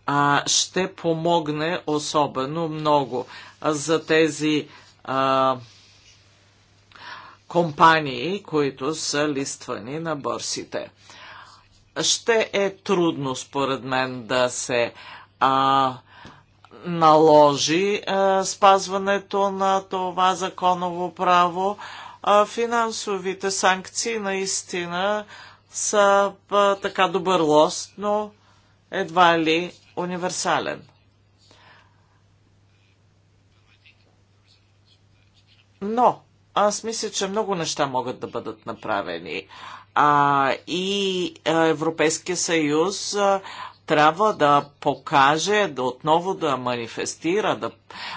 а, ще помогне особено много за тези а, компании, които са листвани на борсите. Ще е трудно, според мен, да се а, наложи а, спазването на това законово право. А, финансовите санкции наистина а, са а, така добър лост, но едва ли универсален. Но аз мисля, че много неща могат да бъдат направени. А, и а, Европейския съюз а, трябва да покаже, да отново да манифестира да,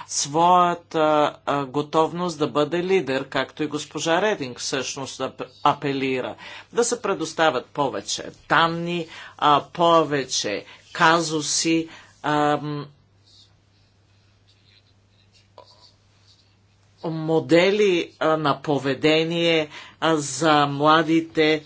своята а, готовност да бъде лидер, както и госпожа Рединг всъщност да апелира. Да се предоставят повече данни, а, повече казуси, модели а, на поведение а, за младите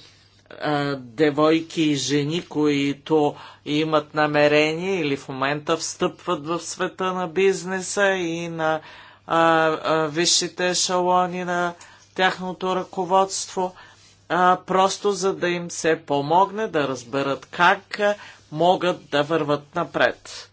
девойки и жени, които имат намерение или в момента встъпват в света на бизнеса и на а, а, висшите ешалони на тяхното ръководство, а, просто за да им се помогне да разберат как могат да върват напред.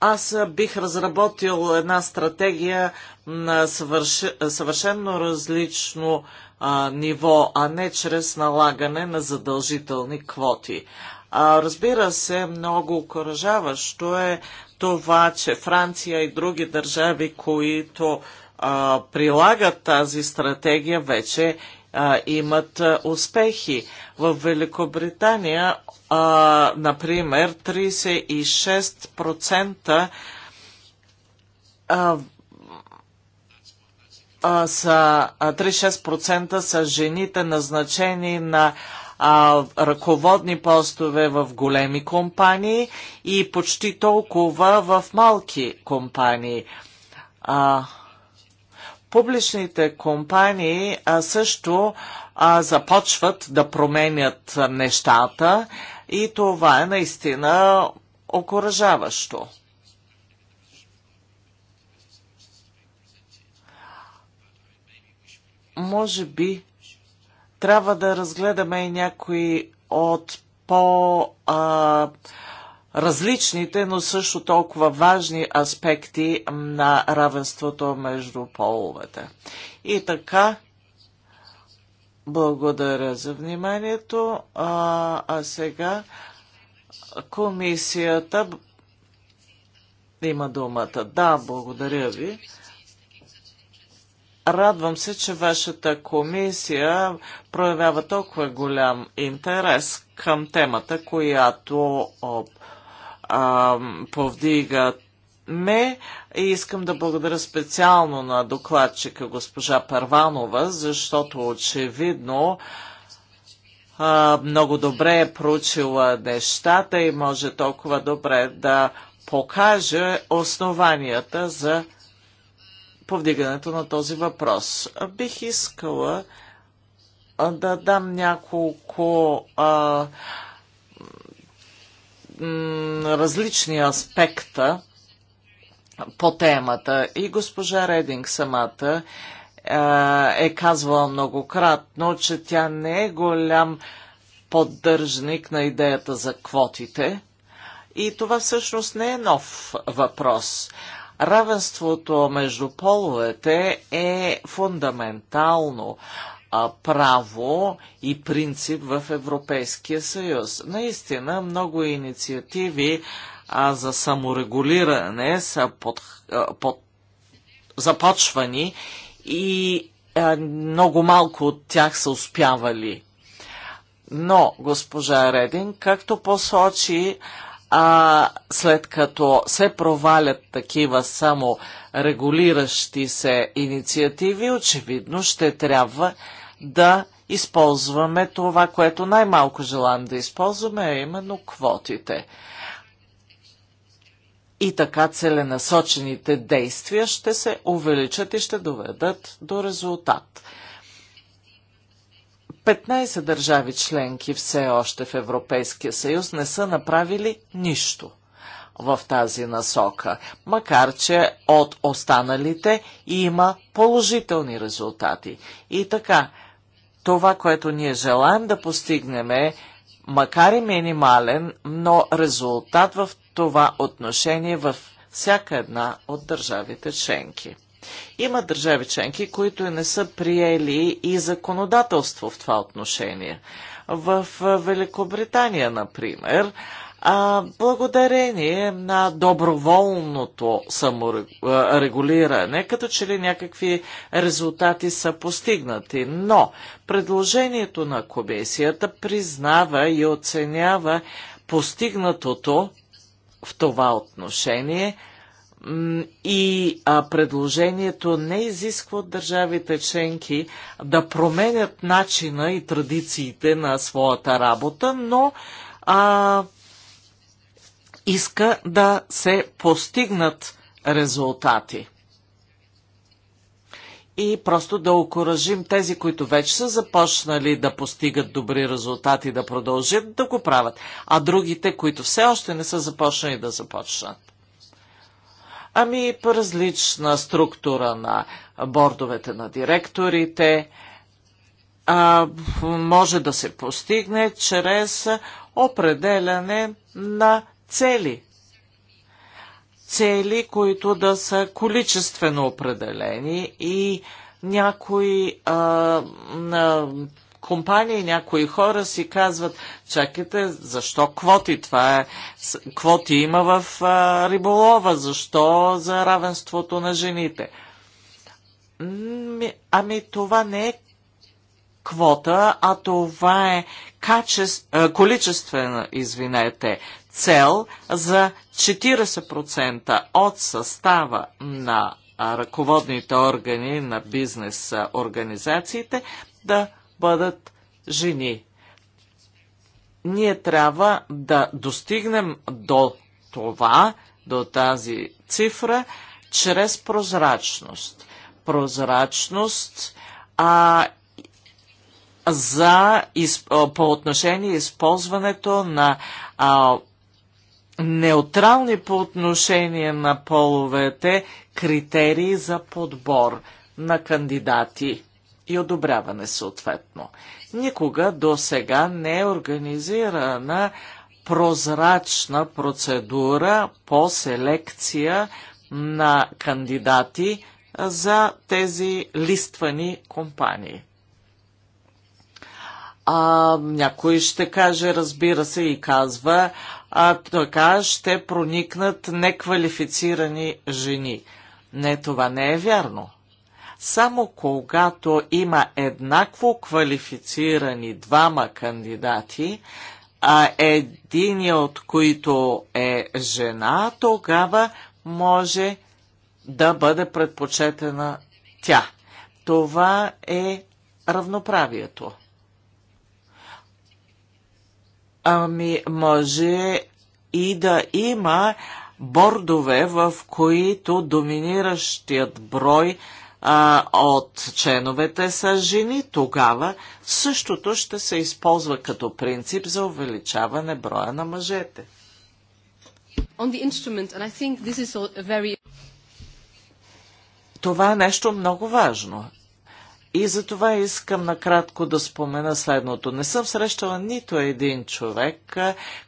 аз бих разработил една стратегия на съвърш... съвършенно различно а, ниво, а не чрез налагане на задължителни квоти. А, разбира се, много окоръжаващо е това, че Франция и други държави, които а, прилагат тази стратегия, вече а, имат а, успехи. В Великобритания, а, например, 36% а, а, са, а, 36% са жените назначени на а, ръководни постове в големи компании и почти толкова в малки компании. А, публичните компании а, също а, започват да променят нещата и това е наистина окоръжаващо. Може би трябва да разгледаме и някои от по- а, различните, но също толкова важни аспекти на равенството между половете. И така, благодаря за вниманието. А, а сега комисията има думата. Да, благодаря ви. Радвам се, че вашата комисия проявява толкова голям интерес към темата, която а, повдигат ме и искам да благодаря специално на докладчика госпожа Парванова, защото очевидно а, много добре е проучила нещата и може толкова добре да покаже основанията за повдигането на този въпрос. Бих искала да дам няколко а, различни аспекта по темата. И госпожа Рединг самата е казвала многократно, че тя не е голям поддържник на идеята за квотите. И това всъщност не е нов въпрос. Равенството между половете е фундаментално а, право и принцип в Европейския съюз. Наистина много инициативи а, за саморегулиране са под, а, под, започвани и а, много малко от тях са успявали. Но госпожа Редин, както посочи, а, след като се провалят такива само регулиращи се инициативи, очевидно ще трябва да използваме това, което най-малко желаем да използваме, а именно квотите. И така целенасочените действия ще се увеличат и ще доведат до резултат. 15 държави членки все още в Европейския съюз не са направили нищо в тази насока, макар че от останалите има положителни резултати. И така, това, което ние желаем да постигнем е, макар и минимален, но резултат в това отношение в всяка една от държавите членки. Има държави членки, които не са приели и законодателство в това отношение. В Великобритания, например, а, благодарение на доброволното саморегулиране, като че ли някакви резултати са постигнати. Но предложението на комисията признава и оценява постигнатото в това отношение – и а, предложението не изисква от държавите членки да променят начина и традициите на своята работа, но а, иска да се постигнат резултати. И просто да окоръжим тези, които вече са започнали да постигат добри резултати, да продължат да го правят, а другите, които все още не са започнали да започнат. Ами по различна структура на бордовете на директорите а, може да се постигне чрез определяне на цели. Цели, които да са количествено определени и някои а, а, компании, някои хора си казват, чакайте, защо квоти? Това е, квоти има в а, риболова, защо за равенството на жените? Ами това не е квота, а това е качество, количествена, извинете, цел за 40% от състава на ръководните органи на бизнес организациите да бъдат жени. Ние трябва да достигнем до това, до тази цифра, чрез прозрачност. Прозрачност а, за, из, по отношение използването на а, неутрални по отношение на половете критерии за подбор на кандидати и одобряване съответно. Никога до сега не е организирана прозрачна процедура по селекция на кандидати за тези листвани компании. А, някой ще каже, разбира се, и казва, а така ще проникнат неквалифицирани жени. Не, това не е вярно. Само когато има еднакво квалифицирани двама кандидати, а един от които е жена, тогава може да бъде предпочетена тя. Това е равноправието. Ами може и да има бордове, в които доминиращият брой а, от членовете са жени, тогава същото ще се използва като принцип за увеличаване броя на мъжете. Very... Това е нещо много важно и за това искам накратко да спомена следното. Не съм срещала нито един човек,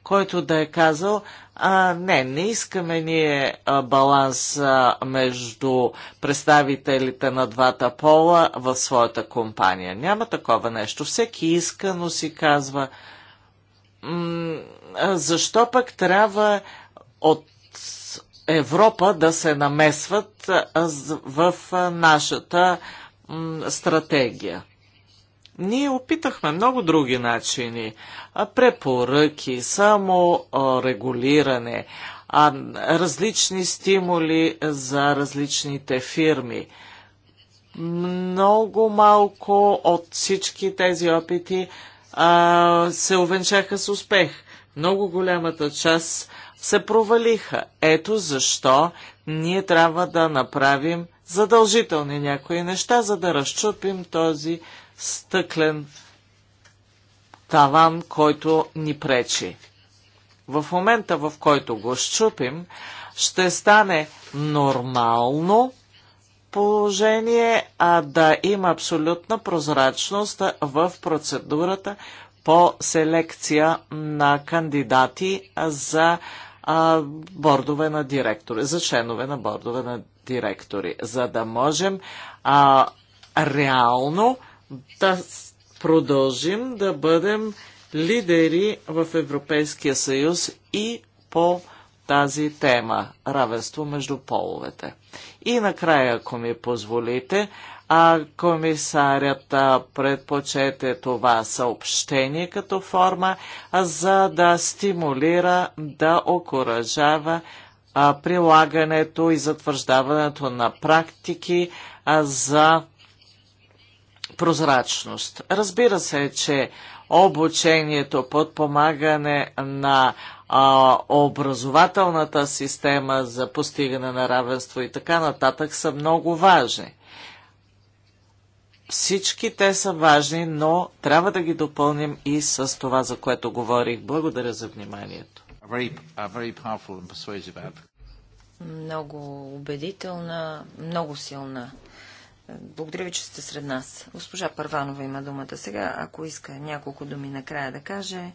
който да е казал, а, не, не искаме ние баланс между представителите на двата пола в своята компания. Няма такова нещо. Всеки иска, но си казва, защо пък трябва от Европа да се намесват в нашата стратегия. Ние опитахме много други начини. Препоръки, само регулиране, различни стимули за различните фирми. Много малко от всички тези опити се увенчаха с успех. Много голямата част се провалиха. Ето защо ние трябва да направим – задължителни някои неща, за да разчупим този стъклен таван, който ни пречи. В момента, в който го щупим, ще стане нормално положение, а да има абсолютна прозрачност в процедурата по селекция на кандидати за а, бордове на директори, за членове на бордове на директори, за да можем а, реално да продължим да бъдем лидери в Европейския съюз и по тази тема – равенство между половете. И накрая, ако ми позволите, а комисарят предпочете това съобщение като форма, за да стимулира, да окоръжава прилагането и затвърждаването на практики за прозрачност. Разбира се, че обучението, подпомагане на а, образователната система за постигане на равенство и така нататък са много важни. Всички те са важни, но трябва да ги допълним и с това, за което говорих. Благодаря за вниманието. Много убедителна, много силна благодаря ви, че сте сред нас. Госпожа Първанова има думата сега, ако иска няколко думи накрая да каже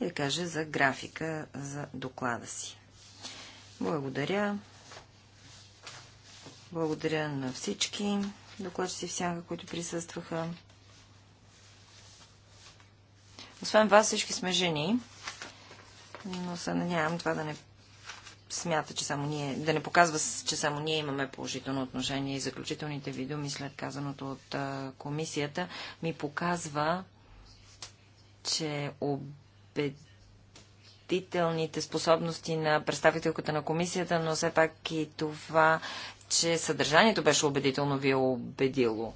и да каже за графика за доклада си. Благодаря. Благодаря на всички докладчици всяка, които присъстваха. Освен вас всички сме жени, но се надявам това да не смята, че само ние, да не показва, че само ние имаме положително отношение и заключителните ви думи след казаното от комисията ми показва, че убедителните способности на представителката на комисията, но все пак и това, че съдържанието беше убедително, ви е убедило.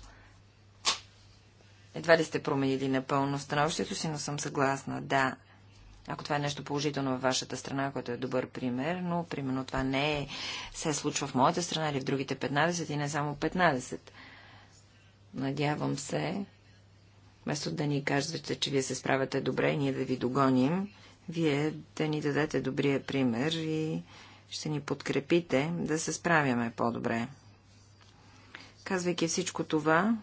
Едва ли сте променили напълно становището си, но съм съгласна. Да, ако това е нещо положително във вашата страна, което е добър пример, но примерно това не е, се случва в моята страна или в другите 15 и не само 15. Надявам се, вместо да ни кажете, че вие се справяте добре и ние да ви догоним, вие да ни дадете добрия пример и ще ни подкрепите да се справяме по-добре. Казвайки всичко това,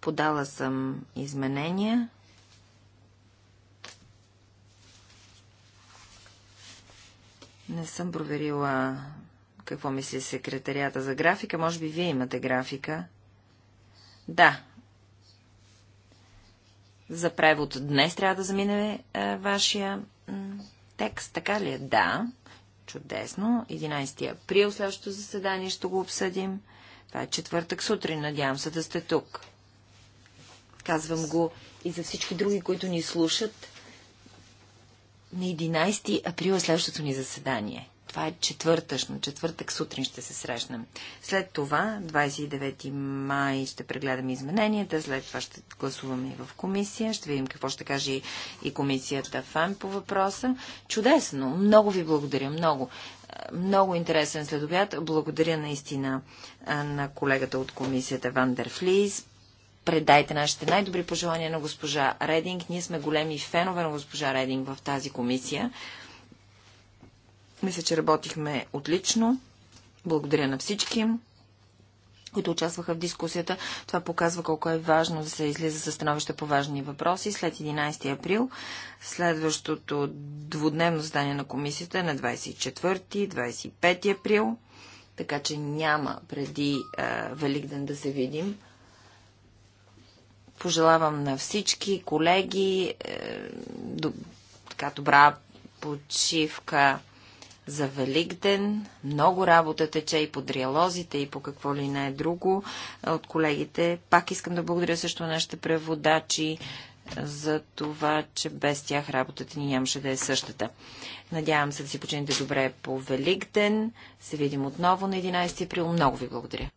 подала съм изменения Не съм проверила какво мисли секретарията за графика. Може би вие имате графика. Да. За превод днес трябва да замине е, вашия текст, така ли е? Да. Чудесно. 11 април следващото заседание ще го обсъдим. Това е четвъртък сутрин. Надявам се да сте тук. Казвам го и за всички други, които ни слушат на 11 април е следващото ни заседание. Това е четвъртъчно. Четвъртък сутрин ще се срещнем. След това, 29 май, ще прегледаме измененията. След това ще гласуваме и в комисия. Ще видим какво ще каже и комисията ФАМ по въпроса. Чудесно! Много ви благодаря. Много. Много интересен следобед. Благодаря наистина на колегата от комисията Вандер Флис предайте нашите най-добри пожелания на госпожа Рединг. Ние сме големи фенове на госпожа Рединг в тази комисия. Мисля, че работихме отлично. Благодаря на всички, които участваха в дискусията. Това показва колко е важно да се излиза със становище по важни въпроси. След 11 април следващото двудневно задание на комисията е на 24-25 април. Така че няма преди е, Великден да се видим. Пожелавам на всички колеги е, до, така добра почивка за Велик ден. Много работа тече и по диалозите, и по какво ли не е друго от колегите. Пак искам да благодаря също нашите преводачи за това, че без тях работата ни нямаше да е същата. Надявам се да си почините добре по Велик ден. Се видим отново на 11 април. Много ви благодаря.